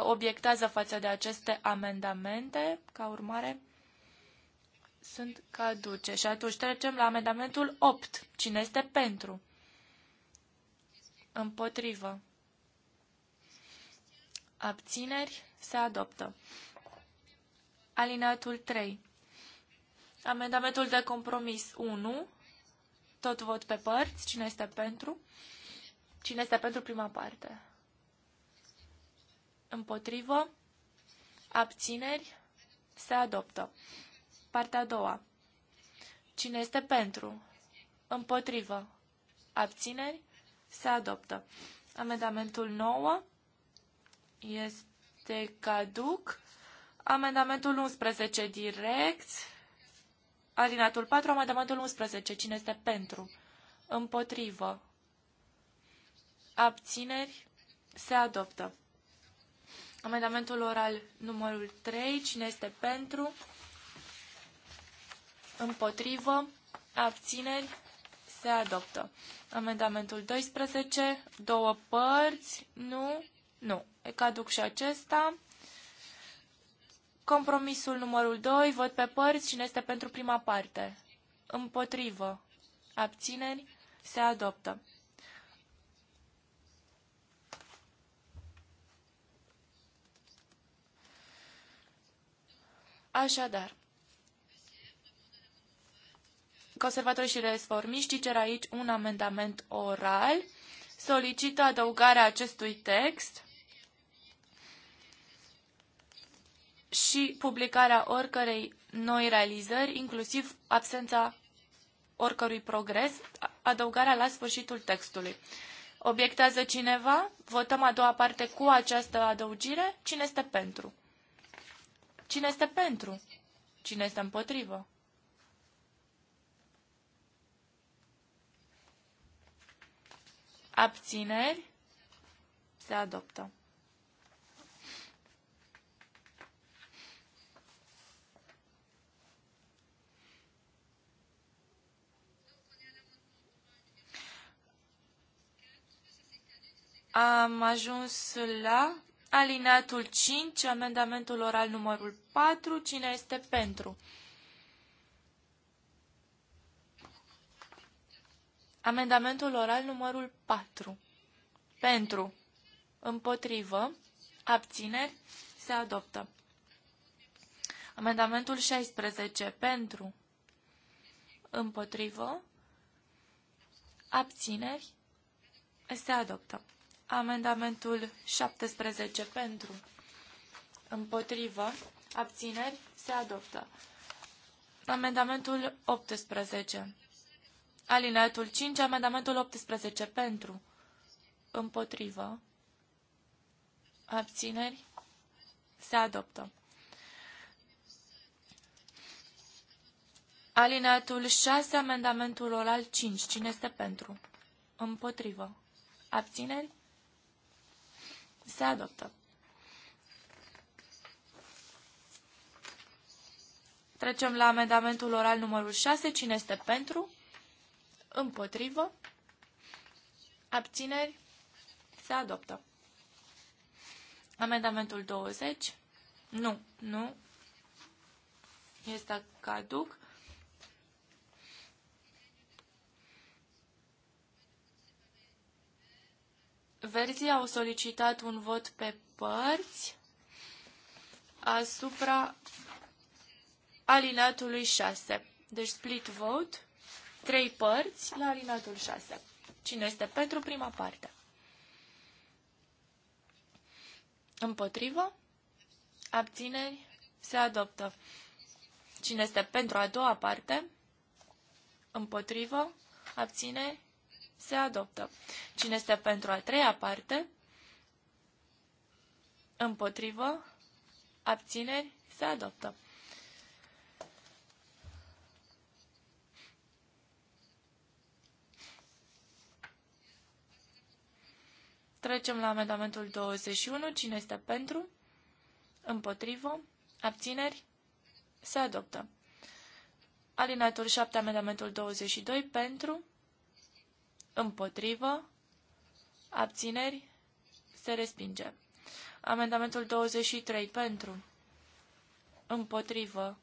obiectează față de aceste amendamente, ca urmare sunt caduce. Și atunci trecem la amendamentul 8. Cine este pentru? Împotrivă. Abțineri se adoptă. Alineatul 3. Amendamentul de compromis 1. Tot vot pe părți. Cine este pentru? Cine este pentru prima parte? Împotrivă? Abțineri? Se adoptă. Partea a doua. Cine este pentru? Împotrivă. Abțineri? Se adoptă. Amendamentul 9 este caduc. Amendamentul 11 direct. Alinatul 4, amendamentul 11. Cine este pentru? Împotrivă. Abțineri. Se adoptă. Amendamentul oral numărul 3. Cine este pentru? Împotrivă. Abțineri. Se adoptă. Amendamentul 12. Două părți. Nu. Nu. E caduc și acesta. Compromisul numărul 2, vot pe părți, cine este pentru prima parte? Împotrivă. Abțineri, se adoptă. Așadar, conservatorii și reformiștii cer aici un amendament oral, solicită adăugarea acestui text și publicarea oricărei noi realizări, inclusiv absența oricărui progres, adăugarea la sfârșitul textului. Obiectează cineva? Votăm a doua parte cu această adăugire? Cine este pentru? Cine este pentru? Cine este împotrivă? Abțineri? Se adoptă. Am ajuns la alineatul 5, amendamentul oral numărul 4. Cine este pentru? Amendamentul oral numărul 4. Pentru. Împotrivă. Abțineri. Se adoptă. Amendamentul 16. Pentru. Împotrivă. Abțineri. Se adoptă. Amendamentul 17 pentru, împotrivă, abțineri, se adoptă. Amendamentul 18. Alineatul 5, amendamentul 18 pentru, împotrivă, abțineri, se adoptă. Alineatul 6, amendamentul oral 5. Cine este pentru? Împotrivă. Abțineri? Se adoptă. Trecem la amendamentul oral numărul 6. Cine este pentru? Împotrivă? Abțineri? Se adoptă. Amendamentul 20? Nu, nu. Este caduc. Verzii au solicitat un vot pe părți asupra alinatului 6. Deci split vote, trei părți la alinatul 6. Cine este pentru prima parte? Împotrivă? Abțineri? Se adoptă. Cine este pentru a doua parte? Împotrivă? Abțineri? Se adoptă. Cine este pentru a treia parte? Împotrivă? Abțineri? Se adoptă. Trecem la amendamentul 21. Cine este pentru? Împotrivă? Abțineri? Se adoptă. Alinatul 7, amendamentul 22, pentru, Împotrivă. Abțineri. Se respinge. Amendamentul 23. Pentru. Împotrivă.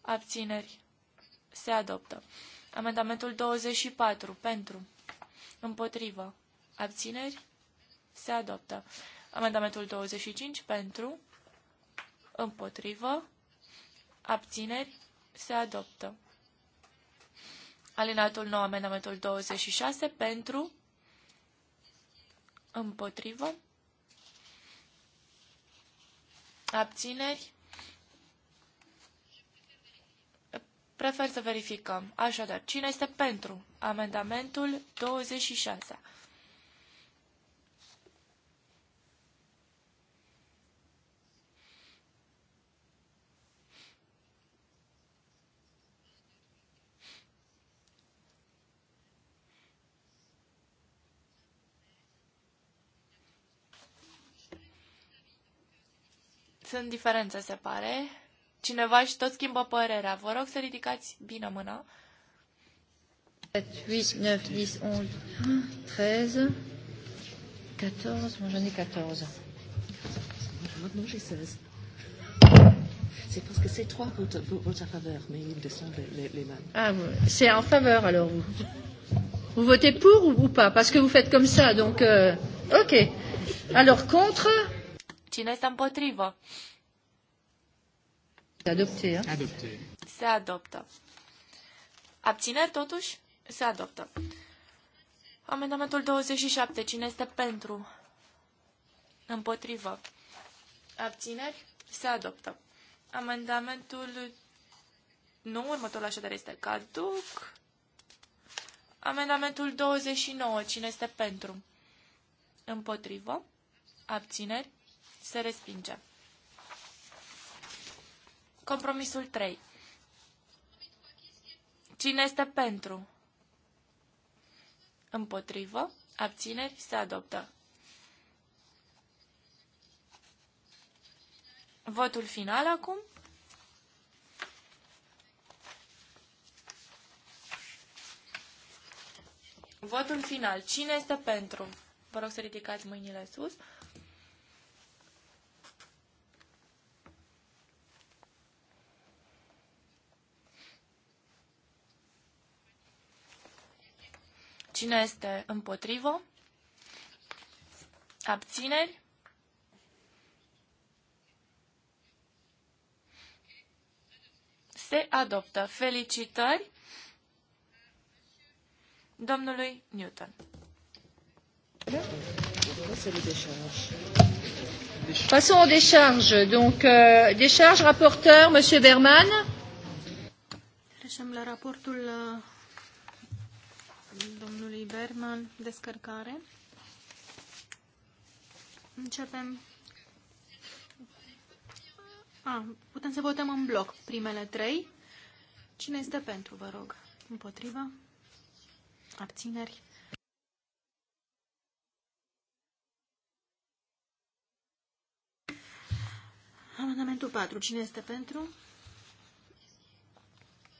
Abțineri. Se adoptă. Amendamentul 24. Pentru. Împotrivă. Abțineri. Se adoptă. Amendamentul 25. Pentru. Împotrivă. Abțineri. Se adoptă. Alinatul 9, amendamentul 26 pentru, împotrivă, abțineri. Prefer să verificăm. Așadar, cine este pentru amendamentul 26? Sunt diferențe, se pare. Cineva și tot schimbă părerea. Vă rog să ridicați bine mâna.
8, 9, 10, 11, 13, 14, moi j'en ai 14. Maintenant j'ai 16. C'est parce que c'est 3 votent, votent à faveur, mais ils descendent les, les mains. Ah, c'est en faveur alors vous Vous votez pour ou, ou pas Parce que vous faites comme ça, donc. Euh, ok.
Alors contre Cine este împotrivă?
Se adopte. adopte.
Se adoptă. Abțineri, totuși? Se adoptă. Amendamentul 27. Cine este pentru? Împotrivă. Abțineri? Se adoptă. Amendamentul... Nu, următorul așadar este caduc. Amendamentul 29. Cine este pentru? Împotrivă. Abțineri? Se respinge. Compromisul 3. Cine este pentru? Împotrivă. Abțineri. Se adoptă. Votul final acum. Votul final. Cine este pentru? Vă rog să ridicați mâinile sus. Cine este împotrivă? Abțineri? Se adoptă. Felicitări domnului Newton.
Passons aux décharges. Donc, euh, décharge rapporteur, Monsieur Berman. le la Euh domnului Berman, descărcare. Începem. A, putem să votăm în bloc primele trei. Cine este pentru, vă rog? Împotriva? Abțineri? Amendamentul 4. Cine este pentru?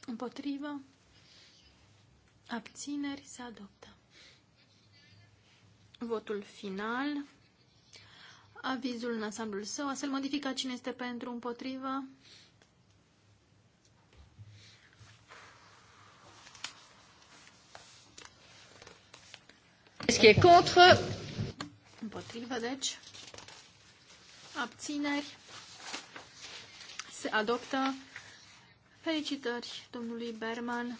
Împotrivă? Abțineri se adoptă. Votul final. Avizul în ansamblul său. Astfel modifica cine este pentru împotrivă. Ce e contre? Împotrivă, deci. Abțineri. Se adoptă. Felicitări domnului Berman.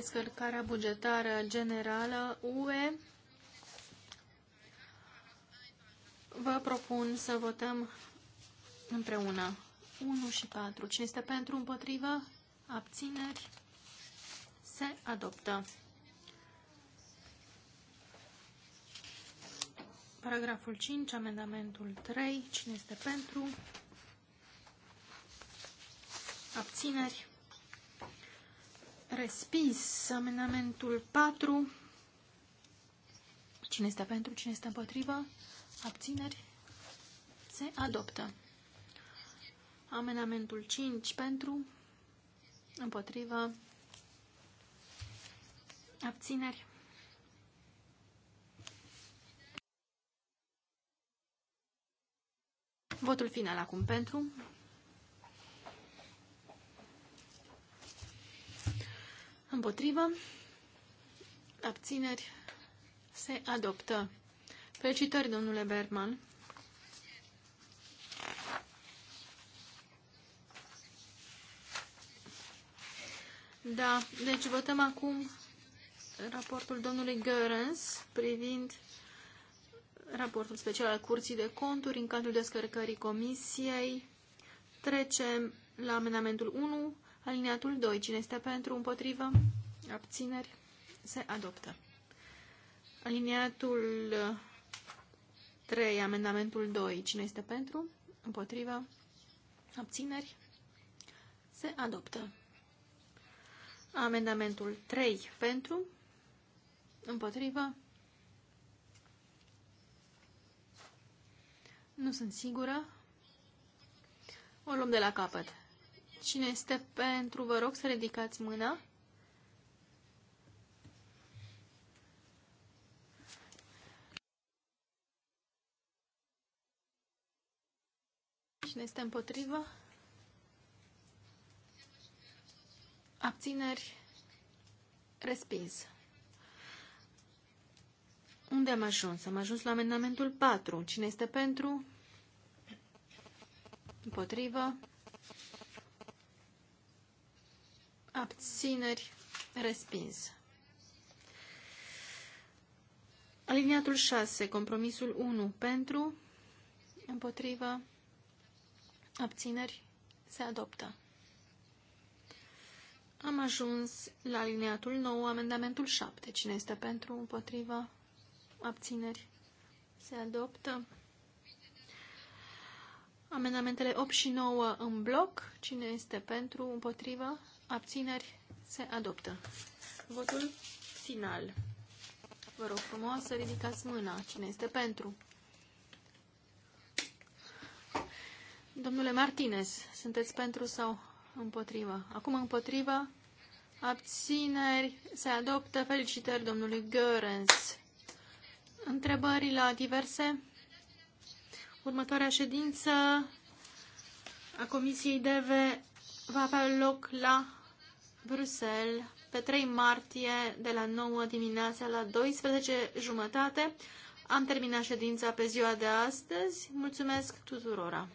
descărcarea bugetară generală UE, vă propun să votăm împreună 1 și 4. Cine este pentru, împotrivă, abțineri, se adoptă. Paragraful 5, amendamentul 3. Cine este pentru? Abțineri respins. Amendamentul 4. Cine este pentru, cine este împotrivă? Abțineri. Se adoptă. Amendamentul 5 pentru, împotrivă, abțineri. Votul final acum pentru, Împotrivă. Abțineri. Se adoptă. Felicitări, domnule Berman. Da, deci votăm acum raportul domnului Görens privind raportul special al Curții de Conturi în cadrul descărcării Comisiei. Trecem la amendamentul 1 Alineatul 2. Cine este pentru? Împotrivă? Abțineri? Se adoptă. Alineatul 3. Uh, amendamentul 2. Cine este pentru? Împotrivă? Abțineri? Se adoptă. Amendamentul 3. Pentru? Împotrivă? Nu sunt sigură. O luăm de la capăt. Cine este pentru, vă rog să ridicați mâna. Cine este împotrivă? Abțineri. Respins. Unde am ajuns? Am ajuns la amendamentul 4. Cine este pentru? Împotrivă. abțineri, respins. Aliniatul 6, compromisul 1, pentru, împotrivă, abțineri, se adoptă. Am ajuns la alineatul 9, amendamentul 7. Cine este pentru, împotriva, abțineri? Se adoptă. Amendamentele 8 și 9 în bloc. Cine este pentru, împotriva, abțineri, se adoptă. Votul final. Vă rog frumos să ridicați mâna. Cine este pentru? Domnule Martinez, sunteți pentru sau împotrivă? Acum împotrivă. abțineri, se adoptă. Felicitări domnului Görens. Întrebări la diverse? Următoarea ședință a Comisiei DV va avea loc la Bruxelles pe 3 martie de la 9 dimineața la 12 jumătate. Am terminat ședința pe ziua de astăzi. Mulțumesc tuturora!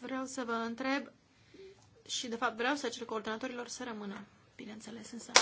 Vreau să vă întreb și, de fapt, vreau să cer coordonatorilor să rămână, bineînțeles, în sală.